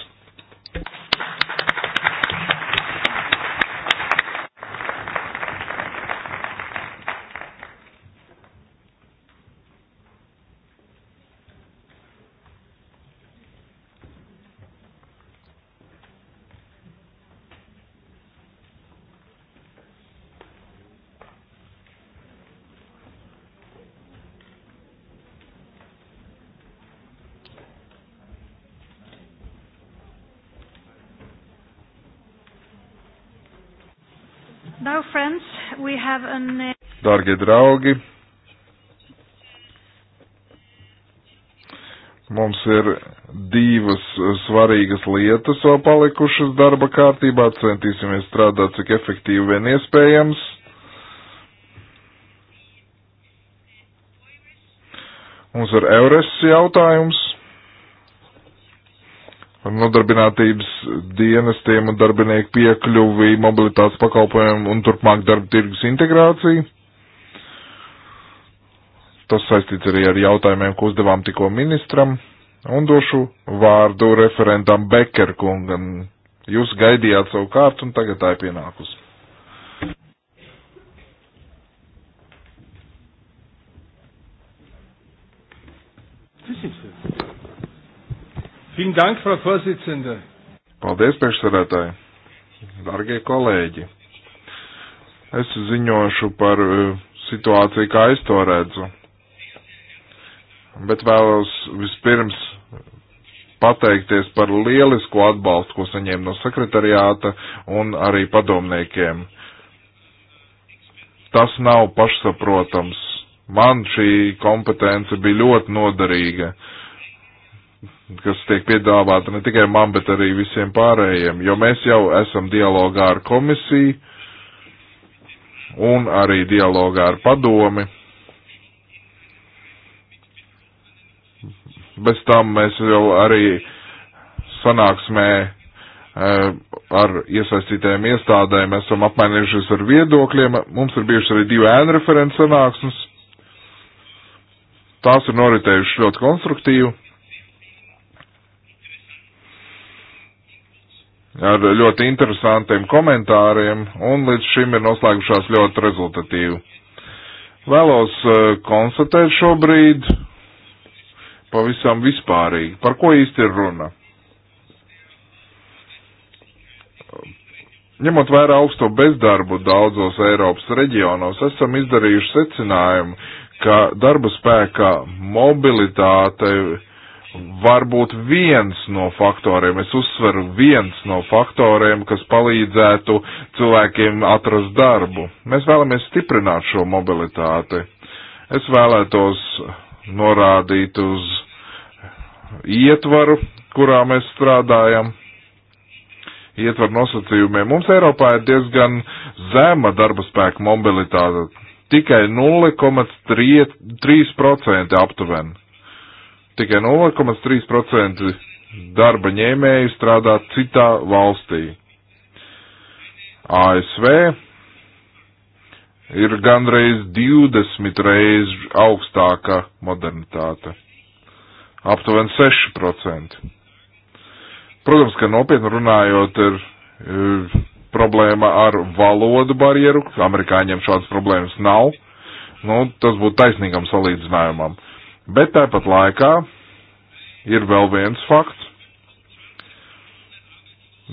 dārgie draugi. Mums ir divas svarīgas lietas vēl palikušas darba kārtībā. Centīsimies strādāt cik efektīvi vien iespējams. Mums ir Eures jautājums par nodarbinātības dienestiem un darbinieku piekļuvi mobilitātes pakalpojumiem un turpmāk darba tirgus integrāciju. Tas saistīts arī ar jautājumiem, ko uzdevām tikko ministram. Un došu vārdu referentam Becker kungam. Jūs gaidījāt savu kārtu un tagad tā ir pienākusi. Vielen Dank, Frau Vorsitzende. Paldies, priekšsarētāji. Dargie kolēģi, es ziņošu par eh, situāciju, kā es to redzu bet vēlos vispirms pateikties par lielisko atbalstu, ko saņēmu no sekretariāta un arī padomniekiem. Tas nav pašsaprotams. Man šī kompetence bija ļoti noderīga, kas tiek piedāvāta ne tikai man, bet arī visiem pārējiem, jo mēs jau esam dialogā ar komisiju un arī dialogā ar padomi Bez tam mēs jau arī sanāksmē eh, ar iesaistītajiem iestādēm esam apmainījušies ar viedokļiem. Mums ir bijuši arī divi ēnu referents sanāksmes. Tās ir noritējušas ļoti konstruktīvi. Ar ļoti interesantiem komentāriem un līdz šim ir noslēgušās ļoti rezultatīvi. Vēlos eh, konstatēt šobrīd, pavisam vispārīgi. Par ko īsti ir runa? Ņemot vērā augsto bezdarbu daudzos Eiropas reģionos, esam izdarījuši secinājumu, ka darba spēkā mobilitāte var būt viens no faktoriem, es uzsveru viens no faktoriem, kas palīdzētu cilvēkiem atrast darbu. Mēs vēlamies stiprināt šo mobilitāti. Es vēlētos norādīt uz ietvaru, kurā mēs strādājam, ietvaru nosacījumiem. Mums Eiropā ir diezgan zema darba spēka mobilitāte, tikai 0,3% aptuveni. Tikai 0,3% darba ņēmēju strādā citā valstī. ASV ir gandreiz 20 reizes augstāka modernitāte. Aptuveni 6%. Protams, ka nopietni runājot, ir problēma ar valodu barjeru. Amerikāņiem šādas problēmas nav. Nu, tas būtu taisnīgam salīdzinājumam. Bet tāpat laikā ir vēl viens fakts.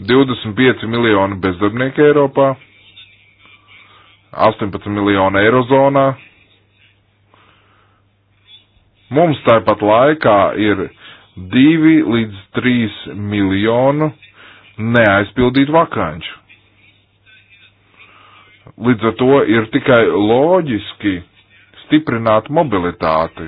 25 miljoni bezdarbnieku Eiropā, 18 miljonu eirozonā. Mums tāpat laikā ir 2 līdz 3 miljonu neaizpildītu vakanču. Līdz ar to ir tikai loģiski stiprināt mobilitāti,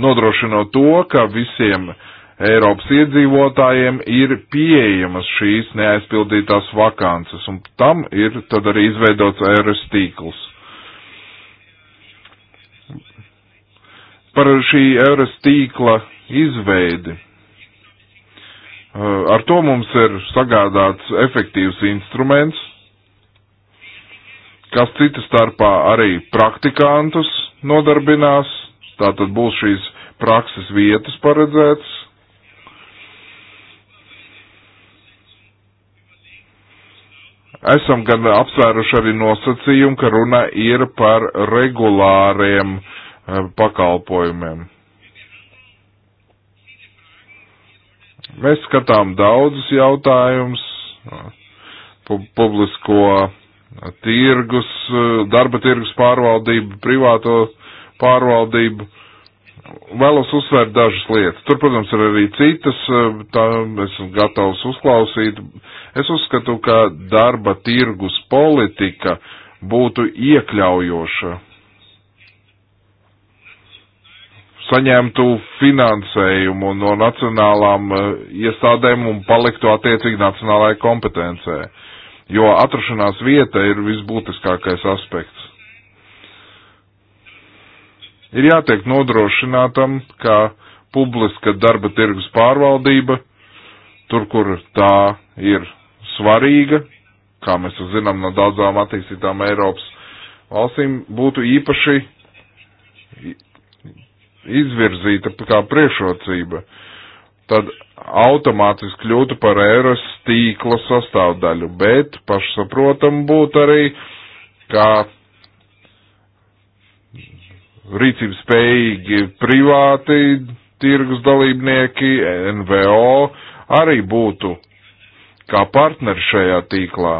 nodrošinot to, ka visiem uh, Eiropas iedzīvotājiem ir pieejamas šīs neaizpildītās vakances, un tam ir tad arī izveidots ēras tīkls. Par šī ēras tīkla izveidi. Eh, ar to mums ir sagādāts efektīvs instruments, kas cita starpā arī praktikantus nodarbinās, tātad būs šīs prakses vietas paredzētas, esam gan apsvēruši arī nosacījumu, ka runa ir par regulāriem eh, pakalpojumiem. Mēs skatām daudzus jautājumus, publisko tirgus, darba tirgus pārvaldību, privāto pārvaldību. Vēlos uzsvērt dažas lietas. Tur, protams, ir arī citas, eh, tā esmu gatavs uzklausīt, uh, Es uzskatu, ka darba tirgus politika būtu iekļaujoša, saņemtu finansējumu no nacionālām eh, iestādēm un paliktu attiecīgi nacionālajai kompetencē, jo atrašanās vieta ir visbūtiskākais aspekts. Ir jātiek nodrošinātam, ka publiska darba tirgus pārvaldība, tur, kur tā ir svarīga, kā mēs to zinām no daudzām attīstītām Eiropas valstīm, būtu īpaši izvirzīta kā priekšrocība, tad automātiski kļūtu par Eiros tīkla sastāvdaļu, bet pašsaprotam būtu arī, kā rīcības spējīgi privāti tirgus dalībnieki, NVO, arī būtu kā partneri šajā tīklā.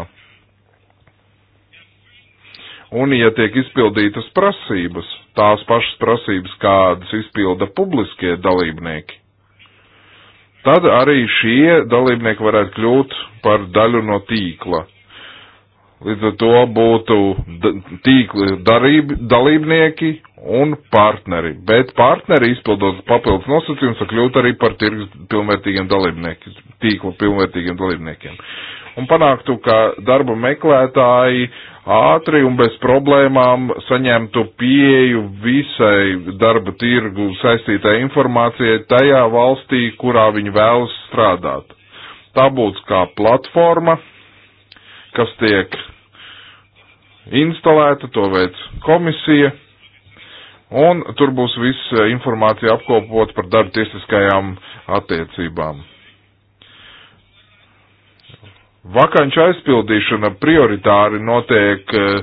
Un, ja tiek izpildītas prasības, tās pašas prasības, kādas izpilda publiskie dalībnieki, tad arī šie dalībnieki varētu kļūt par daļu no tīkla. Līdz ar to būtu tīkli darība, dalībnieki un partneri. Bet partneri izpildot papildus nosacījumus, var kļūt arī par tirgus pilnvērtīgiem dalībniekiem, tīkla pilnvērtīgiem dalībniekiem. Un panāktu, ka darba meklētāji ātri un bez problēmām saņemtu pieeju visai darba tirgu saistītai informācijai tajā valstī, kurā viņi vēlas strādāt. Tā būtu kā platforma, kas tiek instalēta, to veic komisija, un tur būs viss eh, informācija apkopot par darba tiesiskajām attiecībām. Vakanču aizpildīšana prioritāri notiek eh,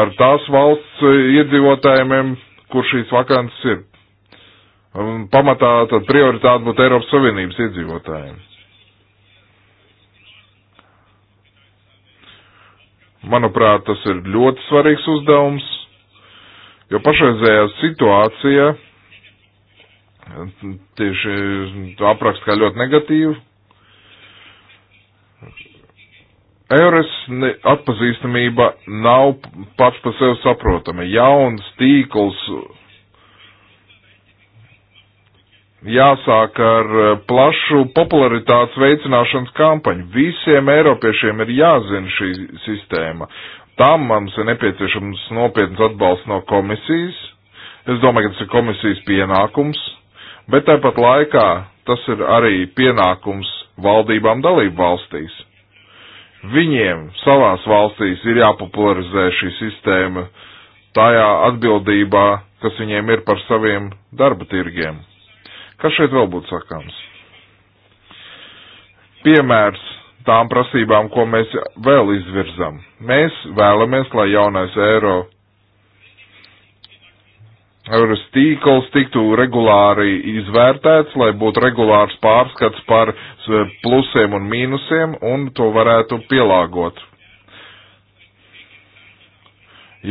ar tās valsts iedzīvotājiem, kur šīs vakances ir. Un pamatā tad prioritāte būtu Eiropas Savienības iedzīvotājiem. Manuprāt, tas ir ļoti svarīgs uzdevums, jo pašreizējā situācija tieši apraksta kā ļoti negatīvu. Eures atpazīstamība nav pats par sevi saprotama. Jauns tīkls jāsāk ar eh, plašu popularitātes veicināšanas kampaņu. Visiem Eiropiešiem ir jāzina šī sistēma. Tam mums ir nepieciešams nopietns atbalsts no komisijas. Es domāju, ka tas ir komisijas pienākums, bet tāpat laikā tas ir arī pienākums valdībām dalību valstīs. Viņiem savās valstīs ir jāpopularizē šī sistēma tajā atbildībā, kas viņiem ir par saviem darba tirgiem. Kas šeit vēl būtu sakāms? Piemērs tām prasībām, ko mēs vēl izvirzam. Mēs vēlamies, lai jaunais eiro Euras tīkls tiktu regulāri izvērtēts, lai būtu regulārs pārskats par plusiem un mīnusiem, un to varētu pielāgot.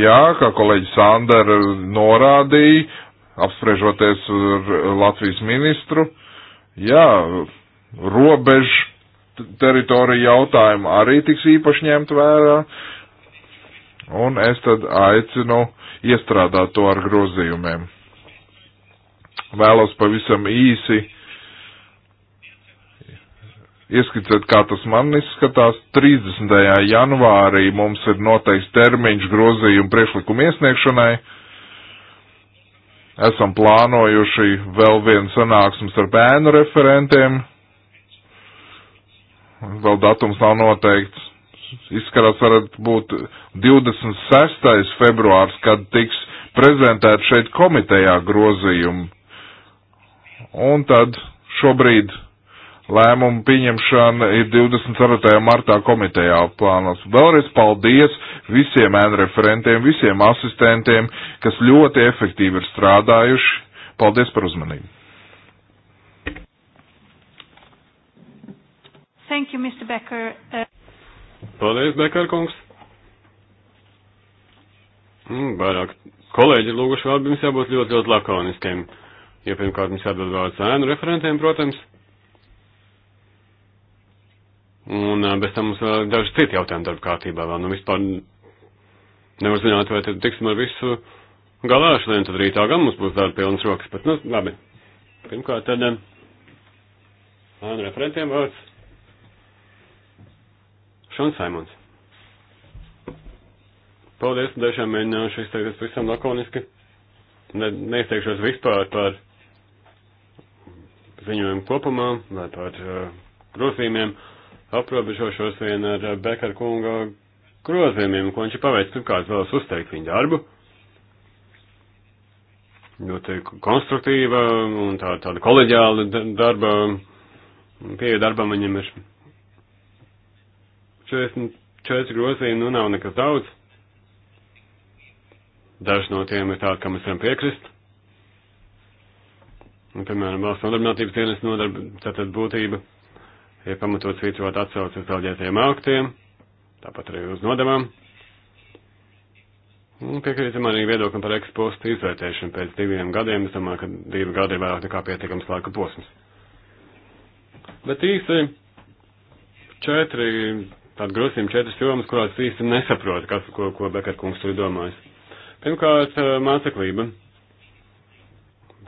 Jā, kā kolēģis Sandera norādīja, apspriežoties ar Latvijas ministru, jā, robežu teritoriju jautājumu arī tiks īpaši ņemt vērā, un es tad aicinu iestrādāt to ar grozījumiem. Vēlos pavisam īsi ieskicēt, kā tas man izskatās. 30. janvārī mums ir noteikts termiņš grozījumu priekšlikumu iesniegšanai esam plānojuši vēl vienu sanāksmu ar bērnu referentiem. Vēl datums nav noteikts. Izskatās, varētu būt 26. februārs, kad tiks prezentēt šeit komitejā grozījumu. Un tad šobrīd Lēmumu pieņemšana ir 24. martā komitejā plānos. Vēlreiz paldies visiem N-referentiem, visiem asistentiem, kas ļoti efektīvi ir strādājuši. Paldies par uzmanību. Thank you, Mr. Becker. Uh, paldies, Becker kungs. Mm, vairāk kolēģi lūguši vārdu, mums jābūt ļoti, ļoti, ļoti lakoniskiem. Ja pirmkārt mums jādod vārds ēnu referentiem, protams. Un bez tam mums vēl daži citi jautājumi darba kārtībā vēl. Nu, vispār nevar zināt, vai tad tiksim ar visu galā šodien, tad rītā gan mums būs darba pilnas rokas. Bet, nu, labi. Pirmkārt, tad ēnu referentiem vārds. Šons Saimons. Paldies, tiešām mēģināšu izteikties visam lakoniski. Ne, neizteikšos vispār par ziņojumu kopumā vai par uh, grozījumiem. Uh, aprobežošos vien ar Bekara kunga grozījumiem, ko viņš ir paveicis, un kāds vēlas uzteikt viņa darbu. Ļoti konstruktīva un tā, tāda koleģiāla darba, pieeja darbam viņam ir 44 grozījumi, nu nav nekas daudz. Daži no tiem ir tādi, kam mēs varam piekrist. Un, piemēram, valsts nodarbinātības dienas nodarba, tātad būtība ir pamatots vītrot atsauci uz zaļģētajiem aktiem, tāpat arī uz nodevām. Un piekrītam arī viedokam par ekspostu izvērtēšanu pēc diviem gadiem. Es domāju, ka divi gadi ir vairāk nekā pietiekams laika posms. Bet īsi četri, tādi grosījumi četras jomas, kurās īsti nesaprot, kas, ko, ko Bekarkungs tur domājis. Pirmkārt, eh, māceklība.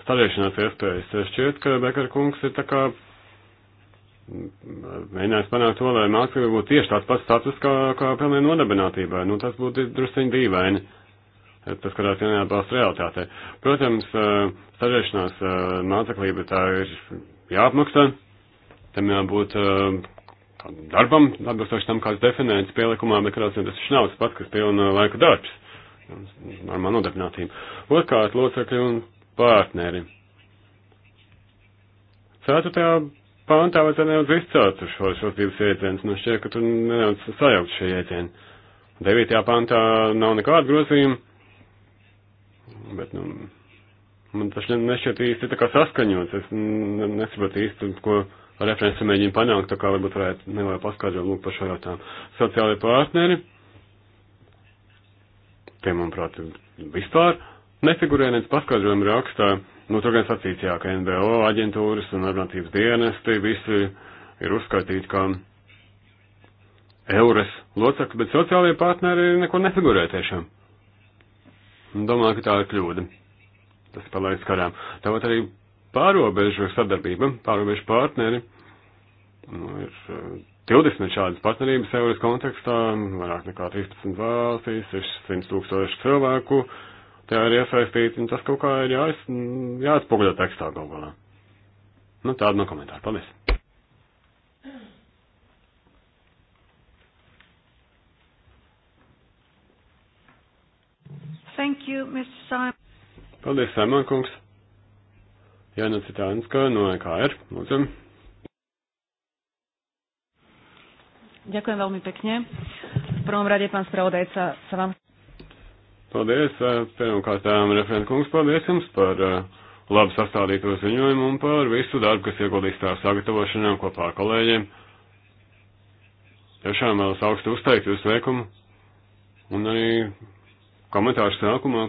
Staļiešanās iespējas. Šķiet, ka Bekarkungs ir tā kā mēģinājis panākt to, lai mākslībai būtu tieši tāds pats status kā, kā pilnīgi nodarbinātībai. Nu, tas būtu drusciņi dīvaini. Tas, kādā ziņā jāatbalsta realitātei. Protams, eh, sarežģīšanās eh, māceklība tā ir jāapmaksā. Tam jābūt eh, darbam, atbilstoši tam, kāds definēts pielikumā, bet kādā ziņā tas nav tas pats, kas pilna laika darbs. Normāla nodarbinātība. Otrkārt, locekļi un partneri. Ceturtajā pāntā vajadzētu nedaudz izcelt šo, šos divus jēdzienus. Man nu, šķiet, ka tur nedaudz sajaukt šie jēdzieni. 9. pāntā nav nekāda grozījuma, bet, nu, man tas nešķiet īsti tā kā saskaņots. Es nesaprotu īsti, ko referenci mēģina panākt, tā kā varbūt varētu nevajag paskaidrot lūk par šo jautājumu. Sociālai partneri, tie, manuprāt, vispār nefigurē nec paskaidrojumu rakstā. Nu, tur gan sacīts, jā, ka NBO aģentūras un armatības dienesti visi ir uzskaitīti kā eures locekļi, bet sociālajie partneri neko nefigurē tiešām. Domāju, ka tā ir kļūda. Tas ir palaists karām. Tāpat arī pārobežu sadarbība, pārobežu partneri. Nu, ir 20 eh, šādas partnerības eures kontekstā, vairāk nekā 13 valstīs, 600 tūkstoši cilvēku. Uh, tajā ir iesaistīti, un tas kaut kā ir jāiz, jāatspoguļo tekstā galu galā. Nu, tādu no komentāru. Paldies! Thank you, Mr. Simon. Paldies, Simon kungs. Jāna Citānska no EKR. Lūdzu. Ďakujem veľmi pekne. V prvom rade, pán spravodajca, sa vám Paldies, pirmkārt, referenta kungs, paldies jums par labi sastādīto ziņojumu un par visu darbu, kas ieguldīts tā sagatavošanā kopā ar kolēģiem. Tiešām vēlas augstu uzteikt jūsu veikumu un arī komentāru sākumā.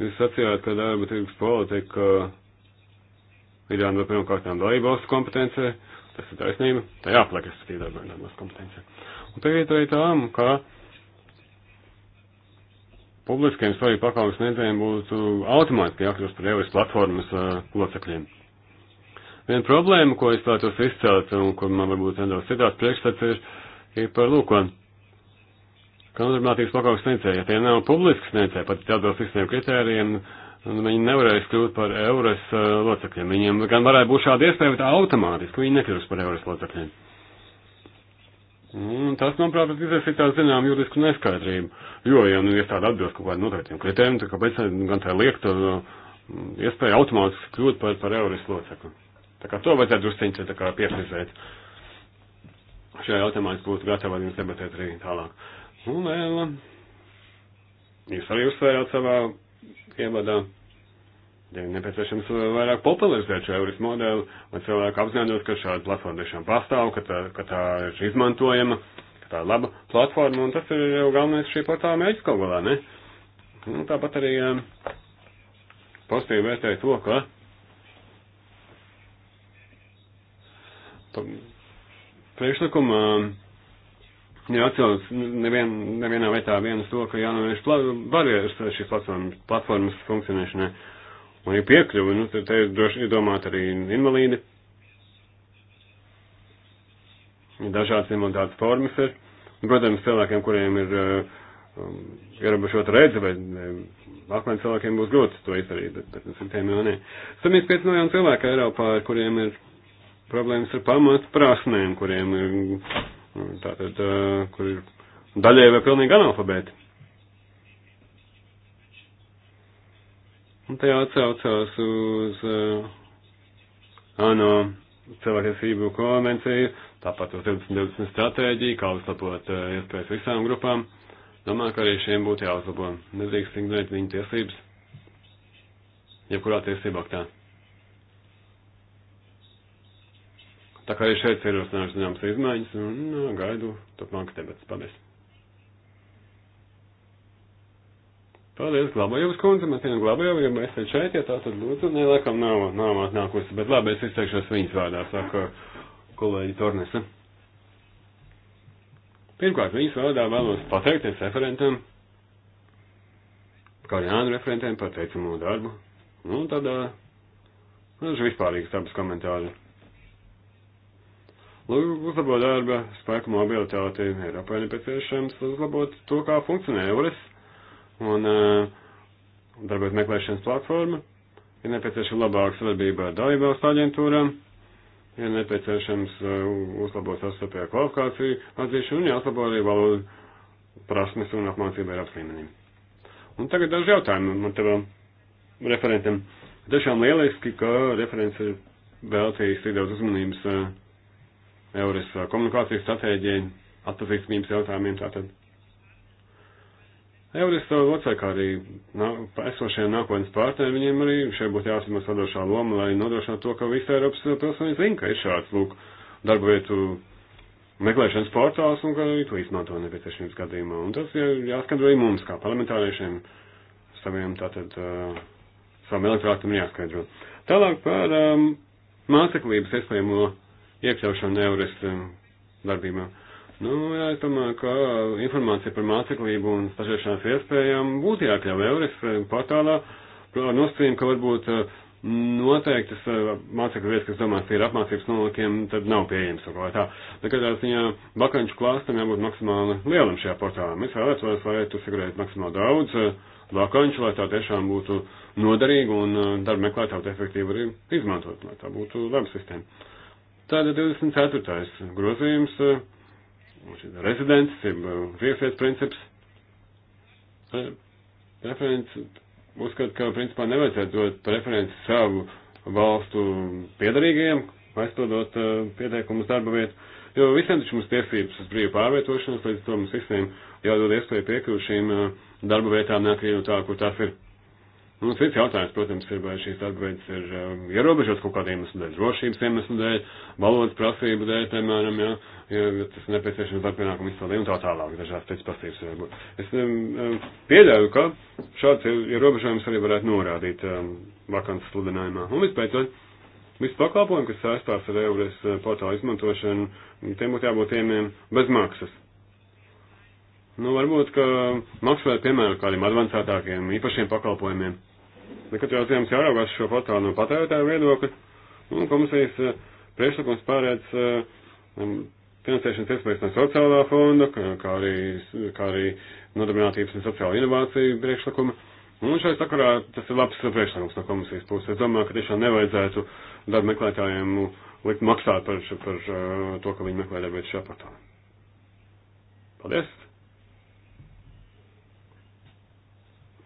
Jūs sacījāt, ka darba tirgus politika ir jānodod pirmkārtām dalībvalstu kompetencē. Tas ir taisnība. Tā jāpliek, es skatīju darba tirgus kompetencē. Un tagad arī tām, ka. Kā publiskiem svarīgu pakalpojumu sniedzējiem būtu automātiski jākļūst par EOS platformas uh, locekļiem. Viena problēma, ko es vēlētos izcelt un ko man varbūt nedaudz citās priekšstats ir, ir par lūko. Kanodarbinātības pakalpojumu sniedzēji, ja tie nav publiski sniedzēji, pat atbilst visiem kritērijiem, viņi nevarēs kļūt par EOS uh, locekļiem. Viņiem gan varētu būt šāda iespēja, bet automātiski viņi nekļūst par EOS locekļiem. Un tas, manuprāt, izraisīja tā zinām juridisku neskaidrību, jo, ja nu iestāda atbilst kaut kādiem noteiktiem kritēm, tad kāpēc gan tā liekta mm, iespēja automātiski kļūt par, par euris locekli. Tā kā to vajadzētu drusciņš tā kā pieprizēt. Šajā jautājumā es būtu gatava jums debatēt arī tālāk. Un vēl, jūs arī uzsvērāt savā ievadā. Ja nepieciešams vairāk popularizēt šo euris modeli, lai cilvēki apzinātos, ka šāda platforma tiešām pastāv, ka tā, ka tā ir izmantojama, ka tā ir laba platforma, un tas ir jau galvenais šī portāla mērķis kaut galā, ne? Nu, tāpat arī um, pozitīvi vērtēju to, ka priekšlikumā um, neatcauc nevien, nevienā vietā vienas to, ka jānovērš barjeras šīs platformas, platformas funkcionēšanai. Un ir piekļuvi, nu, te ir droši iedomāt arī invalīdi. Dažādas invaliditātes formas ir. Un, protams, cilvēkiem, kuriem ir eh, um, ierobežota redze, vai akmeni cilvēkiem būs grūti to izdarīt, bet citiem nu, jau nē. 75 miljonu cilvēku Eiropā, ar kuriem ir problēmas ar pamatu prasmēm, kuriem ir, mm, tātad, uh, kur ir daļēji vai pilnīgi analfabēti. Un tajā atsaucās uz uh, ANO cilvēktiesību konvenciju, tāpat uz 2020 stratēģiju, kā uzlabot uh, iespējas visām grupām. Domāju, ka arī šiem būtu jāuzlabo. Nedrīkst ignorēt viņu tiesības. Jebkurā tiesība aktā. Tā kā arī šeit ir uznāks zināmas izmaiņas un uh, gaidu turpmāk debats. Paldies! Paldies, Glabājovas kundze, mēs vienam Glabājoviem, ja mēs te šeit, ja tā tad lūdzu, ne, laikam nav, nav atnākusi, bet labi, es izteikšos viņas vārdā, saka kolēģi Tornese. Pirmkārt, viņas vārdā vēlos pateikties referentam, kā Jānu referentiem par teicamo darbu, nu, tādā, nu, eh, vispārīgas dabas komentāri. Lūk, uzlabot darba spēku mobilitāti Eiropā nepieciešams uzlabot to, kā funkcionē Eures un uh, darbiet meklēšanas platforma, ir nepieciešama labāka sadarbība ar dalībvalstu aģentūrām, ir nepieciešams uh, uzlabot sastapjā kvalifikāciju atzīšanu un jāuzlabo arī valodu prasmes un apmācību Eiropas līmenī. Un tagad daži jautājumi man tev referentam. Tiešām lieliski, ka referents ir veltījis tik daudz uzmanības uh, Eures uh, komunikācijas stratēģijai, atpazīstamības jautājumiem tātad. Euristo locekā, kā arī esošajiem nākotnes partneriem, viņiem arī šeit būtu jāsimās vadošā loma, lai nodrošinātu to, ka visi Eiropas pilsoņi zina, ka ir šāds, lūk, darba vietu meklēšanas portāls un ka to izmanto nepieciešamības gadījumā. Un tas jā, jāskatro arī mums, kā parlamentāriešiem, saviem tātad, uh, savam elektorātam ir jāskaidro. Tālāk par um, māceklības iespējamo iekļaušanu Eures um, darbībā. Nu, jā, es domāju, ka informācija par māceklību un stažēšanās iespējām būtu jākļauj Euris eh, portālā, nosacījumi, ka varbūt eh, noteiktas eh, mācekļu vietas, kas domās, ir apmācības nolūkiem, tad nav pieejams kaut kā tā. Nekādā ziņā bakanču klāstam jābūt maksimāli lielam šajā portālā. Mēs vēlētos, lai tu sagrēt maksimāli daudz bakanču, lai tā tiešām būtu noderīga un darba meklētāju efektīvi arī izmantot, lai tā būtu laba sistēma. Tāda 24. grozījums. Uh, rezidents, jeb viefies uh, princips. Referents uzskata, ka principā nevajadzētu dot preferenci savu valstu piedarīgajiem, aizpildot uh, pieteikumus darba vietu, jo visiem taču mums tiesības uz brīvu pārvietošanos, līdz to mums visiem jādod iespēju piekļūt šīm uh, darba vietām, neatkarīgi no tā, kur tas ir. Un cits jautājums, protams, ir, vai šīs atbaidas ir um, ierobežotas kaut kādiem iemeslu dēļ, drošības iemeslu dēļ, valodas prasību dēļ, piemēram, ja, ja tas ir nepieciešams ar pienākumu izpildījumu un tā tālāk, dažās pēc pasības var būt. Es um, um pieļauju, ka šāds ierobežojums arī varētu norādīt um, vakants sludinājumā. Un vispēcot, visi pakalpojumi, kas saistās ar EURES uh, portālu izmantošanu, tiem būtu jābūt iemiem um, bez maksas. Nu, varbūt, ka um, maksā, piemēram, kādiem advancētākiem īpašiem pakalpojumiem. Nekatrā ziņā mums jāraugās šo portālu no patērētāju viedokļa, un komisijas eh, priekšlikums pārēc eh, um, finansēšanas iespējas no sociālā fonda, kā arī, kā arī nodarbinātības un sociāla inovācija priekšlikuma. Un šai sakarā tas ir labs priekšlikums no komisijas puses. Es domāju, ka tiešām nevajadzētu darba meklētājiem uh, likt maksāt par, par uh, to, ka viņi meklē darbu vietu šajā portālā. Paldies!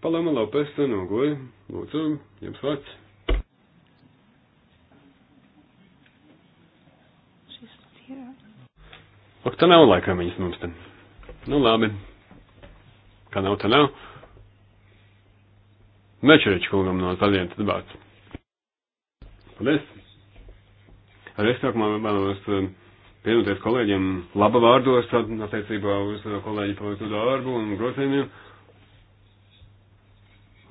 Paloma Lopes no Goja, lūdzu, jums vārds. Ak, tā nav laikam viņas mums te. Nu, labi. Kā nav, tā nav. Mečeriču kungam no zaļiem tad vārds. Paldies. Arī es sākumā vēlos eh, pievienoties kolēģiem laba vārdos attiecībā uz kolēģi paveicu darbu un grozījumiem.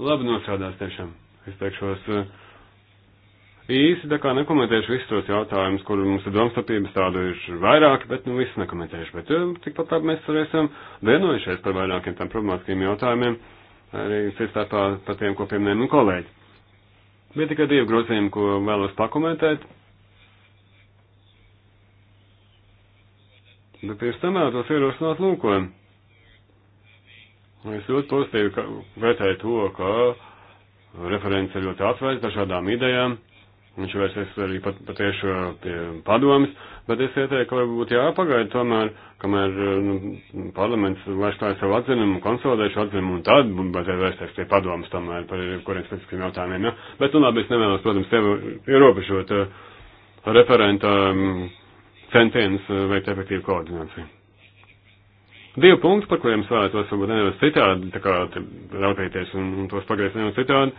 Labi nostrādās tiešām. Es teikšos eh, īsi, tā kā nekomentēšu visus tos jautājumus, kur mums ir domstarpības tādu ir vairāki, bet nu visus nekomentēšu. Bet eh, tikpat labi mēs varēsim vienojušies par vairākiem tam problemātiskiem jautājumiem, arī citstarpā par tiem, ko pieminēja nu kolēģi. Bija tikai divi grozījumi, ko vēlos pakomentēt. Bet pirms tam vēlos ierosināt lūkojumu. Es ļoti pozitīvi vērtēju to, ka referents ir ļoti atvērts dažādām idejām. Viņš vērsies arī pat, patieši uh, pie padomas, bet es ieteiktu, ka varbūt jāpagaida tomēr, kamēr uh, nu, parlaments laiž tā savu atzinumu, konsolidēšu atzinumu, un tad vajadzētu vērsties pie padomas tomēr par kuriem specifiskiem jautājumiem. Ja? Bet, nu labi, es nevēlos, protams, tevi ierobežot uh, referenta um, centienus uh, veikt efektīvu koordināciju. Divi punkti, par kuriem es vēlētos varbūt nedaudz citādi, tā kā raudzīties un, un tos pagriezt nedaudz citādi,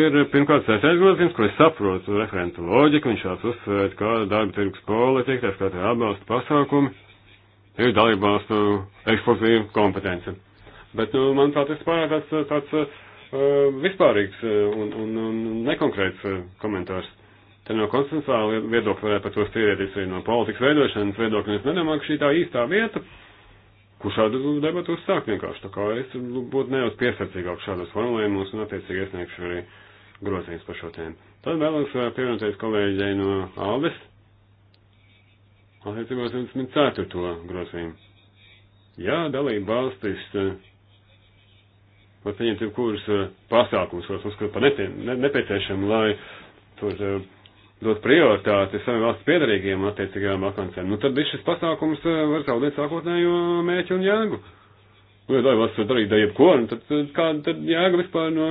ir pirmkārt sēstais grozījums, ko es saprotu referentu loģiku, viņš šāds uzsvērt, kā darba tirgus politika, tā kā tā atbalsta pasākumi, ir dalība valstu ekskluzīva kompetence. Bet, nu, manuprāt, tas pārāk tāds, tāds uh, vispārīgs uh, un, un, un nekonkrēts uh, komentārs. Te no konsensuāla viedokļa varētu par to stīrēties arī no politikas veidošanas viedokļa. Es nedomāju, ka šī tā īstā vieta, uh, kur šādu debatu uzsākt vienkārši. Tā kā es būtu nedaudz piesardzīgāk šādos formulējumos un attiecīgi iesniegšu arī grozījums par šo tēmu. Tad vēlos eh, pievienoties kolēģei no Aldes. Attiecībā 24. grozījumu. Jā, dalība valstis eh, var saņemt jebkurus eh, pasākumus, kurus uzskata par nepieciešamu, lai tur dot prioritāti saviem valsts piedarīgiem attiecīgajām vakancēm, nu tad viss šis pasākums eh, var zaudēt sākotnējo mēķu un jēgu. Nu, ja lai valsts var darīt da jebko, nu, tad kāda tad jēga vispār no,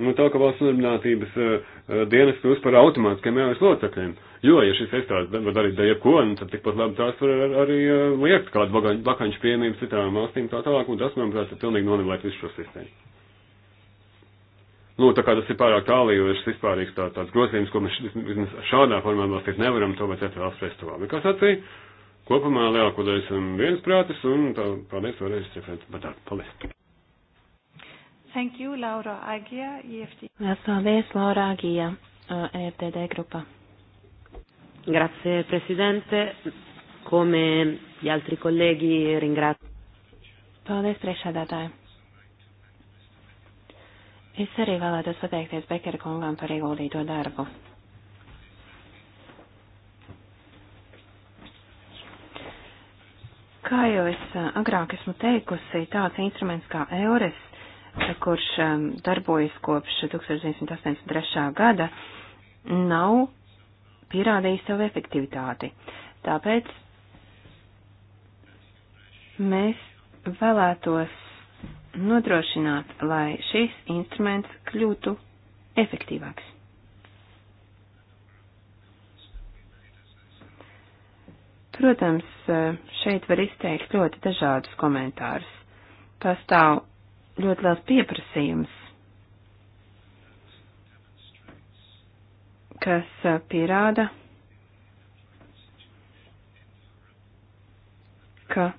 no tā, ka valsts nodarbinātības uh, dienas kļūst par automātiskiem jēgas locekļiem. Jo, ja šis iestādes var darīt da jebko, nu, tad tikpat labi tās var ar, arī eh, liekt kādu vakanču piemību citām valstīm tā tālāk, un tas, manuprāt, ir pilnīgi nonivēt visu šo sistēmu. Nu, tā kā tas ir pārāk tālu, jo ir vispārīgs tā, tāds grozījums, ko mēs šādā formā atbalstīt nevaram, to vajadzētu vēl spēst tuvāk. Kā sacīja, kopumā lielāko daļu esam viensprātis un tā, paldies vēlreiz, referents Badar. Paldies. Thank you, Laura Agija, EFT. Mēs paldies, Laura Agija, uh, EFTD grupa. Grazie, Presidente. Come gli altri colleghi ringrazio. Paldies, priekšādātāji. Es arī vēlētos pateikties Bekera kungam par ieguldīto darbu. Kā jau es eh, agrāk esmu teikusi, tāds instruments kā eures, eh, kurš eh, darbojas kopš 1983. gada, nav pierādījis savu efektivitāti. Tāpēc mēs vēlētos nodrošināt, lai šis instruments kļūtu efektīvāks. Protams, šeit var izteikt ļoti dažādus komentārus. Pastāv ļoti liels pieprasījums, kas pierāda, ka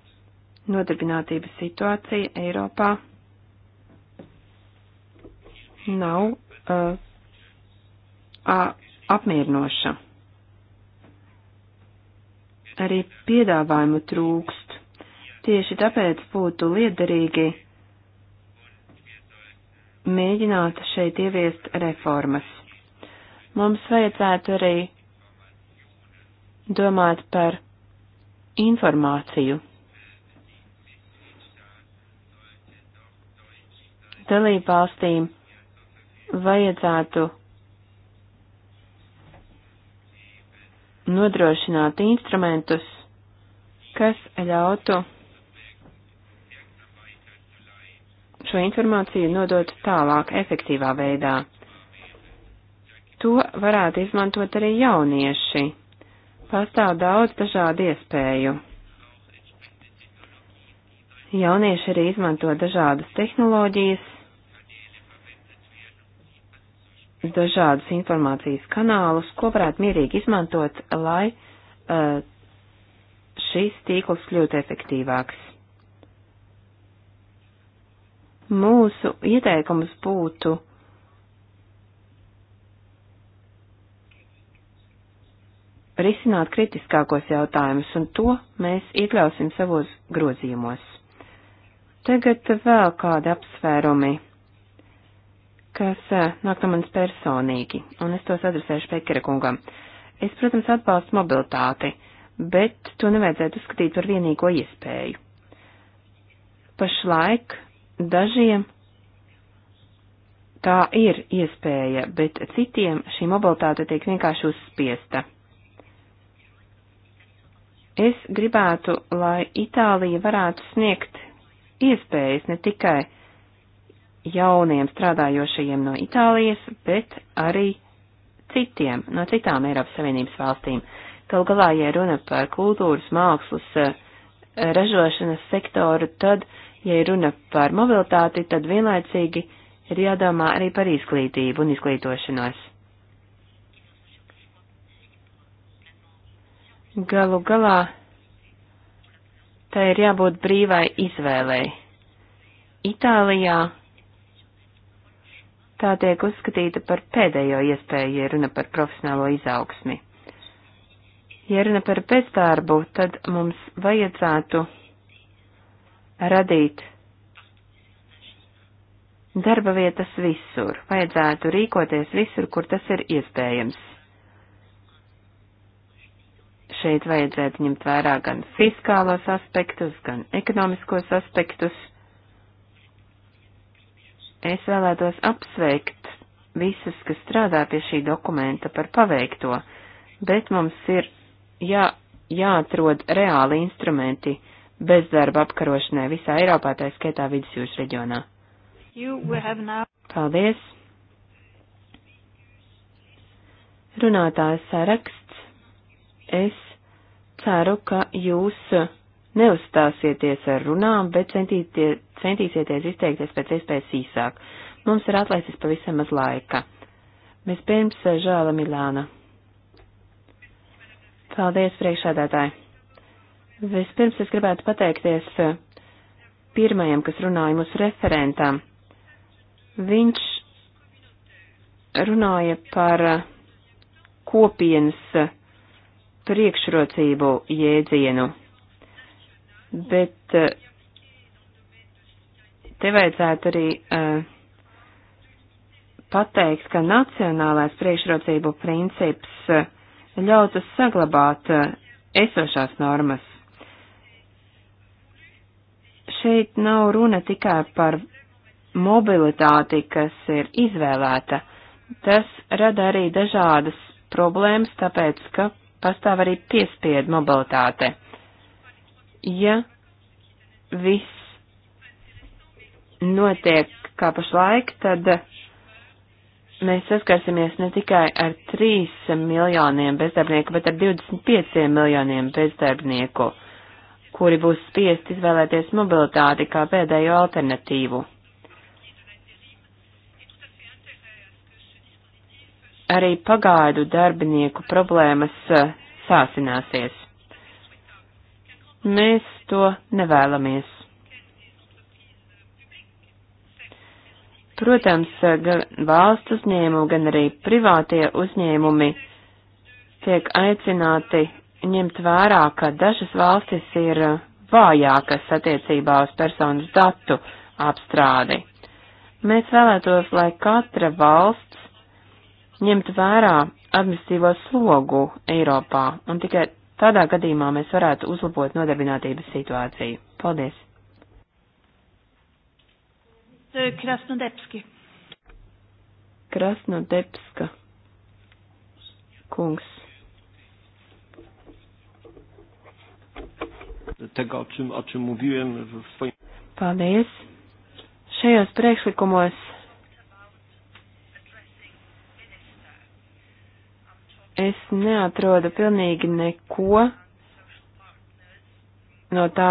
nodarbinātības situācija Eiropā nav uh, apmierinoša. Arī piedāvājumu trūkst. Tieši tāpēc būtu liederīgi mēģināt šeit ieviest reformas. Mums vajadzētu arī domāt par informāciju dalībvalstīm vajadzētu nodrošināt instrumentus, kas ļautu šo informāciju nodot tālāk efektīvā veidā. To varētu izmantot arī jaunieši. Pastāv daudz dažādu iespēju. Jaunieši arī izmanto dažādas tehnoloģijas, dažādus informācijas kanālus, ko varētu mierīgi izmantot, lai uh, eh, šis tīkls kļūtu efektīvāks. Mūsu ieteikums būtu risināt kritiskākos jautājumus, un to mēs iekļausim savos grozījumos. Tagad vēl kādi apsvērumi kas eh, nāk no manis personīgi, un es tos adresēšu Pekera kungam. Es, protams, atbalstu mobilitāti, bet to nevajadzētu uzskatīt par vienīgo iespēju. Pašlaik dažiem tā ir iespēja, bet citiem šī mobilitāte tiek vienkārši uzspiesta. Es gribētu, lai Itālija varētu sniegt iespējas ne tikai jauniem strādājošajiem no Itālijas, bet arī citiem no citām Eiropas Savienības valstīm. Galu galā, ja runa par kultūras, mākslas, eh, ražošanas sektoru, tad, ja runa par mobilitāti, tad vienlaicīgi ir jādomā arī par izglītību un izglītošanos. Galu galā, tā ir jābūt brīvai izvēlei. Itālijā tā tiek uzskatīta par pēdējo iespēju, ja runa par profesionālo izaugsmi. Ja runa par bezdarbu, tad mums vajadzētu radīt darba vietas visur, vajadzētu rīkoties visur, kur tas ir iespējams. Šeit vajadzētu ņemt vērā gan fiskālos aspektus, gan ekonomiskos aspektus Es vēlētos apsveikt visus, kas strādā pie šī dokumenta par paveikto, bet mums ir jā, jāatrod reāli instrumenti bezdarba apkarošanai visā Eiropā, tā skaitā vidusjūras reģionā. Paldies! Runātājs saraksts. Es ceru, ka jūs neuzstāsieties ar runām, bet centīsieties izteikties pēc iespējas īsāk. Mums ir atlaisis pavisam maz laika. Mēs pirms eh, žāla Milāna. Paldies, priekšādātāji. Vispirms es gribētu pateikties eh, pirmajam, kas runāja mūsu referentam. Viņš runāja par eh, kopienas priekšrocību jēdzienu bet eh, te vajadzētu arī eh, pateikt, ka nacionālais priekšrocību princips eh, ļautu saglabāt esošās normas. Šeit nav runa tikai par mobilitāti, kas ir izvēlēta. Tas rada arī dažādas problēmas, tāpēc, ka pastāv arī piespiedu mobilitāte ja viss notiek kā pašlaik, tad mēs saskarsimies ne tikai ar 3 miljoniem bezdarbnieku, bet ar 25 miljoniem bezdarbnieku, kuri būs spiest izvēlēties mobilitāti kā pēdējo alternatīvu. Arī pagaidu darbinieku problēmas eh, sāsināsies. Mēs to nevēlamies. Protams, gan valsts uzņēmumi, gan arī privātie uzņēmumi tiek aicināti ņemt vērā, ka dažas valstis ir vājākas attiecībā uz personas datu apstrādi. Mēs vēlētos, lai katra valsts ņemtu vērā administratīvo slogu Eiropā, un tikai Tādā gadījumā mēs varētu uzlabot nodarbinātības situāciju. Paldies! Krasnodebski. Krasnodebska. Kungs. Tego, o czym, o czym mówiłem w swoim. Paldies. Šajos priekšlikumos Es neatrodu pilnīgi neko no tā,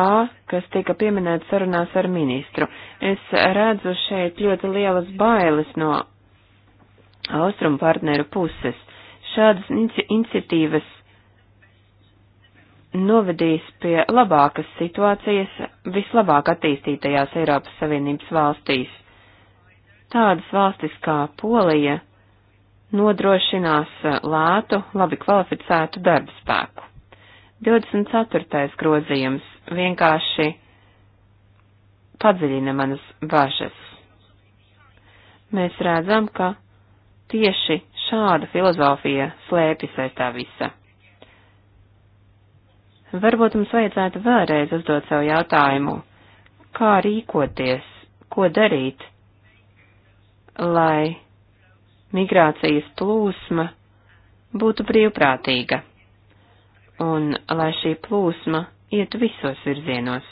kas tika pieminēts sarunās ar ministru. Es redzu šeit ļoti lielas bailes no austrumu partneru puses. Šādas inici iniciatīvas novedīs pie labākas situācijas vislabāk attīstītajās Eiropas Savienības valstīs. Tādas valstis kā Polija nodrošinās eh, lētu, labi kvalificētu darba spēku. 24. grozījums vienkārši padziļina manas bažas. Mēs redzam, ka tieši šāda filozofija slēpjas aiz tā visa. Varbūt mums vajadzētu vēlreiz uzdot savu jautājumu, kā rīkoties, ko darīt, lai migrācijas plūsma būtu brīvprātīga, un lai šī plūsma ietu visos virzienos.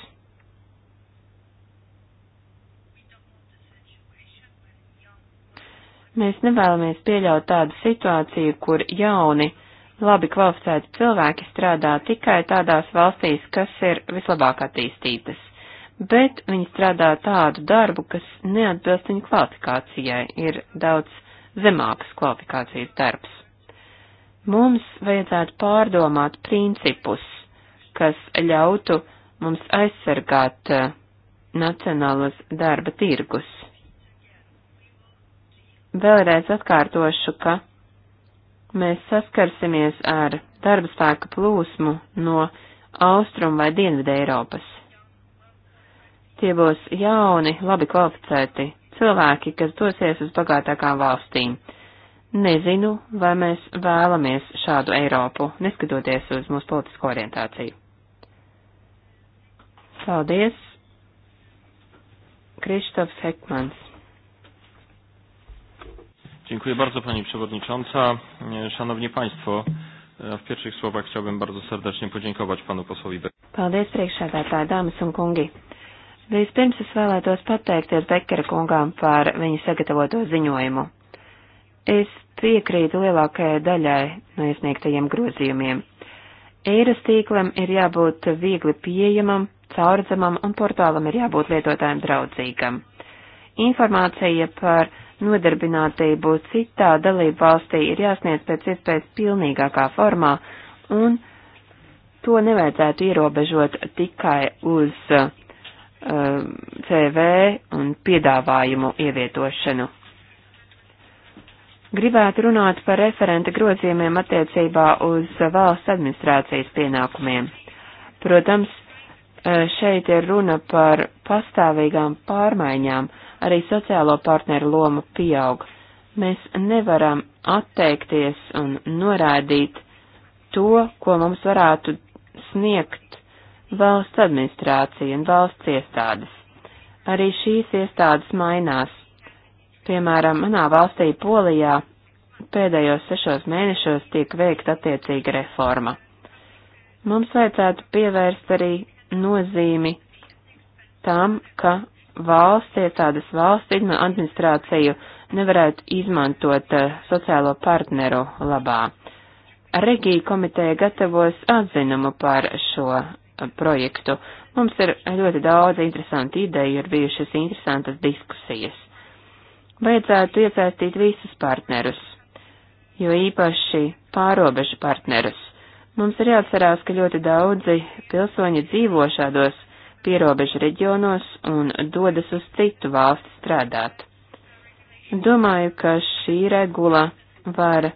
Mēs nevēlamies pieļaut tādu situāciju, kur jauni, labi kvalificēti cilvēki strādā tikai tādās valstīs, kas ir vislabāk attīstītas, bet viņi strādā tādu darbu, kas neatbilst viņu kvalifikācijai, ir daudz zemākas kvalifikācijas darbs. Mums vajadzētu pārdomāt principus, kas ļautu mums aizsargāt uh, eh, nacionālas darba tirgus. Vēlreiz atkārtošu, ka mēs saskarsimies ar darba spēka plūsmu no Austrum vai Dienvidē Eiropas. Tie būs jauni, labi kvalificēti cilvēki, kas dosies uz bagātākām valstīm. Nezinu, vai mēs vēlamies šādu Eiropu, neskatoties uz mūsu politisko orientāciju. Paldies! Krzysztof Hekmans. Dziękuję bardzo Pani Przewodnicząca. Szanowni Państwo, w pierwszych słowach chciałbym bardzo serdecznie podziękować Panu posłowi Bekowi. Paldies, priekšsēdētāji, dāmas un kungi. Vispirms es vēlētos pateikties Bekera kungām par viņa sagatavoto ziņojumu. Es piekrītu lielākajai daļai no iesniegtajiem grozījumiem. Eiras tīklam ir jābūt viegli pieejamam, caurdzamam un portālam ir jābūt lietotājiem draudzīgam. Informācija par nodarbinātību citā dalību valstī ir jāsniedz pēc iespējas pilnīgākā formā un to nevajadzētu ierobežot tikai uz uh, Um, CV un piedāvājumu ievietošanu. Gribētu runāt par referenta grozījumiem attiecībā uz valsts administrācijas pienākumiem. Protams, uh, šeit ir runa par pastāvīgām pārmaiņām, arī sociālo partneru loma pieaug. Mēs nevaram atteikties un norādīt to, ko mums varētu sniegt valsts administrācija un valsts iestādes. Arī šīs iestādes mainās. Piemēram, manā valstī Polijā pēdējos sešos mēnešos tiek veikta attiecīga reforma. Mums vajadzētu pievērst arī nozīmi tam, ka valsts iestādes valsts administrāciju nevarētu izmantot eh, sociālo partneru labā. Regija komiteja gatavos atzinumu par šo projektu. Mums ir ļoti daudz interesanti ideju, ir bijušas interesantas diskusijas. Vajadzētu iesaistīt visus partnerus, jo īpaši pārobežu partnerus. Mums ir jāatcerās, ka ļoti daudzi pilsoņi dzīvo šādos pierobežu reģionos un dodas uz citu valstu strādāt. Domāju, ka šī regula var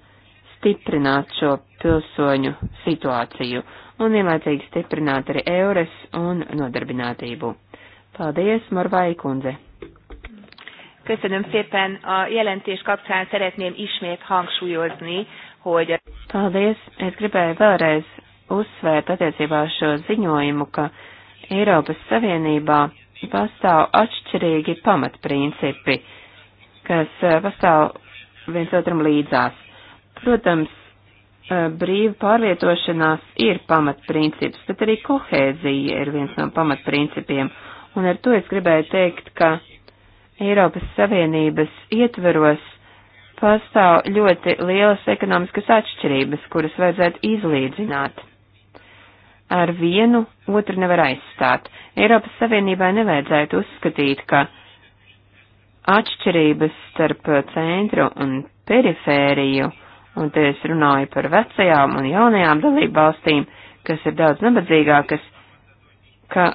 stiprināt šo pilsoņu situāciju un vienlaicīgi stiprināt arī eures un nodarbinātību. Paldies, Morvai kundze! Köszönöm szépen. A jelentés kapcsán szeretném ismét hangsúlyozni, hogy... Paldies! Es gribēju vēlreiz uzsvērt attiecībā uz šo ziņojumu, ka Eiropas Savienībā pastāv atšķirīgi pamatprincipi, kas eh, pastāv viens otram līdzās. Protams, brīva pārvietošanās ir pamatprincips, bet arī kohēzija ir viens no pamatprincipiem. Un ar to es gribēju teikt, ka Eiropas Savienības ietveros pastāv ļoti lielas ekonomiskas atšķirības, kuras vajadzētu izlīdzināt. Ar vienu otru nevar aizstāt. Eiropas Savienībai nevajadzētu uzskatīt, ka atšķirības starp centru un perifēriju un te es runāju par vecajām un jaunajām dalību valstīm, kas ir daudz nabadzīgākas, ka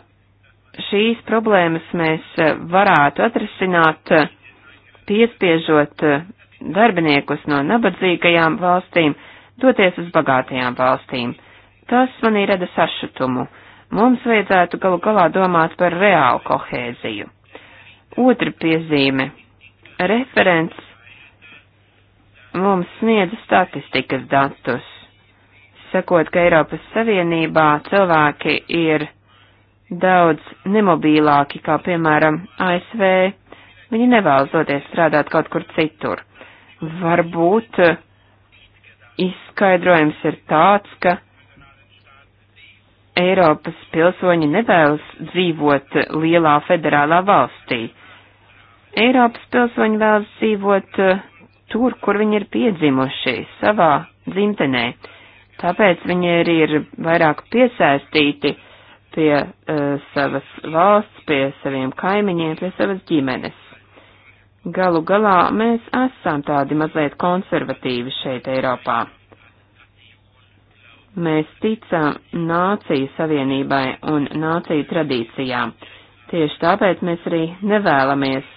šīs problēmas mēs eh, varētu atrisināt, eh, piespiežot eh, darbiniekus no nabadzīgajām valstīm doties uz bagātajām valstīm. Tas manī rada sašutumu. Mums vajadzētu galu galā domāt par reālu kohēziju. Otra piezīme. Referents mums sniedza statistikas datus, sakot, ka Eiropas Savienībā cilvēki ir daudz nemobīlāki, kā piemēram ASV. Viņi nevēlas doties strādāt kaut kur citur. Varbūt izskaidrojums ir tāds, ka Eiropas pilsoņi nevēlas dzīvot lielā federālā valstī. Eiropas pilsoņi vēlas dzīvot uh, tur, kur viņi ir piedzimuši, savā dzimtenē. Tāpēc viņi arī ir vairāk piesaistīti pie uh, savas valsts, pie saviem kaimiņiem, pie savas ģimenes. Galu galā mēs esam tādi mazliet konservatīvi šeit Eiropā. Mēs ticam nāciju savienībai un nāciju tradīcijām. Tieši tāpēc mēs arī nevēlamies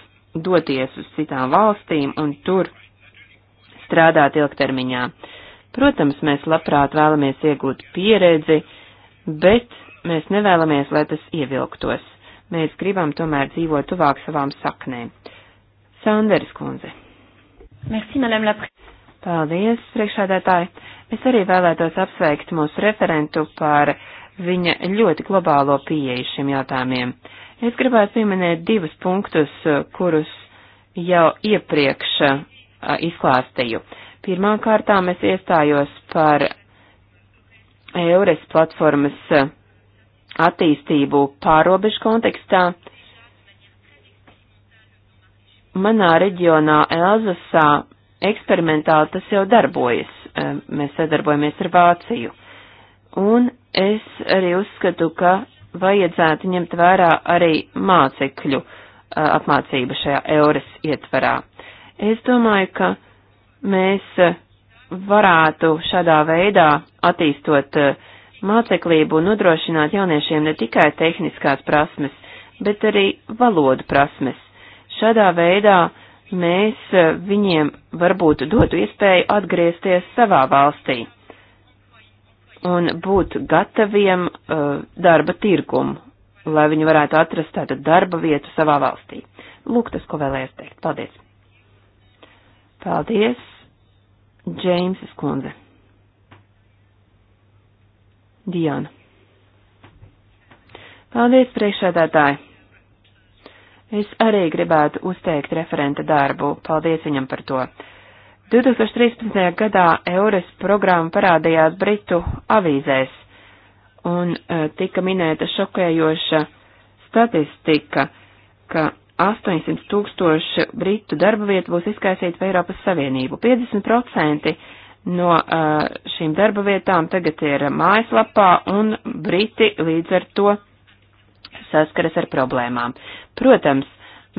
doties uz citām valstīm un tur strādāt ilgtermiņā. Protams, mēs labprāt vēlamies iegūt pieredzi, bet mēs nevēlamies, lai tas ievilktos. Mēs gribam tomēr dzīvot tuvāk savām saknēm. Sanders kundze. Merci, madame la Paldies, priekšādētāji. Es arī vēlētos apsveikt mūsu referentu par viņa ļoti globālo pieeju šiem jautājumiem. Es gribētu pieminēt divus punktus, kurus jau iepriekš izklāstīju. Pirmā kārtā es iestājos par Eures platformas attīstību pārobežu kontekstā. Manā reģionā Elzasā eksperimentāli tas jau darbojas. Mēs sadarbojamies ar Vāciju. Un es arī uzskatu, ka vajadzētu ņemt vērā arī mācekļu apmācību šajā Eures ietvarā. Es domāju, ka mēs e, varētu šādā veidā attīstot e, māceklību un nodrošināt jauniešiem ne tikai tehniskās prasmes, bet arī valodu prasmes. Šādā veidā mēs e, viņiem varbūt dotu iespēju atgriezties savā valstī un būt gataviem uh, darba tirgumu, lai viņi varētu atrast tātad darba vietu savā valstī. Lūk tas, ko vēlējos teikt. Paldies! Paldies, Džeimsas kundze. Diana. Paldies, priekšsēdētāji. Es arī gribētu uzteikt referenta darbu. Paldies viņam par to. 2013. gadā Eures programma parādījās Britu avīzēs un eh, tika minēta šokējoša statistika, ka 800 tūkstoši britu darba vietu būs izkaisīti pa Eiropas Savienību. 50% no uh, šīm darba vietām tagad ir mājaslapā un briti līdz ar to saskaras ar problēmām. Protams,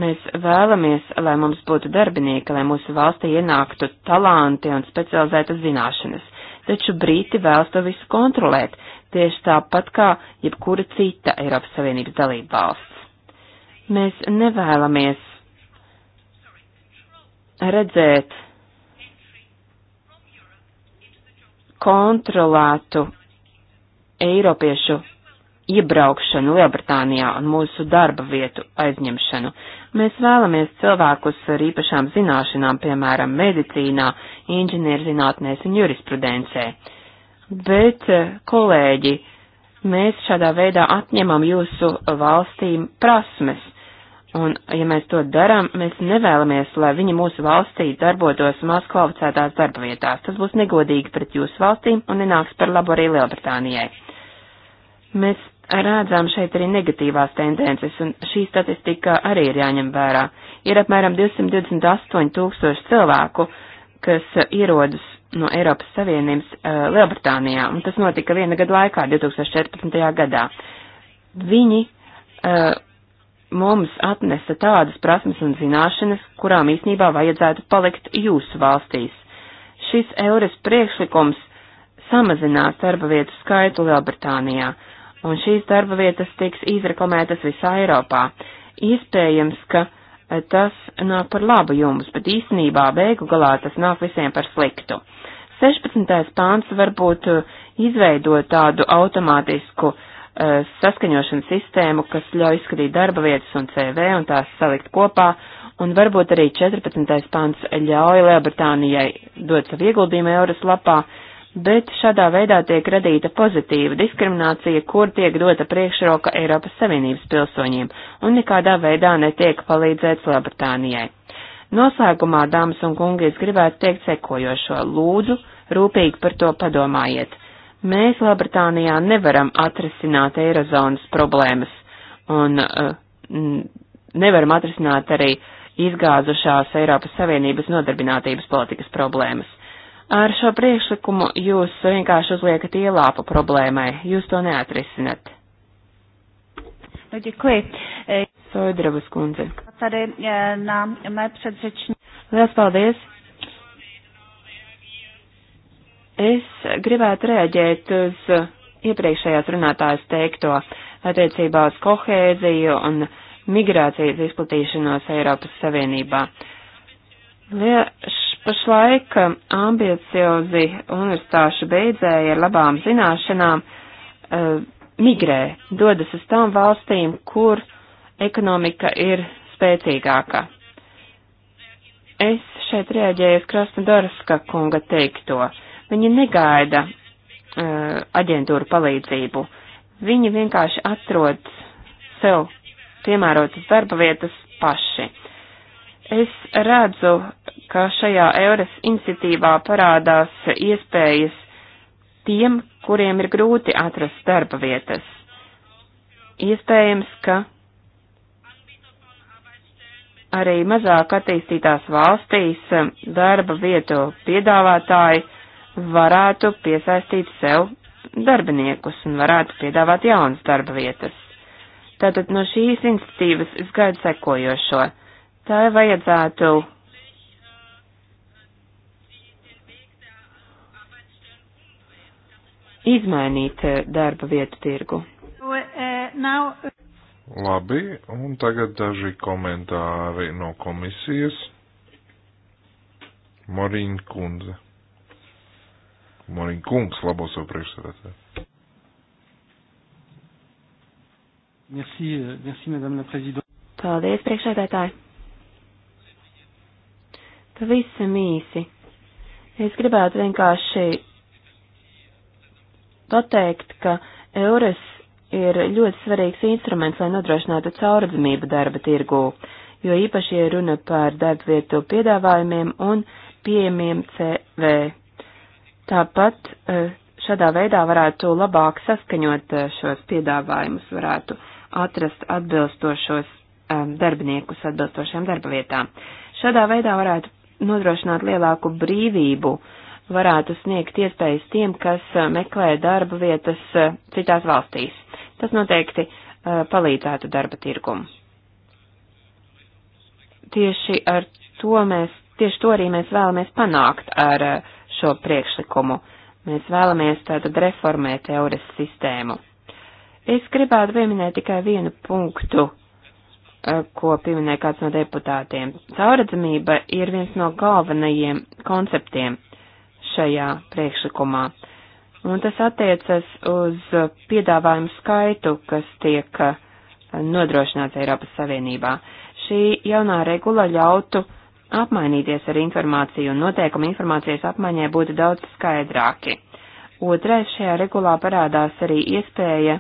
mēs vēlamies, lai mums būtu darbinieki, lai mūsu valstī ienāktu talanti un specializētas zināšanas, taču briti vēlas to visu kontrolēt, tieši tāpat kā jebkura cita Eiropas Savienības dalība valsts. Mēs nevēlamies redzēt kontrolētu Eiropiešu iebraukšanu Lielbritānijā un mūsu darba vietu aizņemšanu. Mēs vēlamies cilvēkus ar īpašām zināšanām, piemēram, medicīnā, inženierzinātnēs un jurisprudencē. Bet, eh, kolēģi, mēs šādā veidā atņemam jūsu valstīm prasmes, Un, ja mēs to darām, mēs nevēlamies, lai viņi mūsu valstī darbotos maz kvalificētās darba vietās. Tas būs negodīgi pret jūsu valstīm un nenāks par labu arī Lielbritānijai. Mēs rādzām šeit arī negatīvās tendences, un šī statistika arī ir jāņem vērā. Ir apmēram 228 tūkstoši cilvēku, kas ierodas no Eiropas Savienības uh, Lielbritānijā, un tas notika viena gada laikā, 2014. gadā. Viņi uh, mums atnesa tādas prasmes un zināšanas, kurām īsnībā vajadzētu palikt jūsu valstīs. Šis eures priekšlikums samazinās darba vietu skaitu Lielbritānijā, un šīs darba vietas tiks izreklamētas visā Eiropā. Iespējams, ka e, tas nāk par labu jums, bet īstenībā beigu galā tas nāk visiem par sliktu. 16. pāns varbūt e, izveido tādu automātisku uh, Eh, saskaņošanas sistēmu, kas ļauj izskatīt darba vietas un CV un tās salikt kopā, un varbūt arī 14. pants ļauj Lielbritānijai dot savu ieguldījumu Euras lapā, bet šādā veidā tiek radīta pozitīva diskriminācija, kur tiek dota priekšroka Eiropas Savienības pilsoņiem, un nekādā veidā netiek palīdzēts Lielbritānijai. Noslēgumā, dāmas un kungi, es gribētu teikt sekojošo. Lūdzu, rūpīgi par to padomājiet. Mēs Lielbritānijā nevaram atrisināt eirozonas problēmas un uh, nevaram atrisināt arī izgāzušās Eiropas Savienības nodarbinātības politikas problēmas. Ar šo priekšlikumu jūs vienkārši uzliekat ielāpu problēmai, jūs to neatrisinat. Děkuji. Sojdravas kundze. Tady eh, na mé předřečníky. Lielas paldies. Es gribētu reaģēt uz iepriekšējās runātājas teikto attiecībā uz kohēziju un migrācijas izplatīšanos Eiropas Savienībā. Lieš, pašlaik ambiciozi universitāšu beidzēji ar labām zināšanām uh, migrē, dodas uz tām valstīm, kur ekonomika ir spēcīgāka. Es šeit rēģēju uz Krasnodarska kunga teikto. Uh, Viņi negaida uh, aģentūru palīdzību. Viņi vienkārši atrod sev piemērotas darba vietas paši. Es redzu, ka šajā Eures iniciatīvā parādās iespējas tiem, kuriem ir grūti atrast darba vietas. Iespējams, ka arī mazāk attīstītās valstīs darba vietu piedāvātāji varētu piesaistīt sev darbiniekus un varētu piedāvāt jaunas darba vietas. Tātad no šīs institīvas es gaidu sekojošo. Tā vajadzētu izmainīt eh, darba vietu tirgu. Eh, eh, Labi, un tagad daži komentāri no komisijas. Morīna Kundze. Morīna kungs labo savu priekšsēdētāju. Merci, merci, madame la présidente. Paldies, priekšsēdētāji. Pavisam īsi. Es gribētu vienkārši pateikt, ka eures ir ļoti svarīgs instruments, lai nodrošinātu caurredzamību darba tirgū, jo īpaši ir runa par darba vietu piedāvājumiem un pieejamiem CV. Tāpat e, šādā veidā varētu labāk saskaņot e, šos piedāvājumus, varētu atrast atbilstošos e, darbiniekus atbilstošiem darba vietām. Šādā veidā varētu nodrošināt lielāku brīvību, varētu sniegt iespējas tiem, kas meklē darba vietas citās valstīs. Tas noteikti palīdzētu darba tirgumu. Tieši ar to mēs, tieši to arī mēs vēlamies panākt ar uh, šo priekšlikumu. Mēs vēlamies tātad reformēt eures sistēmu. Es gribētu pieminēt tikai vienu punktu, eh, ko pieminēja kāds no deputātiem. Caurredzamība ir viens no galvenajiem konceptiem šajā priekšlikumā. Un tas attiecas uz piedāvājumu skaitu, kas tiek eh, nodrošināts Eiropas Savienībā. Šī jaunā regula ļautu uh, apmainīties ar informāciju, un noteikumi informācijas apmaiņai būtu daudz skaidrāki. Otrais šajā regulā parādās arī iespēja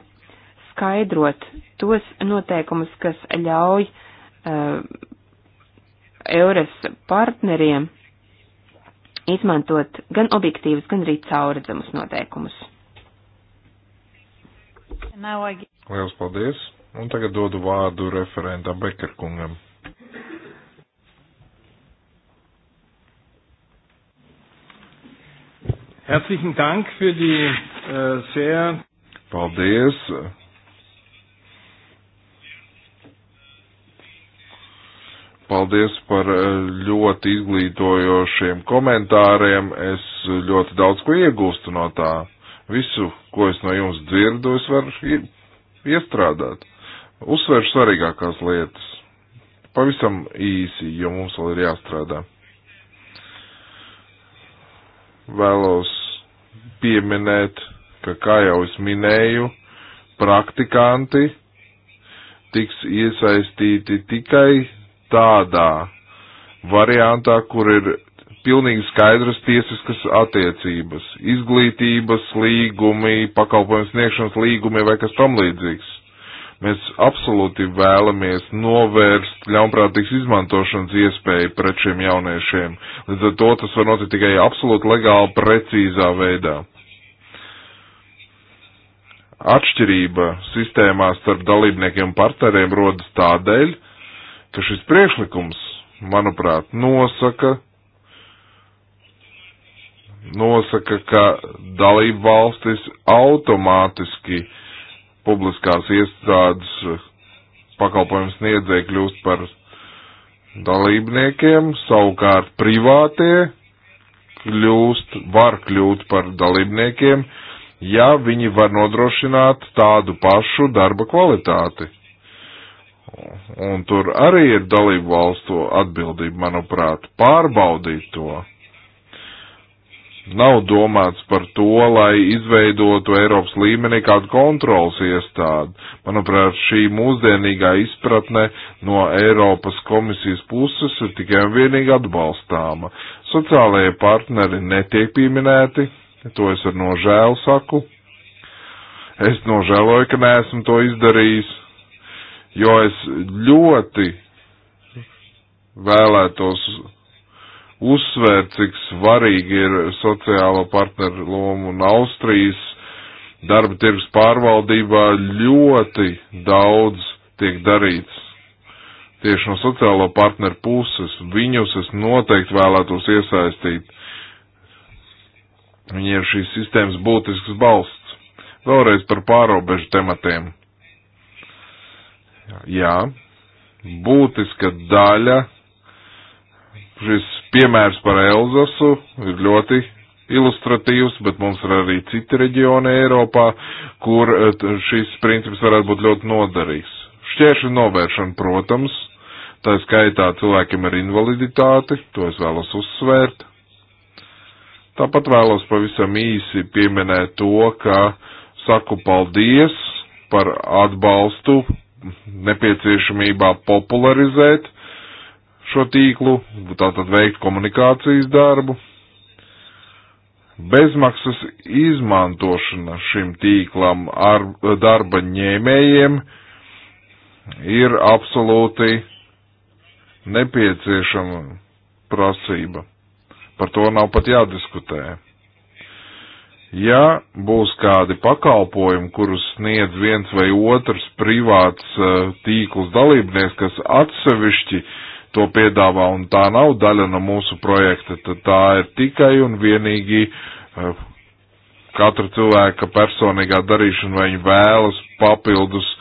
skaidrot tos noteikumus, kas ļauj uh, Eures partneriem izmantot gan objektīvus, gan arī cauredzamus noteikumus. Lielas paldies! Un tagad dodu vārdu referentam Bekerkungam. Herzlichen Dank für die äh, sehr. Paldies. Paldies par äh, ļoti izglītojošiem komentāriem. Es ļoti daudz ko iegūstu no tā. Visu, ko es no jums dzirdu, es varu iestrādāt. Uzsvēršu svarīgākās lietas. Pavisam īsi, jo mums vēl ir jāstrādā. Vēlos pieminēt, ka, kā jau es minēju, praktikanti tiks iesaistīti tikai tādā variantā, kur ir pilnīgi skaidras tiesiskas attiecības, izglītības līgumi, pakalpojums sniegšanas līgumi vai kas tam līdzīgs. Mēs absolūti vēlamies novērst ļaunprātīgas izmantošanas iespēju pret šiem jauniešiem. Līdz ar to tas var notikt tikai absolūti legāli, precīzā veidā atšķirība sistēmā starp dalībniekiem un partneriem rodas tādēļ, ka šis priekšlikums, manuprāt, nosaka, nosaka, ka dalību valstis automātiski publiskās iestādes pakalpojums niedzēja kļūst par dalībniekiem, savukārt privātie kļūst, var kļūt par dalībniekiem, uh, ja viņi var nodrošināt tādu pašu darba kvalitāti. Un tur arī ir dalību valstu atbildība, manuprāt, pārbaudīt to. Nav domāts par to, lai izveidotu Eiropas līmenī kādu kontrols iestādi. Manuprāt, šī mūsdienīgā izpratne no Eiropas komisijas puses ir tikai un vienīgi atbalstāma. Sociālajie partneri netiek pieminēti, To es ar nožēlu saku. Es nožēloju, ka neesmu to izdarījis, jo es ļoti vēlētos uzsvērt, cik svarīgi ir sociālo partneru loma un Austrijas darba tirgus pārvaldībā ļoti daudz tiek darīts. Tieši no sociālo partneru puses viņus es noteikti vēlētos iesaistīt Viņi ir šīs sistēmas būtisks balsts. Vēlreiz par pārobežu tematiem. Jā, būtiska daļa. Šis piemērs par Elzasu ir ļoti ilustratīvs, bet mums ir arī citi reģioni Eiropā, kur e, šis princips varētu būt ļoti noderīgs. Šķēršļu novēršana, protams, tā skaitā cilvēkiem ar invaliditāti, to es vēlos uzsvērt, Tāpat vēlos pavisam īsi pieminēt to, ka saku paldies par atbalstu nepieciešamībā popularizēt šo tīklu, tātad veikt komunikācijas darbu. Bezmaksas izmantošana šim tīklam ar darba ņēmējiem ir absolūti nepieciešama prasība. Par to nav pat jādiskutē. Ja būs kādi pakalpojumi, kurus sniedz viens vai otrs privāts eh, tīkls dalībnieks, kas atsevišķi to piedāvā un tā nav daļa no mūsu projekta, tad tā ir tikai un vienīgi eh, katra cilvēka personīgā darīšana, vai viņa vēlas papildus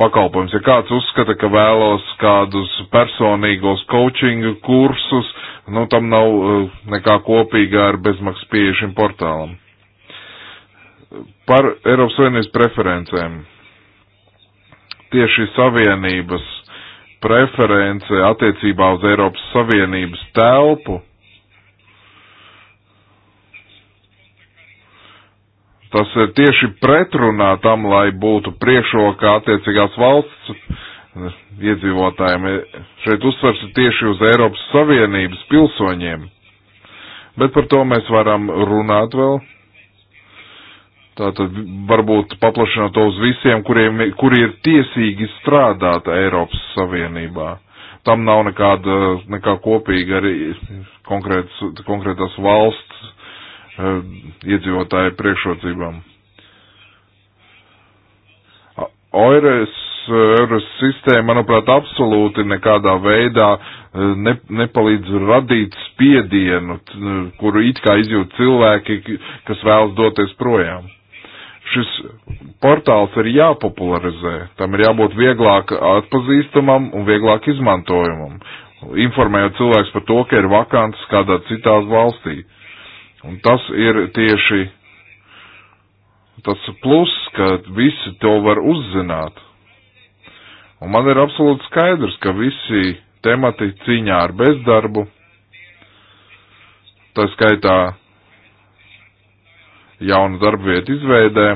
pakalpojums. Ja kāds uzskata, ka vēlos kādus personīgos coachingu kursus, nu tam nav uh, nekā kopīga ar bezmaksas pieejušiem portālam. Par Eiropas Savienības preferencēm. Tieši Savienības preference attiecībā uz Eiropas Savienības telpu Tas ir eh, tieši pretrunā tam, lai būtu priekšroka attiecīgās valsts eh, iedzīvotājiem. Eh, šeit uzsvers ir tieši uz Eiropas Savienības pilsoņiem. Bet par to mēs varam runāt vēl. Tātad varbūt paplašināt to uz visiem, kuriem, kuri ir tiesīgi strādāt Eiropas Savienībā. Tam nav nekāda, nekā kopīga arī konkrētas, konkrētas valsts Eh, iedzīvotāju priekšrocībām. Eures, Eures eh, sistēma, manuprāt, absolūti nekādā veidā eh, ne, nepalīdz radīt spiedienu, kuru it kā izjūt cilvēki, kas vēlas doties projām. Šis portāls ir jāpopularizē, tam ir jābūt vieglāk atpazīstamam un vieglāk izmantojamam, informējot cilvēks par to, ka ir vakants kādā citā valstī. Un tas ir tieši tas pluss, ka visi to var uzzināt. Un man ir absolūti skaidrs, ka visi temati cīņā ar bezdarbu, tā skaitā jaunu darbvietu izveidē,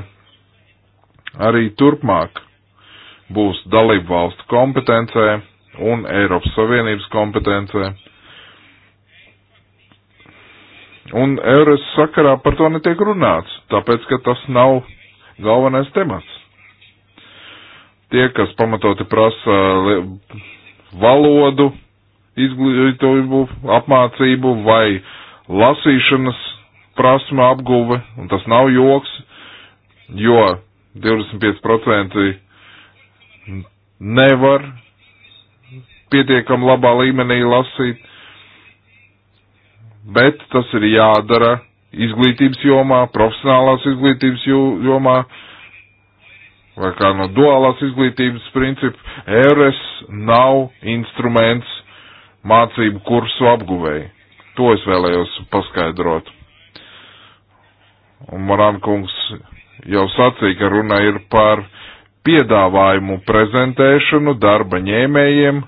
arī turpmāk būs dalību valstu kompetencē un Eiropas Savienības kompetencē Un Eures sakarā par to netiek runāts, tāpēc, ka tas nav galvenais temats. Tie, kas pamatoti prasa valodu, izglītību, apmācību vai lasīšanas prasme apguve, un tas nav joks, jo 25% nevar pietiekam labā līmenī lasīt bet tas ir jādara izglītības jomā, profesionālās izglītības jomā, vai kā no duālās izglītības principa, ERS nav instruments mācību kursu apguvēji. To es vēlējos paskaidrot. Un Maran kungs jau sacīja, ka runa ir par piedāvājumu prezentēšanu darba ņēmējiem,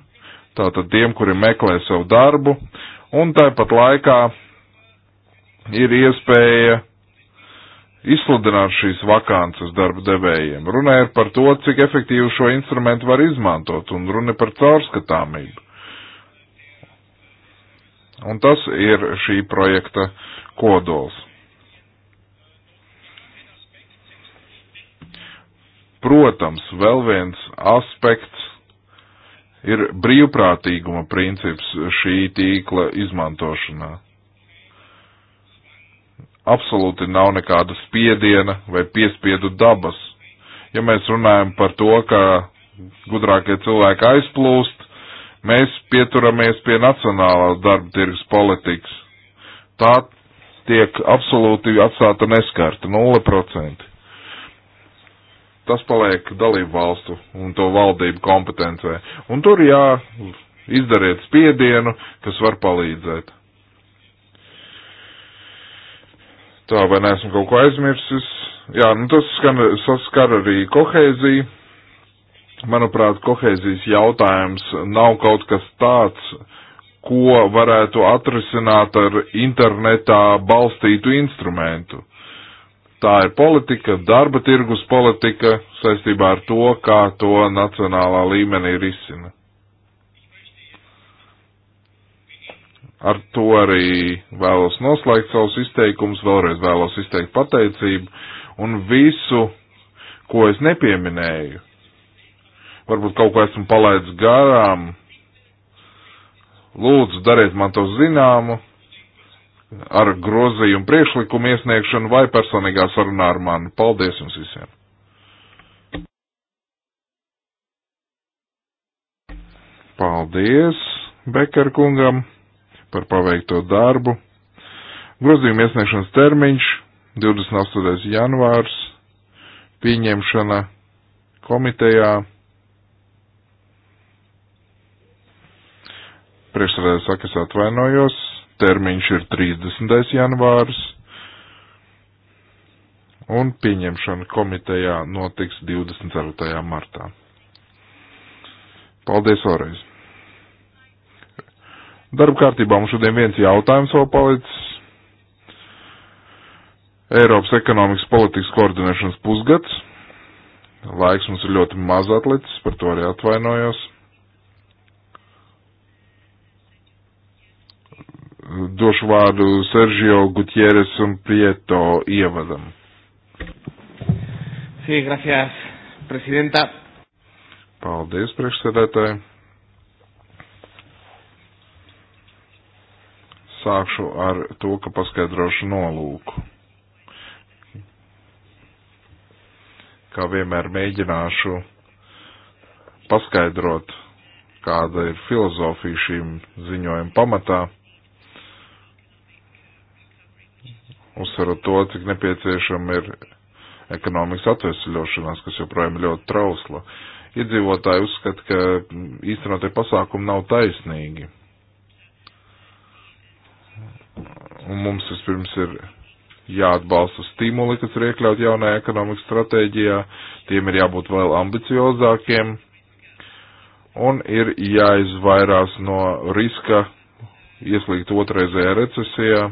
tātad tiem, kuri meklē savu darbu, un tāpat laikā ir iespēja izsludināt šīs vakances darba devējiem. Runa ir par to, cik efektīvi šo instrumentu var izmantot, un runa par caurskatāmību. Un tas ir šī projekta kodols. Protams, vēl viens aspekts ir brīvprātīguma princips šī tīkla izmantošanā. Absolūti nav nekāda spiediena vai piespiedu dabas. Ja mēs runājam par to, ka gudrākie cilvēki aizplūst, mēs pieturamies pie nacionālās darba tirgus politikas. Tā tiek absolūti atstāta neskarta, 0% tas paliek dalību valstu un to valdību kompetencē. Un tur jā, izdariet spiedienu, kas var palīdzēt. Tā vai neesmu kaut ko aizmirsis? Jā, nu tas skan, saskar arī kohēziju. Manuprāt, kohēzijas jautājums nav kaut kas tāds, ko varētu atrisināt ar internetā balstītu instrumentu tā ir politika, darba tirgus politika saistībā ar to, kā to nacionālā līmenī risina. Ar to arī vēlos noslēgt savus izteikumus, vēlreiz vēlos izteikt pateicību un visu, ko es nepieminēju. Varbūt kaut ko esmu palaidis garām. Lūdzu, dariet man to zināmu ar grozījumu priekšlikumu iesniegšanu vai personīgā sarunā ar mani. Paldies jums visiem! Paldies Bekar kungam par paveikto darbu. Grozījuma iesniegšanas termiņš 28. janvārs, pieņemšana komitejā. Priekšsēdētājs saka, es atvainojos termiņš ir 30. janvārs, un pieņemšana komitejā notiks 24. martā. Paldies vēlreiz! Darba kārtībā mums šodien viens jautājums vēl palicis. Eiropas ekonomikas politikas koordinēšanas pusgads. Laiks mums ir ļoti maz atlicis, par to arī atvainojos. došu vārdu Sergio Gutieres un Prieto ievadam. Sí, gracias, presidenta. Paldies, priekšsēdētāji. Sākšu ar to, ka paskaidrošu nolūku. Kā vienmēr mēģināšu paskaidrot, kāda ir filozofija šīm ziņojuma pamatā uzsverot to, cik nepieciešama ir ekonomikas atvesļošanās, kas joprojām ļoti trausla. Iedzīvotāji uzskata, ka īstenotie pasākumi nav taisnīgi. Un mums vispirms ir jāatbalsta stimuli, kas ir iekļaut jaunajā ekonomikas stratēģijā, tiem ir jābūt vēl ambiciozākiem un ir jāizvairās no riska ieslīgt otrreizējā recesijā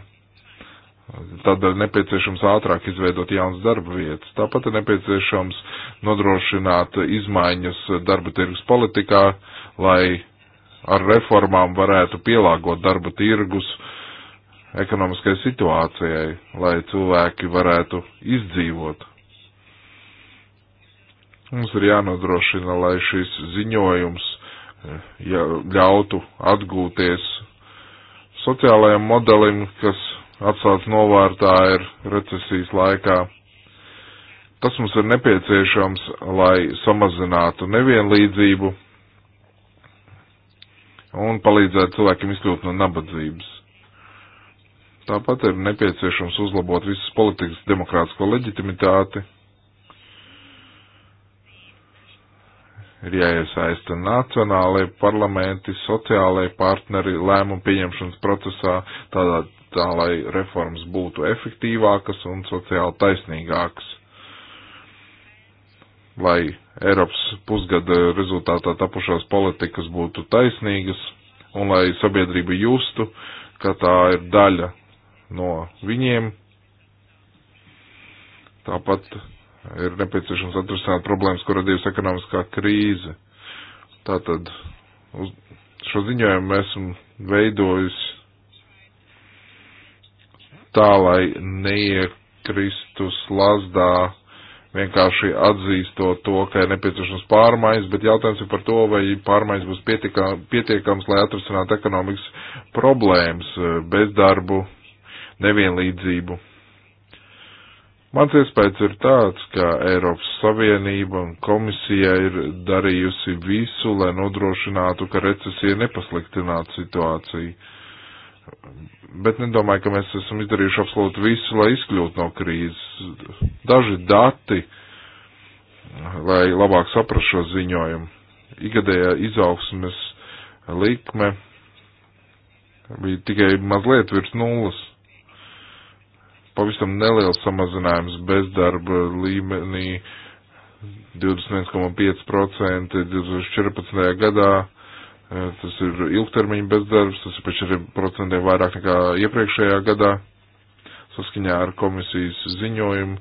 Tad ir nepieciešams ātrāk izveidot jaunas darba vietas. Tāpat ir nepieciešams nodrošināt izmaiņas darba tirgus politikā, lai ar reformām varētu pielāgot darba tirgus ekonomiskai situācijai, lai cilvēki varētu izdzīvot. Mums ir jānodrošina, lai šis ziņojums eh, ļautu atgūties sociālajam modelim, kas atsāc novārtā ir recesijas laikā. Tas mums ir nepieciešams, lai samazinātu nevienlīdzību un palīdzētu cilvēkiem izkļūt no nabadzības. Tāpat ir nepieciešams uzlabot visas politikas demokrātisko leģitimitāti ir jāiesaista nacionālajie parlamenti, sociālajie partneri lēmumu pieņemšanas procesā, tādā tā, lai reformas būtu efektīvākas un sociāli taisnīgākas. Lai Eiropas pusgada rezultātā tapušās politikas būtu taisnīgas un lai sabiedrība justu, ka tā ir daļa no viņiem. Tāpat ir nepieciešams atrisināt problēmas, ko radījusi ekonomiskā krīze. Tātad uz šo ziņojumu esam veidojusi tā, lai neiekristu slazdā vienkārši atzīstot to, ka ir nepieciešams pārmaiņas, bet jautājums ir par to, vai pārmaiņas būs pietiekā, pietiekams, lai atrisinātu ekonomikas problēmas, eh, bezdarbu, nevienlīdzību. Mans iespējas ir tāds, ka Eiropas Savienība un komisija ir darījusi visu, lai nodrošinātu, ka recesija nepasliktinātu situāciju. Bet nedomāju, ka mēs esam izdarījuši absolūti visu, lai izkļūtu no krīzes. Daži dati, lai labāk saprastu šo ziņojumu. Igadējā izaugsmes likme bija tikai mazliet virs nulles pavisam neliels samazinājums bezdarba līmenī 21,5% 2014. gadā. Eh, tas ir ilgtermiņa bezdarbs, tas ir par 4% vairāk nekā iepriekšējā gadā. Saskaņā ar komisijas ziņojumu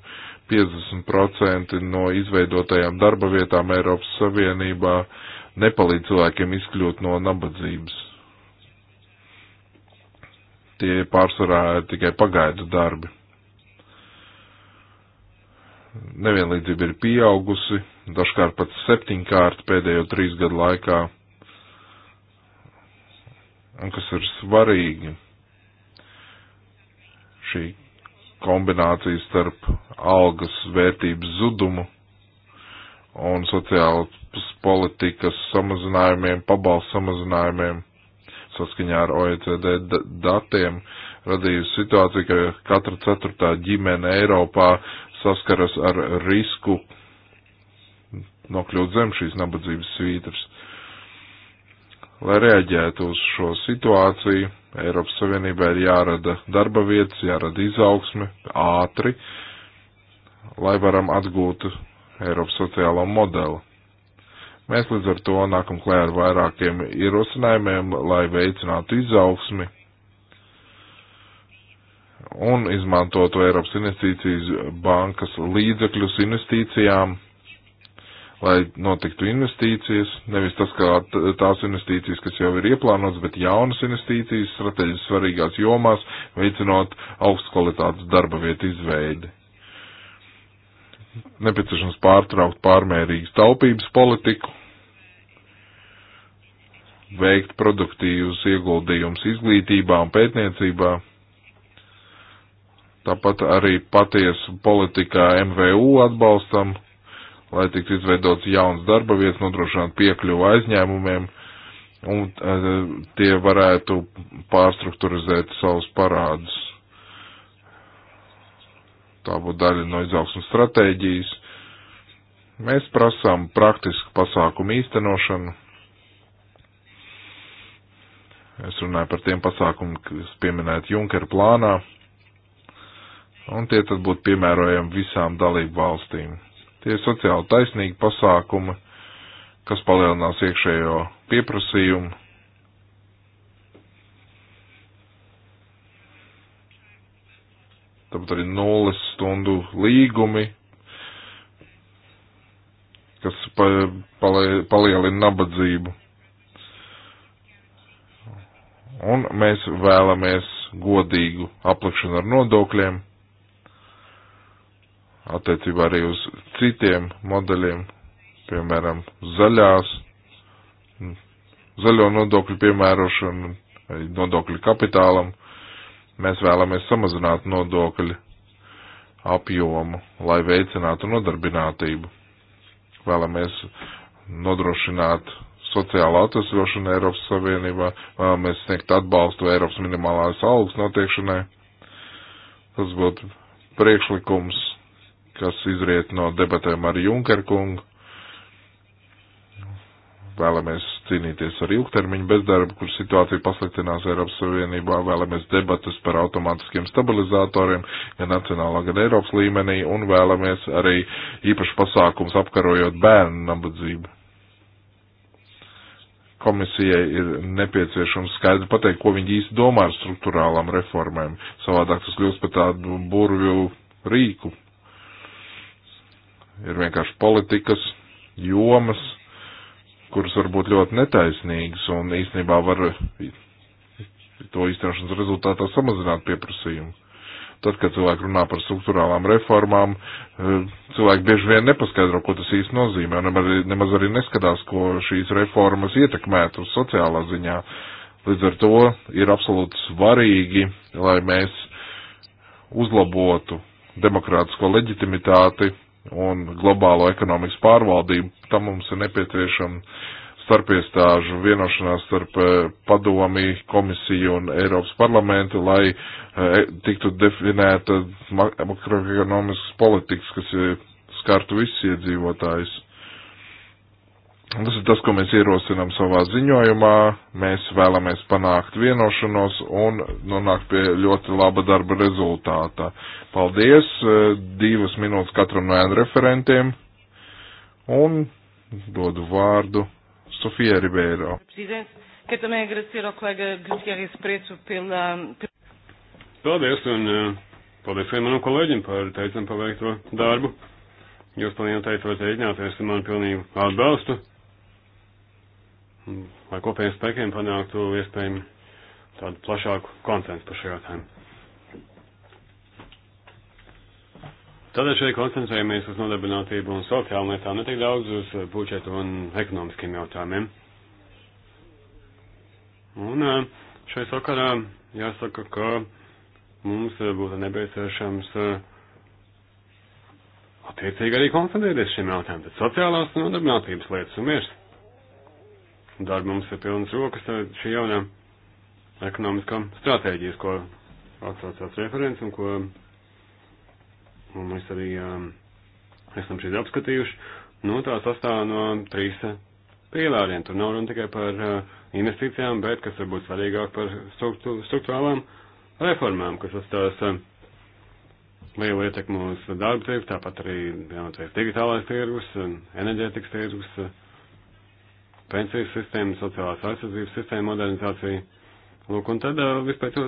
50% no izveidotajām darba vietām Eiropas Savienībā nepalīdz cilvēkiem izkļūt no nabadzības. Tie pārsvarā ir tikai pagaidu darbi nevienlīdzība ir pieaugusi, dažkārt pat septiņkārt pēdējo trīs gadu laikā, un kas ir svarīgi, šī kombinācija starp algas vērtības zudumu un sociālas politikas samazinājumiem, pabalstu samazinājumiem, saskaņā ar OECD datiem, radījusi situāciju, ka katra ceturtā ģimene Eiropā saskaras ar risku nokļūt zem šīs nabadzības svītras. Lai reaģētu uz šo situāciju, Eiropas Savienībā ir jārada darba vietas, jārada izaugsme ātri, lai varam atgūt Eiropas sociālo modeli. Mēs līdz ar to nākam klē ar vairākiem ierosinājumiem, lai veicinātu izaugsmi un izmantotu Eiropas investīcijas bankas līdzekļus investīcijām, lai notiktu investīcijas, nevis tas, kā tās investīcijas, kas jau ir ieplānotas, bet jaunas investīcijas strateģiski svarīgās jomās, veicinot augstskvalitātes darba vietu izveidi. Nepieciešams pārtraukt pārmērīgas taupības politiku, veikt produktīvus ieguldījumus izglītībā un pētniecībā Tāpat arī patiesu politikā MVU atbalstam, lai tiktu izveidots jauns darba vietas, nodrošināt piekļuvu aizņēmumiem, un e, tie varētu pārstruktūrizēt savus parādus. Tā būtu daļa no izaugsmas stratēģijas. Mēs prasām praktisku pasākumu īstenošanu. Es runāju par tiem pasākumiem, kas pieminēti Junkera plānā un tie tad būtu piemērojami visām dalību valstīm. Tie ir sociāli taisnīgi pasākumi, kas palielinās iekšējo pieprasījumu. Tāpat arī nulles stundu līgumi, kas pa, palie, palielina nabadzību. Un mēs vēlamies godīgu aplikšanu ar nodokļiem attiecībā arī uz citiem modeļiem, piemēram, zaļās, zaļo nodokļu piemērošanu, nodokļu kapitālam. Mēs vēlamies samazināt nodokļu apjomu, lai veicinātu nodarbinātību. Vēlamies nodrošināt sociālu atvesļošanu Eiropas Savienībā, vēlamies sniegt atbalstu Eiropas minimālās algas noteikšanai. Tas būtu priekšlikums kas izriet no debatēm ar Junkerkungu. Vēlamies cīnīties ar ilgtermiņu bezdarbu, kur situācija pasliktinās Eiropas Savienībā, vēlamies debatas par automātiskiem stabilizatoriem gan nacionālā, gan Eiropas līmenī, un vēlamies arī īpašu pasākums apkarojot bērnu nabadzību. Komisijai ir nepieciešams skaidri pateikt, ko viņi īsti domā ar struktūrālām reformēm. Savādāk tas kļūst par tādu burvju rīku ir vienkārši politikas jomas, kuras var būt ļoti netaisnīgas un īstenībā var to īstenošanas rezultātā samazināt pieprasījumu. Tad, kad cilvēki runā par struktūrālām reformām, eh, cilvēki bieži vien nepaskaidro, ko tas īsti nozīmē, un nemaz arī neskatās, ko šīs reformas ietekmētu sociālā ziņā. Līdz ar to ir absolūti svarīgi, lai mēs uzlabotu demokrātisko leģitimitāti un globālo ekonomikas pārvaldību, tam mums ir nepieciešama starpiestāžu vienošanās starp eh, padomi, komisiju un Eiropas parlamentu, lai eh, tiktu definēta makroekonomiskas politikas, kas eh, skartu visus iedzīvotājus. Tas ir tas, ko mēs ierosinām savā ziņojumā. Mēs vēlamies panākt vienošanos un nonākt pie ļoti laba darba rezultāta. Paldies! Eh, divas minūtes katram no referentiem un dodu vārdu Sofija Ribeiro. Paldies un eh, paldies vienam kolēģim par teicam paveikto darbu. Jūs, paldies, teicāt, teicināties ar manu pilnīgu atbalstu lai kopējiem spēkiem panāktu iespējami tādu plašāku konsensu par šo jautājumu. Tādēļ šeit koncentrējamies uz nodarbinātību un sociālām lietām, ne tik daudz uz budžetu un ekonomiskiem jautājumiem. Un eh, šai sakarā jāsaka, ka mums eh, būtu nepieciešams eh, attiecīgi arī koncentrēties šiem jautājumiem, tad sociālās nodarbinātības lietas un miers darba mums ir pilnas rokas šī jaunā ekonomiskā stratēģijas, ko atsaucās referents un ko un mēs arī um, esam šīs apskatījuši. Nu, tā sastāv no trīs pīlāriem. Tur nav runa tikai par uh, investīcijām, bet, kas varbūt svarīgāk, par struktū, struktūrālām reformām, kas atstās uh, lielu ietekmu uz darba tirgu, tāpat arī, jā, teikts, digitālais tirgus, enerģētikas tirgus. Uh, pensijas sistēmu, sociālās aizsardzības sistēmu modernizāciju. Lūk, un tad vispēc to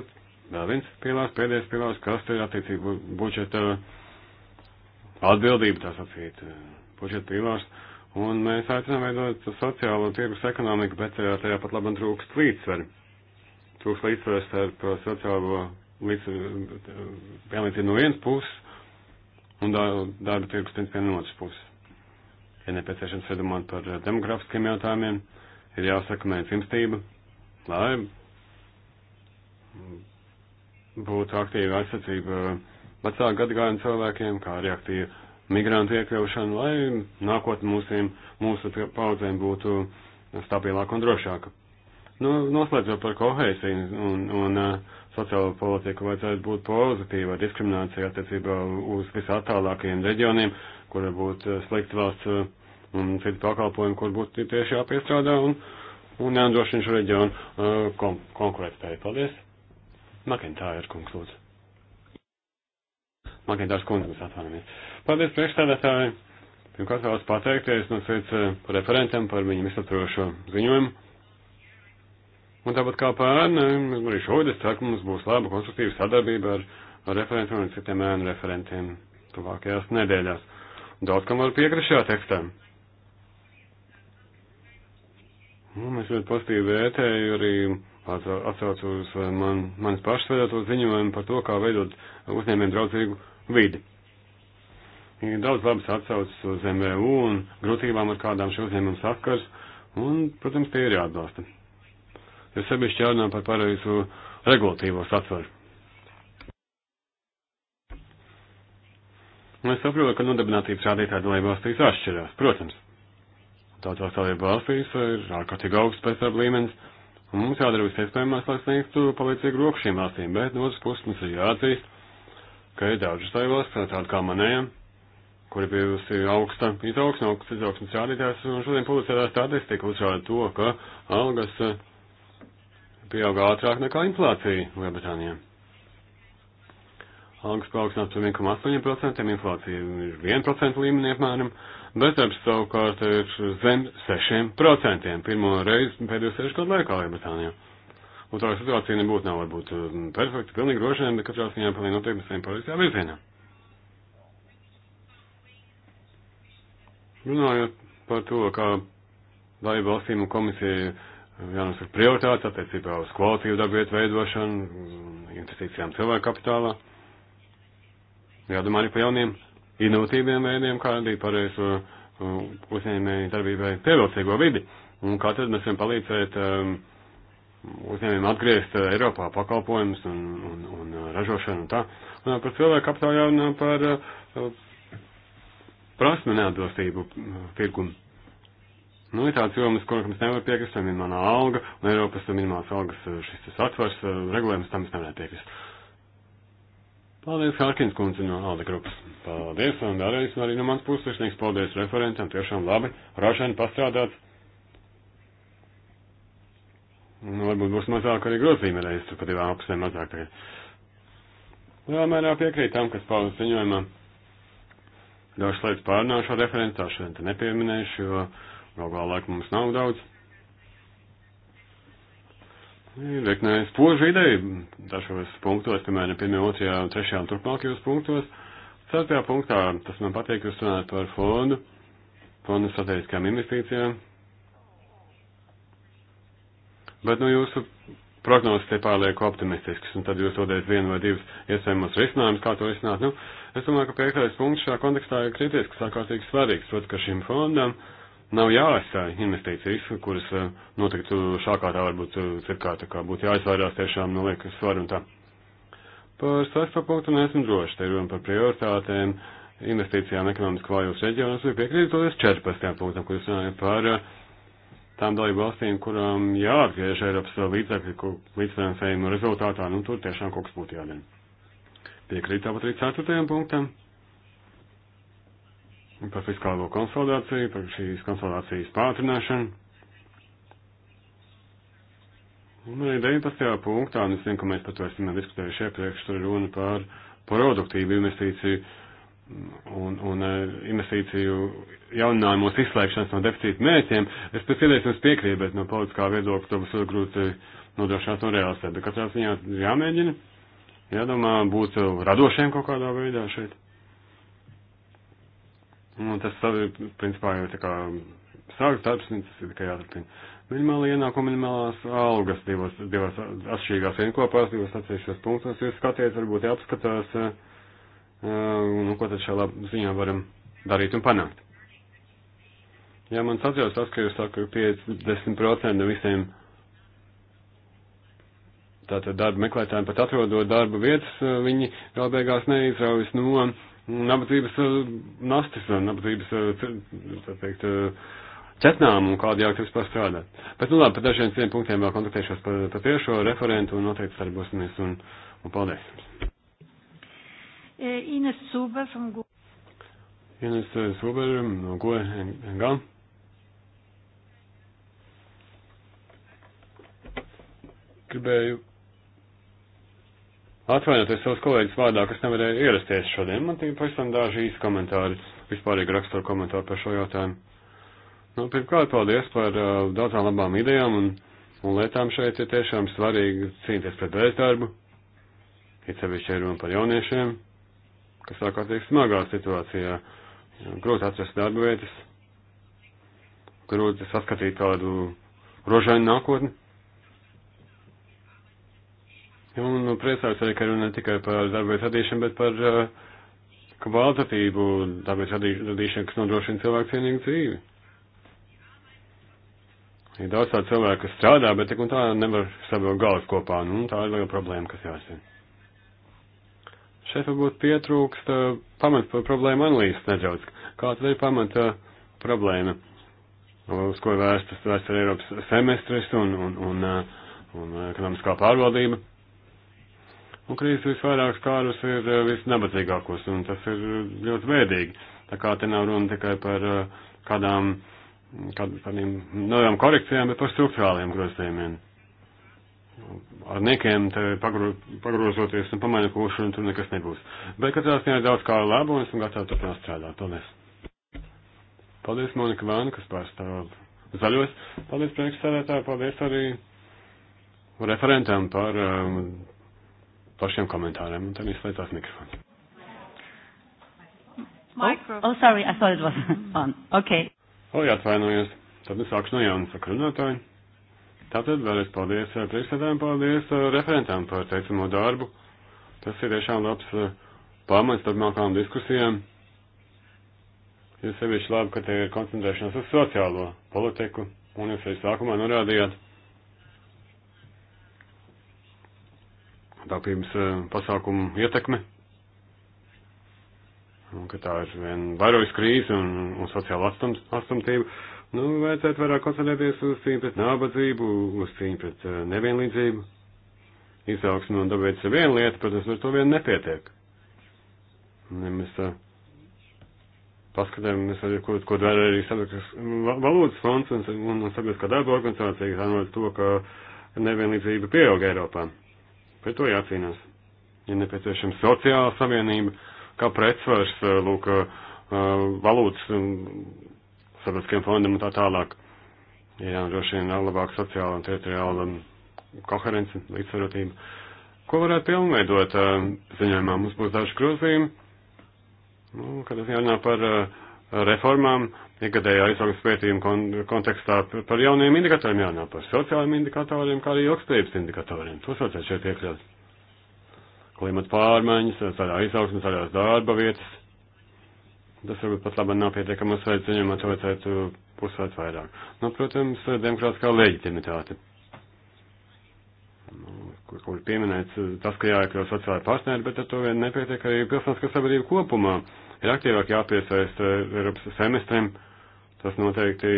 vēl viens pilārs, pēdējais pilārs, kas ir attiecīgi budžeta atbildība, tā sacīt, budžeta pilārs. Un mēs aicinām veidot sociālo tirgus ekonomiku, bet tajā pat labam trūkst līdzsveri. Trūkst līdzsveri starp sociālo līdzsveru, vienlīdzību no vienas puses un darba tirgus principiem no otras puses ir nepieciešams domāt par eh, demografiskiem jautājumiem, ir jāsakmē cimstība, lai būtu aktīva aizsardzība vecāku gadagājumu cilvēkiem, kā arī aktīva migrantu iekļaušana, lai nākotnē mūsiem, mūsu paudzēm būtu stabilāka un drošāka. Nu, noslēdzot par kohēziju un, un uh, sociālo politiku vajadzētu būt pozitīva diskriminācija attiecībā uz visattālākajiem reģioniem, kur būtu uh, slikta valsts uh, un citi pakalpojumi, kur būtu tieši jāpiestrādā un, un jānodrošina šo reģionu uh, kon konkurētspēju. Paldies! Makentājas kungs, lūdzu. Makentājas kungs, mēs atvainojamies. Paldies priekšstādātāji! Pirmkārt vēlos pateikties no sveic referentam par viņu visaptvarošo ziņojumu Un tāpat kā pērn, eh, arī šodien ceru, ka mums būs laba konstruktīva sadarbība ar, ar referentiem un citiem ēnu referentiem tuvākajās nedēļās. Daudz kam var piekrist šajā tekstā. Un nu, es ļoti pozitīvi vērtēju arī atsaucu uz eh, man, manis pašas veidot ziņojumu par to, kā veidot uzņēmējiem draudzīgu vidi. Ir daudz labas atsaucas uz MVU un grūtībām, ar kādām šie uzņēmumi saskars, un, protams, tie ir jāatbalsta jo sevišķi jārunā par pareizu regulatīvo satvaru. Mēs saprotam, ka nodarbinātības rādītāji dalība valstīs atšķirās, protams. Daudzās dalība valstīs ir ārkārtīgi augsts bezdarba līmenis, un mums jādara viss iespējamās, lai sniegtu palīdzīgu roku šīm valstīm, bet no otras puses mums ir jāatzīst, ka ir daudzas dalība valstis, tāda kā manējā, kur ir bijusi augsta izaugsme, augsts izaugsmes rādītājs, un šodien publicētā statistika uzrāda to, ka algas uh, pieauga ātrāk nekā inflācija Lielbritānijā. Algas paaugstinās par 1,8%, inflācija ir 1% līmenī apmēram, bezdarbs savukārt ir zem 6%, pirmo reizi pēdējo 6 gadu laikā Lielbritānijā. Un tā situācija nebūtu nav varbūt um, perfekta, pilnīgi droši vien, bet katrā ziņā pilnīgi noteikti mēs ejam pareizajā virzienā. Runājot par to, kā dalību valstīm un komisiju jānosaka prioritātes attiecībā uz kvalitīvu darbvietu veidošanu, investīcijām cilvēku kapitālā. Jādomā arī par jauniem inovatīviem veidiem, kā radīt pareizo uh, uzņēmēju darbībai pievilcīgo vidi. Un kā tad mēs varam palīdzēt um, uzņēmējiem atgriezt uh, Eiropā pakalpojumus un, un, un uh, ražošanu un tā. Un par cilvēku kapitālu jārunā par uh, prasme neatbilstību tirgumu. Nu, ir tāds jomas, kur mēs nevaram piekrist, vai minimālā alga, un Eiropas minimālās algas eh, šis atvars eh, regulējums tam es nevarētu piekrist. Paldies, Hārkins kundze no Alde grupas. Paldies, un vēlreiz arī no mans pusvirsnieks, paldies referentam, tiešām labi, rašaini pastrādāts. Nu, varbūt būs mazāk arī grozījumi reiz, tur pat divām apusēm mazāk tagad. Lielā mērā piekrīt tam, kas paudas ziņojumā. Dažas lietas pārnāšu referentā, šodien te nepieminēšu, jo. Uh, Galu galā laika mums nav daudz. Ir virknē spožu ideju dažos punktos, piemēram, 1, 2, 3 un turpmākajos punktos. Ceturtajā punktā tas man patīk, jūs runājat par fondu, fondu strateģiskām investīcijām. Bet, nu, jūsu prognozes te pārlieku optimistiskas, un tad jūs dodiet vienu vai divus iespējamos risinājumus, kā to risināt. Nu, es domāju, ka piektais punkts šajā kontekstā ir kritisks, ārkārtīgi svarīgs, protams, ka šim fondam. Uh, nav jāaizstāj investīcijas, kuras eh, noteikti šākā tā varbūt eh, cirkā, tā kā būtu jāizvairās tiešām no nu, liekas svaru un tā. Par sesto punktu neesmu droši, te runājam par prioritātēm, investīcijām ekonomiski vājos reģionos, vai piekrītu toties 14. punktam, kur jūs runājat par eh, tām dalību valstīm, kurām jāatgriež Eiropas līdzekļu līdzfinansējumu rezultātā, nu tur tiešām kaut kas būtu jādara. Piekrītu tāpat arī 4. punktam par fiskālo konsolidāciju, par šīs konsolidācijas pātrināšanu. Un arī 19. punktā, un es zinu, ka mēs par to esam diskutējuši iepriekš, tur runa par produktīvu investīciju un, un eh, investīciju jauninājumos izslēgšanas no deficīta mērķiem. Es pēc iespējas piekrītu, bet no politiskā viedokļa to būs grūti nodrošināt un realizēt. Bet katrā ziņā jāmēģina, jādomā būt radošiem kaut kādā veidā šeit. Un tas, principā, jau tā kā sākas darbs, un tas ir tikai jāturpina. Minimāla ienākuma, minimālās algas divos, divos atšķirīgās vienkopās, divos atsevišķos punktos. Jūs skatiet, varbūt jāapskatās, nu, ko tad šajā ziņā varam darīt un panākt. Jā, man sacījās tas, ka jūs sakat 50% no visiem tātad darba meklētājiem pat atrodot darba vietas, eh, viņi gal beigās neizraujas no. Nu, nabadzības eh, nastis un eh, nabadzības, eh, tā teikt, četnām un kādi jākļūt vispār strādāt. Bet, nu labi, par dažiem citiem punktiem vēl kontaktēšos par, par tiešo referentu un noteikti sarbosimies un, un paldies. E, Ines Zuber from Go. Ines Zuber no Go NGA. Gribēju atvainoties savus kolēģus vārdā, kas nevarēja ierasties šodien. Man tikai pavisam daži īsi komentāri, vispārīgi raksturu komentāri par šo jautājumu. Nu, pirmkārt, paldies par uh, daudzām labām idejām un, un lietām šeit ir tiešām svarīgi cīnīties pret bezdarbu. Ir sevišķi runa par jauniešiem, kas ārkārtīgi smagā situācijā. Grūti atrast darba vietas, grūti saskatīt kādu rožainu nākotni. Un nu, priecājos arī, ka runa ne tikai par darbības radīšanu, bet par uh, eh, kvalitatīvu darbības radīšanu, kas nodrošina cilvēku cienīgu dzīvi. Ir daudz tādu cilvēku, kas strādā, bet tik un tā nevar savu galvas kopā, nu, tā ir liela problēma, kas jāsina. Šeit varbūt pietrūkst uh, pamat problēma analīzes nedaudz. Kā tad ir pamata problēma, uz ko vērstas, vērsts ar Eiropas semestris un, un, un, eh, un, un ekonomiskā pārvaldība? Un krīzes visvairāk skārus ir eh, visnabadzīgākos, un tas ir ļoti bēdīgi. Tā kā te nav runa tikai par eh, kādām, kād, kādiem novām korekcijām, bet par struktūrāliem grozījumiem. Ar niekiem te pagro, pagrozoties un pamainot kūšu, un tur nekas nebūs. Bet katrā ziņā ir daudz kā labu, un esmu gatavs turpināt strādāt. Paldies! Paldies, Monika Vāna, kas pārstāv zaļos. Paldies, priekšsēdētāji, paldies arī referentam par um, par šiem komentāriem. Un tad izslēdzās mikrofons. Micro. Oh, oh, sorry, I thought it was (laughs) on. Okay. O, jā, atvainojos. Tad es sākšu no jauna saka runātāji. Tātad vēlreiz paldies eh, priekšsēdājiem, paldies eh, referentām par teicamo darbu. Tas ir tiešām labs eh, pamats turpmākām diskusijām. Jūs sevišķi labi, ka te ir koncentrēšanās uz sociālo politiku, un jūs arī sākumā norādījāt, taupības eh, pasākumu ietekme, un ka tā ir vien vairojas krīze un, un sociāla atstum, atstumtība, nu, vajadzētu vairāk koncentrēties uz cīņu pret nabadzību, uz cīņu pret eh, nevienlīdzību, izaugsmu un tāpēc viena lieta, protams, ar to vien nepietiek. Ja mēs eh, paskatāmies, ko, ko dara arī sabiedriskās valūtas fonds un, un sabiedriskā darba organizācija, tā to, ka nevienlīdzība pieauga Eiropā. Pret to jācīnās. Ja nepieciešama sociāla savienība, kā pretsvars, eh, lūk, eh, valūtas mm, sabiedriskiem fondam un tā tālāk. Jā, droši vien labāk sociāla un teritoriāla mm, koherence, līdzsvarotība. Ko varētu pilnveidot eh, ziņojumā? Mums būs daži grozījumi. Nu, kad es jārunā par reformām, Iegadējā izaugsmes pētījuma kon kontekstā par jauniem indikatoriem jārunā, par sociālajiem indikatoriem, kā arī ilgspējības indikatoriem. To saucēt šeit iekļaut. Klimata pārmaiņas, zaļā izaugsme, zaļās darba vietas. Tas varbūt pat labi nav pietiekami uzsvērts, viņam to vajadzētu pusēt vairāk. Nu, protams, demokrātiskā leģitimitāte. Nu, kur, kur pieminēts tas, ka jāiekļaut sociālai partneri, bet ar to vien nepietiek arī pilsoniskā sabiedrība kopumā. Ir aktīvāk jāpiesaist Eiropas semestriem. Uh, Tas noteikti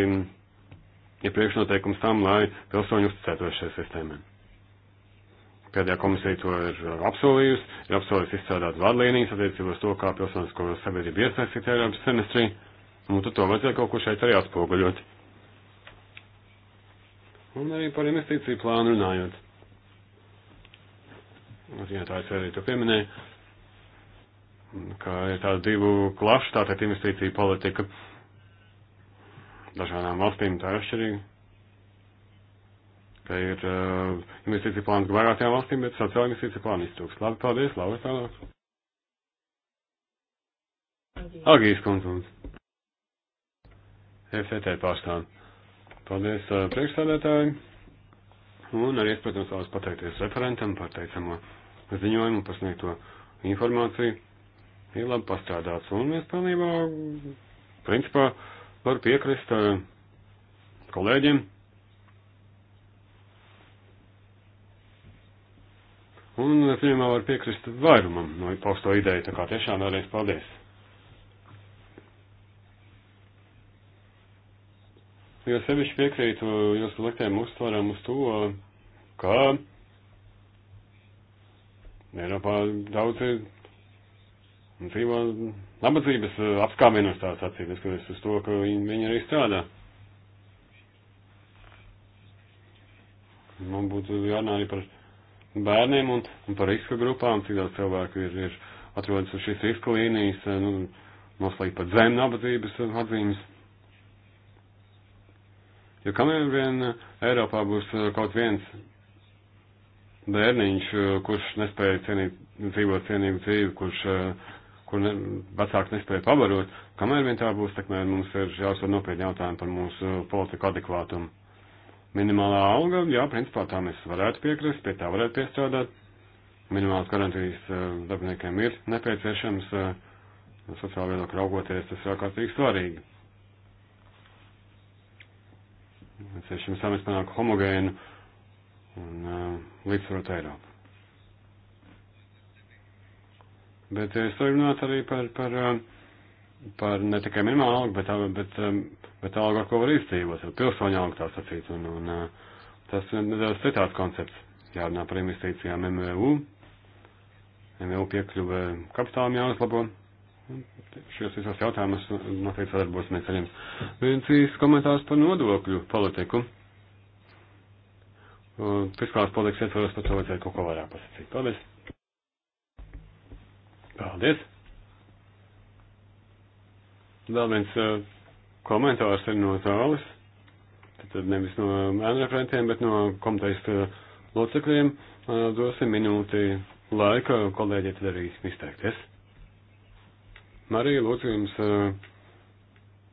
ir priekšnoteikums tam, lai pilsoņi uzticētos šai sistēmai. Pēdējā komisija to ir apsolījusi, ir apsolījusi izstrādāt vadlīnijas attiecībā uz to, kā pilsonisko sabiedrību iesaistīt Eiropas semestrī, un tad to vajadzēja kaut kur šeit arī atspoguļot. Un arī par investīciju plānu runājot. Ziņotājs arī to pieminēja, ka ir tāda divu klašu, tātad investīcija politika. Uh, dažādām valstīm tā ir atšķirīga, ka ir uh, investīcija plāns vairākajām valstīm, bet sociāla investīcija plāna iztrūks. Labi, paldies, labi, tālāk. Agijas konsultants. FCT e pārstāv. Paldies uh, priekšstādētāji. Un arī es, protams, vēlos pateikties referentam par teicamo ziņojumu, par sniegto informāciju. Ir labi pastrādāts un mēs pilnībā, principā, uh, Varu piekrist eh, kolēģiem. Un, piemēram, var piekrist vairumam no pausto ideju, tā kā tiešām vēlreiz paldies. Jo sevišķi piekrītu jūsu liktēm uztvaram uz to, ka Eiropā daudz ir dzīvo nabadzības eh, apskāvienos tās acīm, skatoties uz to, ka viņi, viņi arī strādā. Man būtu jārunā arī par bērniem un, un par riska grupām, cik daudz cilvēku ir, ir atrodas uz šīs riska līnijas, eh, nu, noslēgt pat zem nabadzības eh, atzīmes. Jo kamēr vien Eiropā būs kaut viens bērniņš, kurš nespēja cienīt, dzīvot cienīgu dzīvi, kurš uh, kur ne, vecāks nespēja pavarot, kamēr vien tā būs, takmēr mums ir jāsver nopietni jautājumi par mūsu politiku adekvātumu. Minimālā alga, jā, principā tā mēs varētu piekrist, pie tā varētu piestrādāt. Minimālas garantijas eh, darbiniekiem ir nepieciešams, eh, sociāli viedokļi raugoties, tas ir ārkārtīgi svarīgi. Mēs tiešām samest panāk homogēnu un uh, eh, līdzsvarot Eiropu. Bet eh, es varu runāt arī par, par, eh, par ne tikai minimālu algu, bet, eh, bet, bet, bet algu, ar ko var izdzīvot, pilsoņu algu tā sacīt. Un, un tas ir nedaudz citāds koncepts. Jārunā par investīcijām MVU. MVU piekļuve kapitālam jāuzlabo. Šos visos jautājumus noteikti sadarbosimies ar jums. Viens īsts komentārs par nodokļu politiku. Fiskālās politikas ietvaros par to vajadzēja kaut ko vairāk pasakīt. Paldies! Paldies! Vēl viens uh, komentārs ir no zāles. Tad nevis no mēnreferentiem, bet no komitejas uh, locekļiem. Uh, dosim minūti laika kolēģi tad arī izteikties. Marija, lūdzu jums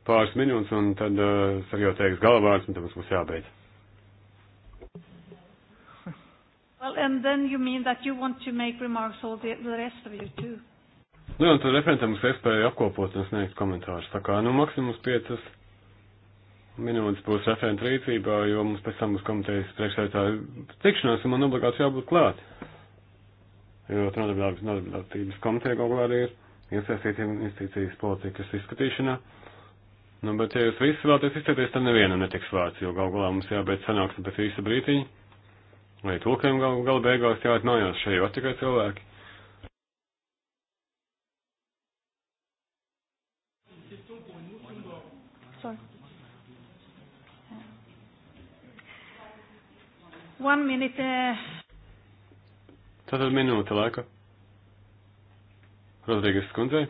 pāris minūtes, un tad es arī jau teikšu galvārds, un tad mums būs jābeidz. Well, and then you mean that you want to make remarks all the, the rest of you too? Nu, jā, tad referentam mums iespēja apkopot un sniegt komentārus. Tā kā, nu, maksimums piecas minūtes būs referenta rīcībā, jo mums pēc tam būs komitejas priekšsētāja tikšanās, un man obligāti jābūt klāt. Jo nodarbinātības nodarbinātības komiteja kaut kā arī ir iesaistīta investīcijas politikas izskatīšanā. Nu, bet ja jūs visi vēlaties izteikties, tad nevienam netiks vārds, jo gal galā mums jābeidz sanāksme pēc īsa brītiņa. Vai tūkiem gal, gala beigās jāatmājās šeit, jo tikai cilvēki. One minute. Eh. Tātad minūte laika. Rodrīgas skundzei.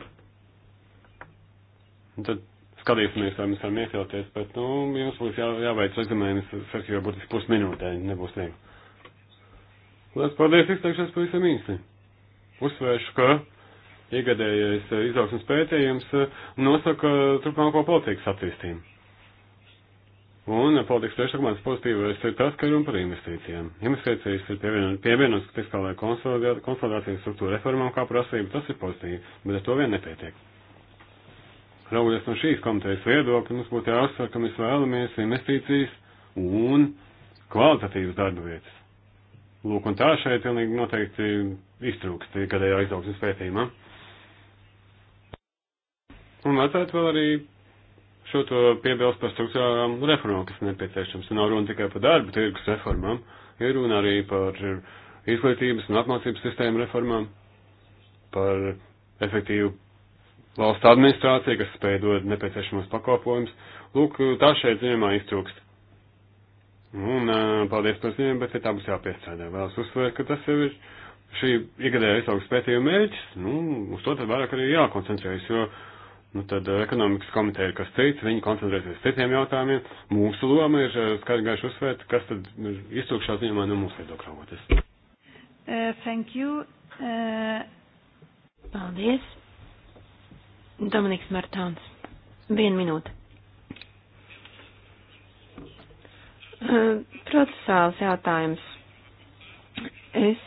Un tad skatīsimies, vai mēs varam iekļauties, bet, nu, jums būs jā, jāveic eksāmenis, saka, jau būtiski pusminūtē, nebūs viegli. Lielas paldies, izteikšos pavisam īsi. Uzsvēršu, ka iegadējais eh, izaugsmas pētījums eh, nosaka turpmāko politikas attīstību. Un politikas priekšlikumās pozitīvais ir tas, ka runa par investīcijām. Investīcijas ir pievienotas fiskālajai konsolidācijas struktūra reformām kā prasība, tas ir pozitīvi, bet ar to vien nepietiek. Raugoties no šīs komitejas viedokļa, mums būtu jāuzsver, ka mēs vēlamies investīcijas un kvalitatīvas darba vietas. Lūk, un tā šeit pilnīgi noteikti iztrūkst gadējā izaugsmes pētījumā. Un vajadzētu vēl arī Šo to piebilst par struktūrālām reformām, kas nepieciešams. Nav runa tikai par darba tirgus reformām, ir runa arī par izglītības un apmācības sistēmu reformām, par efektīvu valsts administrāciju, kas spēj dot nepieciešamos pakalpojumus. Lūk, tā šeit ziņā iztrūkst. Un paldies par ziņām, bet ja tā būs jāpiestrādā. Vēlos uzsvērt, ka tas jau ir šī iegadēja izaugs pētījuma mērķis, nu, uz to tad vairāk arī jākoncentrējas, jo Nu, tad eh, ekonomikas komiteja ir kas cits, viņi koncentrēsies uz citiem jautājumiem. Mūsu loma ir eh, skaidri gaiši uzsvērt, kas tad ir iztrūkšās ziņā no mūsu viedokļa raugoties. Uh, eh, thank you. Uh... Paldies. Dominiks Martāns. Vienu minūti. Uh, procesāls jautājums. Es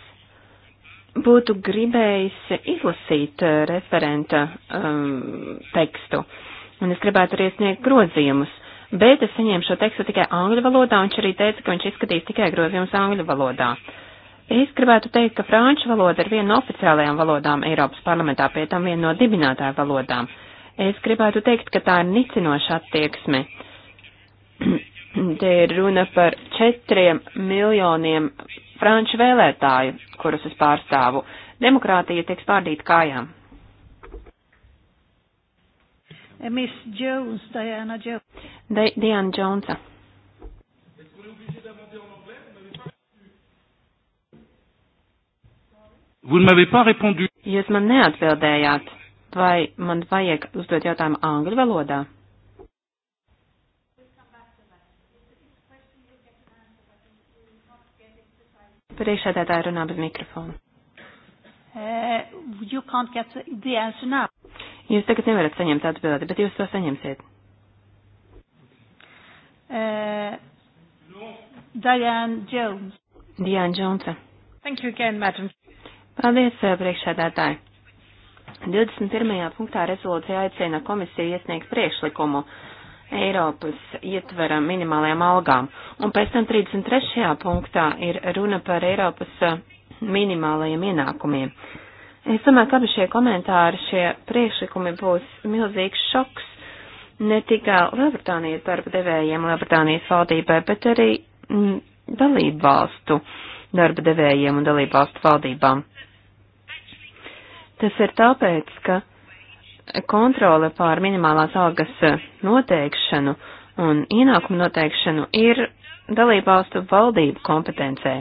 būtu gribējusi izlasīt eh, referenta um, tekstu, un es gribētu arī sniegt grozījumus, bet es saņēmu šo tekstu tikai angļu valodā, un viņš arī teica, ka viņš izskatīs tikai grozījumus angļu valodā. Es gribētu teikt, ka franču valoda ir viena no oficiālajām valodām Eiropas parlamentā, pie tam viena no dibinātāju valodām. Es gribētu teikt, ka tā ir nicinoša attieksme. (clears throat) Te ir runa par četriem miljoniem franču vēlētāju, kurus es pārstāvu. Demokrātija tiek spārdīta kājām. Eh, Miss Jones, Diana Jones. De Diana Jones. Vous ne m'avez pas répondu. Jūs man neatbildējāt, vai man vajag uzdot jautājumu angļu valodā? Priekšsēdētāja runā bez mikrofona. Uh, jūs tagad nevarat saņemt atbildi, bet jūs to saņemsiet. Uh, Diana Jones. Diana Jonesa. Thank you again, madam. Paldies, uh, priekšsēdētāji. 21. punktā rezolūcija aicina komisiju iesniegt priekšlikumu Eiropas ietvera minimālajām algām. Un pēc tam 33. punktā ir runa par Eiropas eh, minimālajiem ienākumiem. Es domāju, ka abi šie komentāri, šie priekšlikumi būs milzīgs šoks ne tikai Lielbritānijas darba devējiem, Lielbritānijas valdībai, bet arī mm, dalību valstu darba devējiem un dalību valstu valdībām. Tas ir tāpēc, ka kontrole pār minimālās algas e, noteikšanu un ienākumu noteikšanu ir dalībvalstu valdību kompetencē.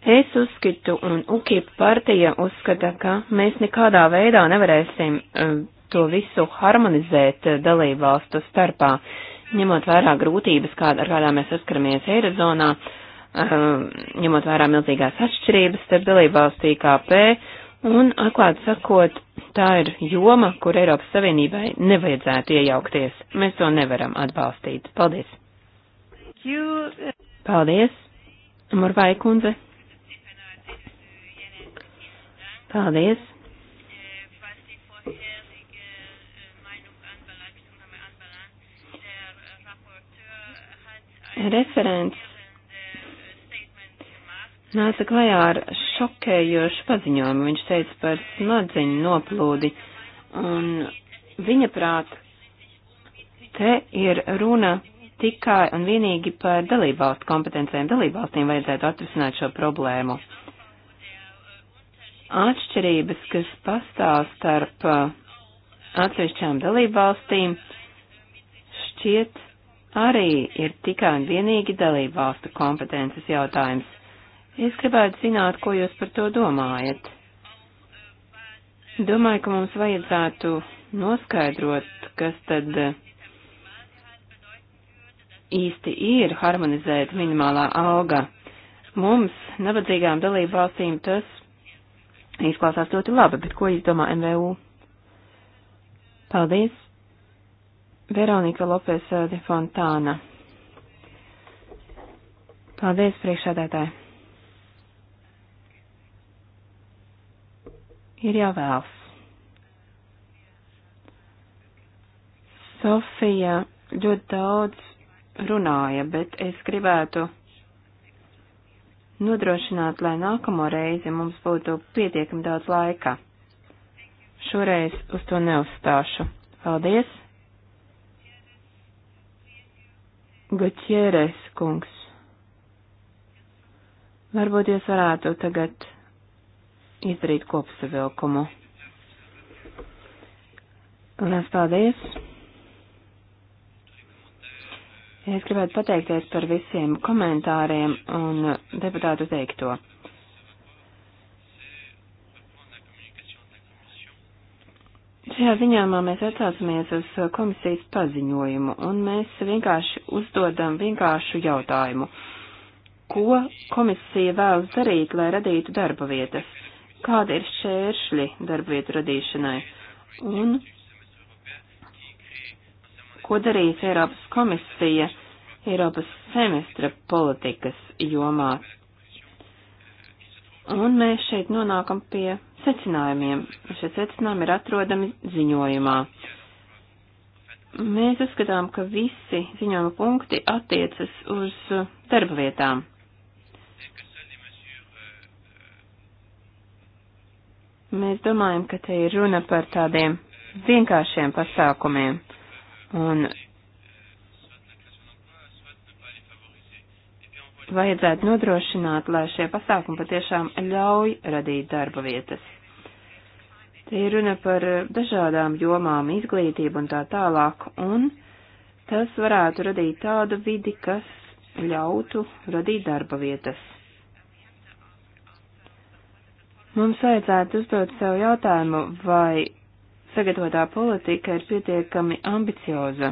Es uzskatu, un UKIP partija uzskata, ka mēs nekādā veidā nevarēsim e, to visu harmonizēt e, dalībvalstu starpā, ņemot vērā grūtības, kāda, ar kādām mēs saskaramies Eirozonā, ņemot vērā milzīgās atšķirības starp dalībvalstu IKP Un, atklāt sakot, tā ir joma, kur Eiropas Savienībai nevajadzētu iejaukties. Mēs to nevaram atbalstīt. Paldies! You... Paldies, Murvai kundze! Paldies! Referents nāca klajā ar šokējošu paziņojumu. Viņš teica par smadziņu noplūdi, un viņa prāt, te ir runa tikai un vienīgi par dalībvalstu kompetencijām. Dalībvalstīm vajadzētu atrisināt šo problēmu. Atšķirības, kas pastāv starp uh, atsevišķām dalībvalstīm, šķiet arī ir tikai un vienīgi dalībvalstu kompetences jautājums. Es gribētu zināt, ko jūs par to domājat. Domāju, ka mums vajadzētu noskaidrot, kas tad eh, īsti ir harmonizēt minimālā alga. Mums, nabadzīgām dalību valstīm, tas izklausās ļoti labi, bet ko izdomā MVU? Paldies! Veronika Lopes de eh, Fontāna. Paldies, priekšādātāji! ir jau vēls. Sofija ļoti daudz runāja, bet es gribētu nodrošināt, lai nākamo reizi mums būtu pietiekami daudz laika. Šoreiz uz to neuzstāšu. Paldies! Gutieres kungs. Varbūt jūs varētu tagad izdarīt kopsavilkumu. Lielas paldies! Es gribētu pateikties par visiem komentāriem un deputātu teikto. Šajā ziņāmā mēs atsācamies uz komisijas paziņojumu, un mēs vienkārši uzdodam vienkāršu jautājumu. Ko komisija vēlas darīt, lai radītu darba vietas? kāda ir šēršļi darbvietu radīšanai un ko darīs Eiropas komisija Eiropas semestra politikas jomā. Un mēs šeit nonākam pie secinājumiem. Šie secinājumi ir atrodami ziņojumā. Mēs uzskatām, ka visi ziņojuma punkti attiecas uz darba vietām. Mēs domājam, ka te ir runa par tādiem vienkāršiem pasākumiem un vajadzētu nodrošināt, lai šie pasākumi patiešām ļauj radīt darba vietas. Te ir runa par dažādām jomām, izglītību un tā tālāk, un tas varētu radīt tādu vidi, kas ļautu radīt darba vietas. Mums vajadzētu uzdot sev jautājumu, vai sagatavotā politika ir pietiekami ambicioza.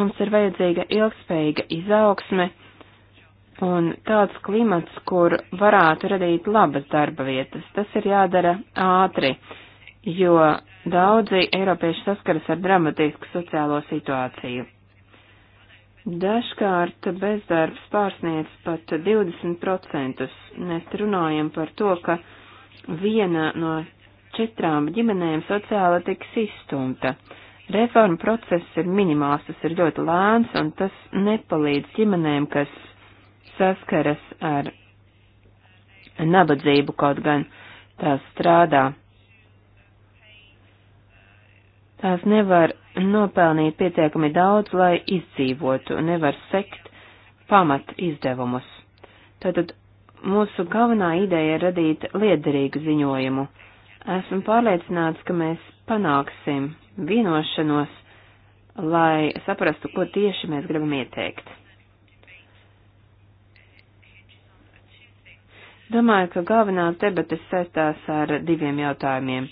Mums ir vajadzīga ilgspējīga izaugsme un tāds klimats, kur varētu radīt labas darba vietas. Tas ir jādara ātri, jo daudzi eiropieši saskaras ar dramatisku sociālo situāciju. Dažkārt bezdarbs pārsniedz pat 20%. Mēs runājam par to, ka viena no četrām ģimenēm sociāli tiks izstumta. Reforma process ir minimāls, tas ir ļoti lēns, un tas nepalīdz ģimenēm, kas saskaras ar nabadzību, kaut gan tās strādā Tās nevar nopelnīt pietiekami daudz, lai izdzīvotu, nevar sekt pamat izdevumus. Tātad mūsu galvenā ideja ir radīt liederīgu ziņojumu. Esmu pārliecināts, ka mēs panāksim vienošanos, lai saprastu, ko tieši mēs gribam ieteikt. Domāju, ka galvenās debates saistās ar diviem jautājumiem.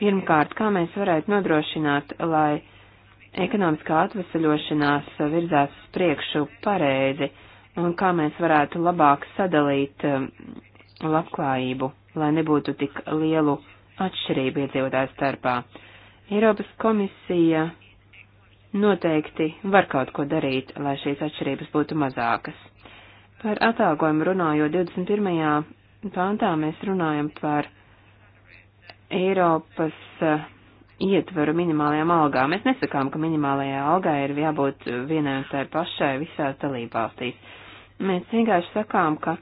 Pirmkārt, kā mēs varētu nodrošināt, lai ekonomiskā atvesaļošanās virzās uz priekšu pareizi, un kā mēs varētu labāk sadalīt um, labklājību, lai nebūtu tik lielu atšķirību iedzīvotāju starpā. Eiropas komisija noteikti var kaut ko darīt, lai šīs atšķirības būtu mazākas. Par atalgojumu runājot 21. pāntā mēs runājam par Eiropas eh, ietveru minimālajām algām. Mēs nesakām, ka minimālajā algā ir jābūt vienai un tai pašai visās dalībvalstīs. Mēs vienkārši sakām, ka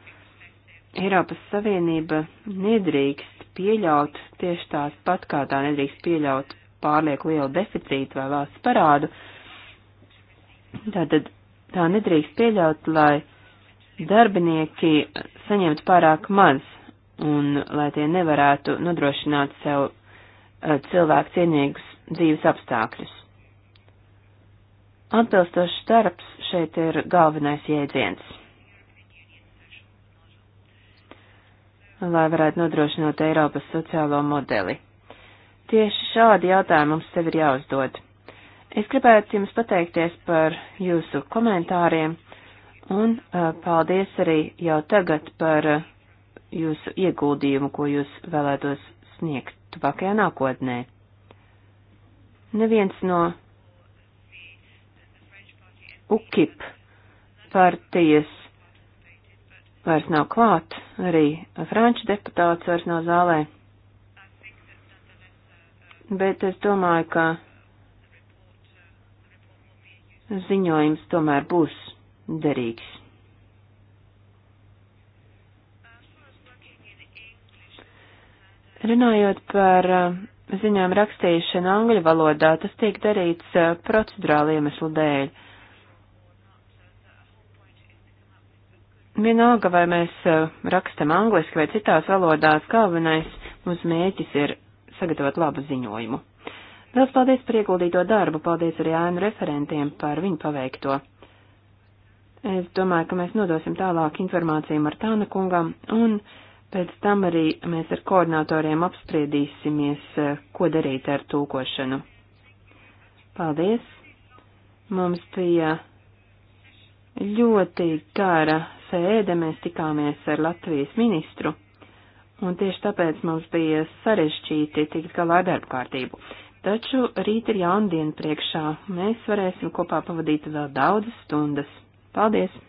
Eiropas Savienība nedrīkst pieļaut tieši tās pat kā tā nedrīkst pieļaut pārlieku lielu deficītu vai valsts parādu. Tātad tā nedrīkst pieļaut, lai darbinieki saņemtu pārāk maz un lai tie nevarētu nodrošināt sev eh, cilvēku cienīgus dzīves apstākļus. Atbilstošs darbs šeit ir galvenais jēdziens. Lai varētu nodrošināt Eiropas sociālo modeli. Tieši šādi jautājumi mums sev ir jāuzdod. Es gribētu jums pateikties par jūsu komentāriem un uh, paldies arī jau tagad par uh, jūsu ieguldījumu, ko jūs vēlētos sniegt tuvākajā nākotnē. Neviens no UKIP partijas vairs nav klāt, arī franču deputāts vairs nav zālē. Bet es domāju, ka ziņojums tomēr būs derīgs. Runājot par eh, ziņām rakstīšanu angļu valodā, tas tiek darīts eh, procedurāli iemeslu dēļ. Vienalga, vai mēs eh, rakstam angliski vai citās valodās, galvenais mūsu mēķis ir sagatavot labu ziņojumu. Liels paldies par ieguldīto darbu, paldies arī ēnu referentiem par viņu paveikto. Es domāju, ka mēs nodosim tālāk informāciju Martāna kungam un Pēc tam arī mēs ar koordinatoriem apspriedīsimies, eh, ko darīt ar tūkošanu. Paldies! Mums bija ļoti gara sēde, mēs tikāmies ar Latvijas ministru, un tieši tāpēc mums bija sarežģīti tikt galā ar darba kārtību. Taču rīt ir jauna diena priekšā, mēs varēsim kopā pavadīt vēl daudzas stundas. Paldies!